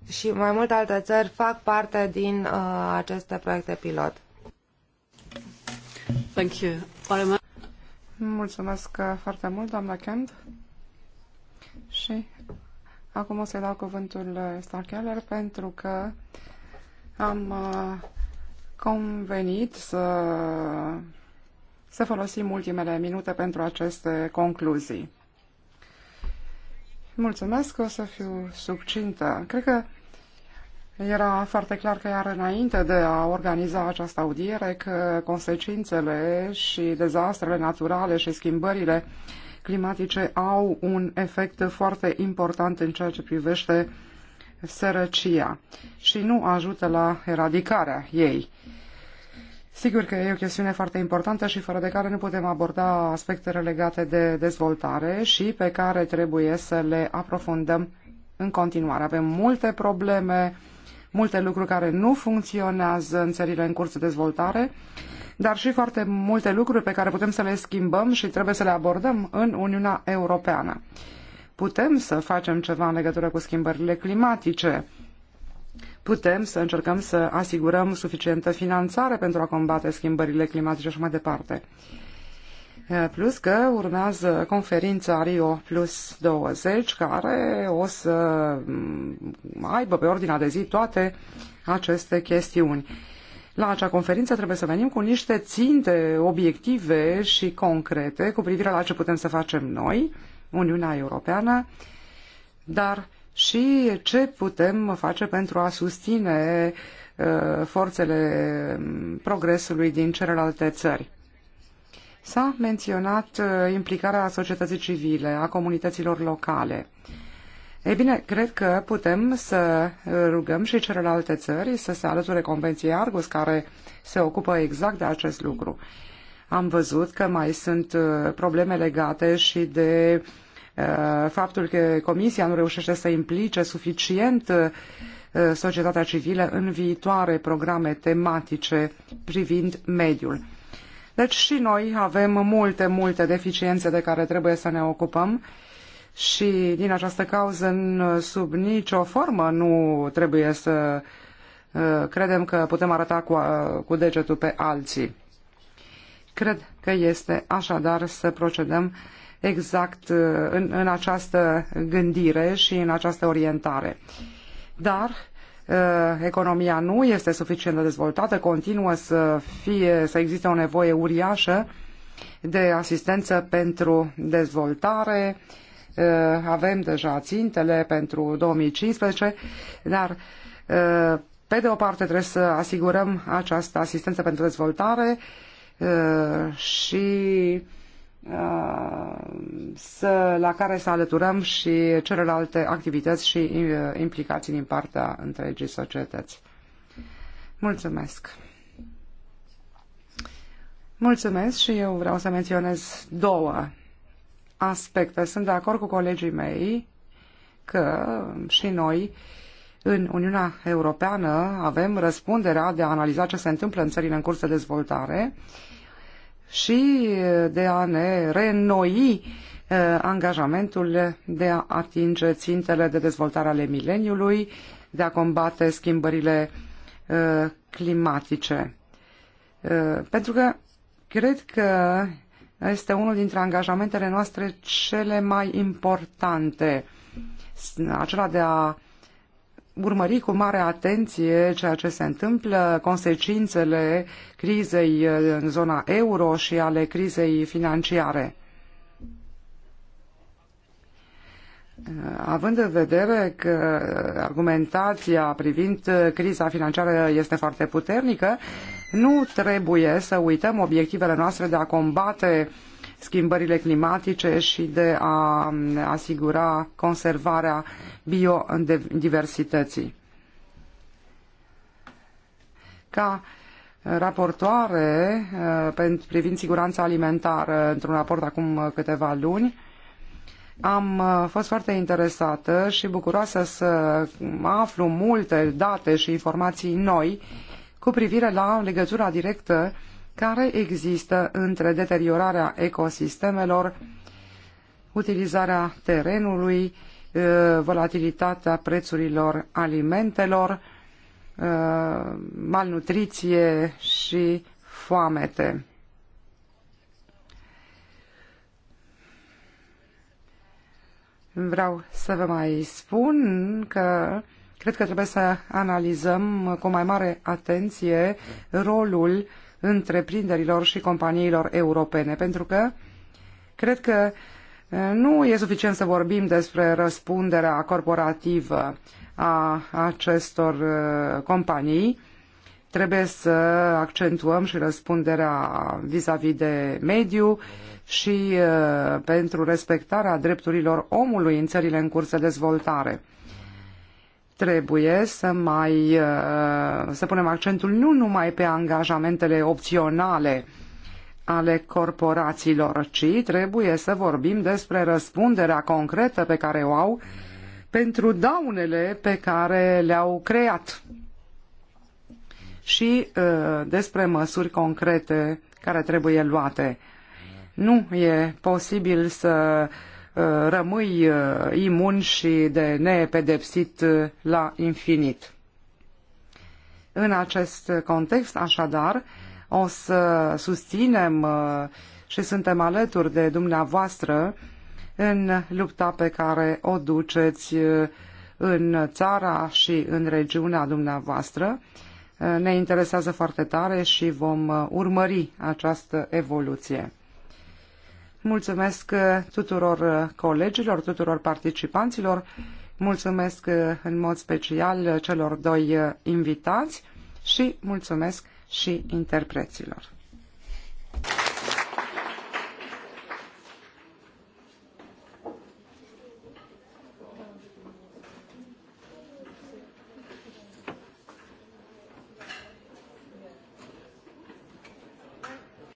și mai multe alte țări fac parte din uh, aceste proiecte pilot. Thank you. Mulțumesc uh, foarte mult, doamna Kent. Și acum o să dau cuvântul uh, Starkeller pentru că am uh, convenit să, să folosim ultimele minute pentru aceste concluzii. Mulțumesc, o să fiu succintă. Cred că era foarte clar că iar înainte de a organiza această audiere că consecințele și dezastrele naturale și schimbările climatice au un efect foarte important în ceea ce privește sărăcia și nu ajută la eradicarea ei. Sigur că e o chestiune foarte importantă și fără de care nu putem aborda aspectele legate de dezvoltare și pe care trebuie să le aprofundăm în continuare. Avem multe probleme, multe lucruri care nu funcționează în țările în curs de dezvoltare, dar și foarte multe lucruri pe care putem să le schimbăm și trebuie să le abordăm în Uniunea Europeană. Putem să facem ceva în legătură cu schimbările climatice, putem să încercăm să asigurăm suficientă finanțare pentru a combate schimbările climatice și mai departe. Plus că urmează conferința Rio Plus 20, care o să mm, aibă pe ordinea de zi toate aceste chestiuni. La acea conferință trebuie să venim cu niște ținte obiective și concrete cu privire la ce putem să facem noi, Uniunea Europeană, dar și ce putem face pentru a susține uh, forțele progresului din celelalte țări. S-a menționat uh, implicarea societății civile, a comunităților locale. Ei bine, cred că putem să uh, rugăm și celelalte țări să se alăture Convenției Argus, care se ocupă exact de acest lucru. Am văzut că mai sunt probleme legate și de uh, Uh, faptul că Comisia nu reușește să implice suficient uh, societatea civilă în viitoare programe tematice privind mediul. Deci și noi avem multe, multe deficiențe de care trebuie să ne ocupăm și din această cauză sub nicio formă nu trebuie să uh, credem că putem arăta cu, cu degetul pe alții. Cred că este așadar să procedăm uh, exact uh, în, în această gândire și în această orientare. Dar uh, economia nu este suficient de dezvoltată, continuă să, fie, să existe o nevoie uriașă de asistență pentru dezvoltare, uh, avem deja țintele pentru 2015, dar pe de o parte trebuie să asigurăm această asistență pentru dezvoltare și Uh, să, la care să alăturăm și celelalte activități și uh, implicații din partea întregii societăți. Mulțumesc! Mulțumesc și eu vreau să menționez două aspecte. Sunt de acord cu colegii mei că și noi în Uniunea Europeană avem răspunderea de a analiza ce se întâmplă în țările în curs de dezvoltare uh, și de a ne reînnoi uh, angajamentul de a atinge țintele de dezvoltare ale mileniului, de a combate schimbările uh, climatice. Uh, pentru că cred că este unul dintre angajamentele noastre cele mai importante, acela de a urmări cu mare atenție ceea ce se întâmplă, consecințele crizei uh, în zona euro și ale crizei financiare. Uh, având în vedere că argumentația privind uh, criza financiară este foarte puternică, nu trebuie să uităm obiectivele noastre de a combate uh, schimbările climatice și de a mm, asigura conservarea biodiversității. Ca raportoare eh, privind siguranța alimentară într-un raport acum câteva luni, am eh, fost foarte interesată și bucuroasă să aflu multe date și informații noi cu privire la legătura directă care există între deteriorarea ecosistemelor, utilizarea terenului, volatilitatea prețurilor alimentelor, malnutriție și foamete. Vreau să vă mai spun că cred că trebuie să analizăm cu mai mare atenție rolul uh, întreprinderilor și companiilor europene, pentru că cred că nu e suficient să vorbim despre răspunderea corporativă a acestor companii, trebuie să accentuăm și răspunderea vis-a-vis -vis de mediu și pentru respectarea drepturilor omului în țările în curs de dezvoltare trebuie să mai uh, să punem accentul nu numai pe angajamentele opționale ale corporațiilor, ci trebuie să vorbim despre răspunderea concretă pe care o au pentru daunele pe care le-au creat și uh, despre măsuri concrete care trebuie luate. Nu e posibil să uh, Uh, rămâi uh, imun și de nepedepsit uh, la infinit. În acest context, așadar, o să susținem și suntem alături de dumneavoastră în lupta pe care o duceți în țara și în regiunea dumneavoastră. Ne interesează foarte tare și vom urmări această evoluție. Mulțumesc uh, tuturor uh, colegilor, tuturor participanților, mulțumesc uh, în mod special celor doi invitați și mulțumesc și interpreților.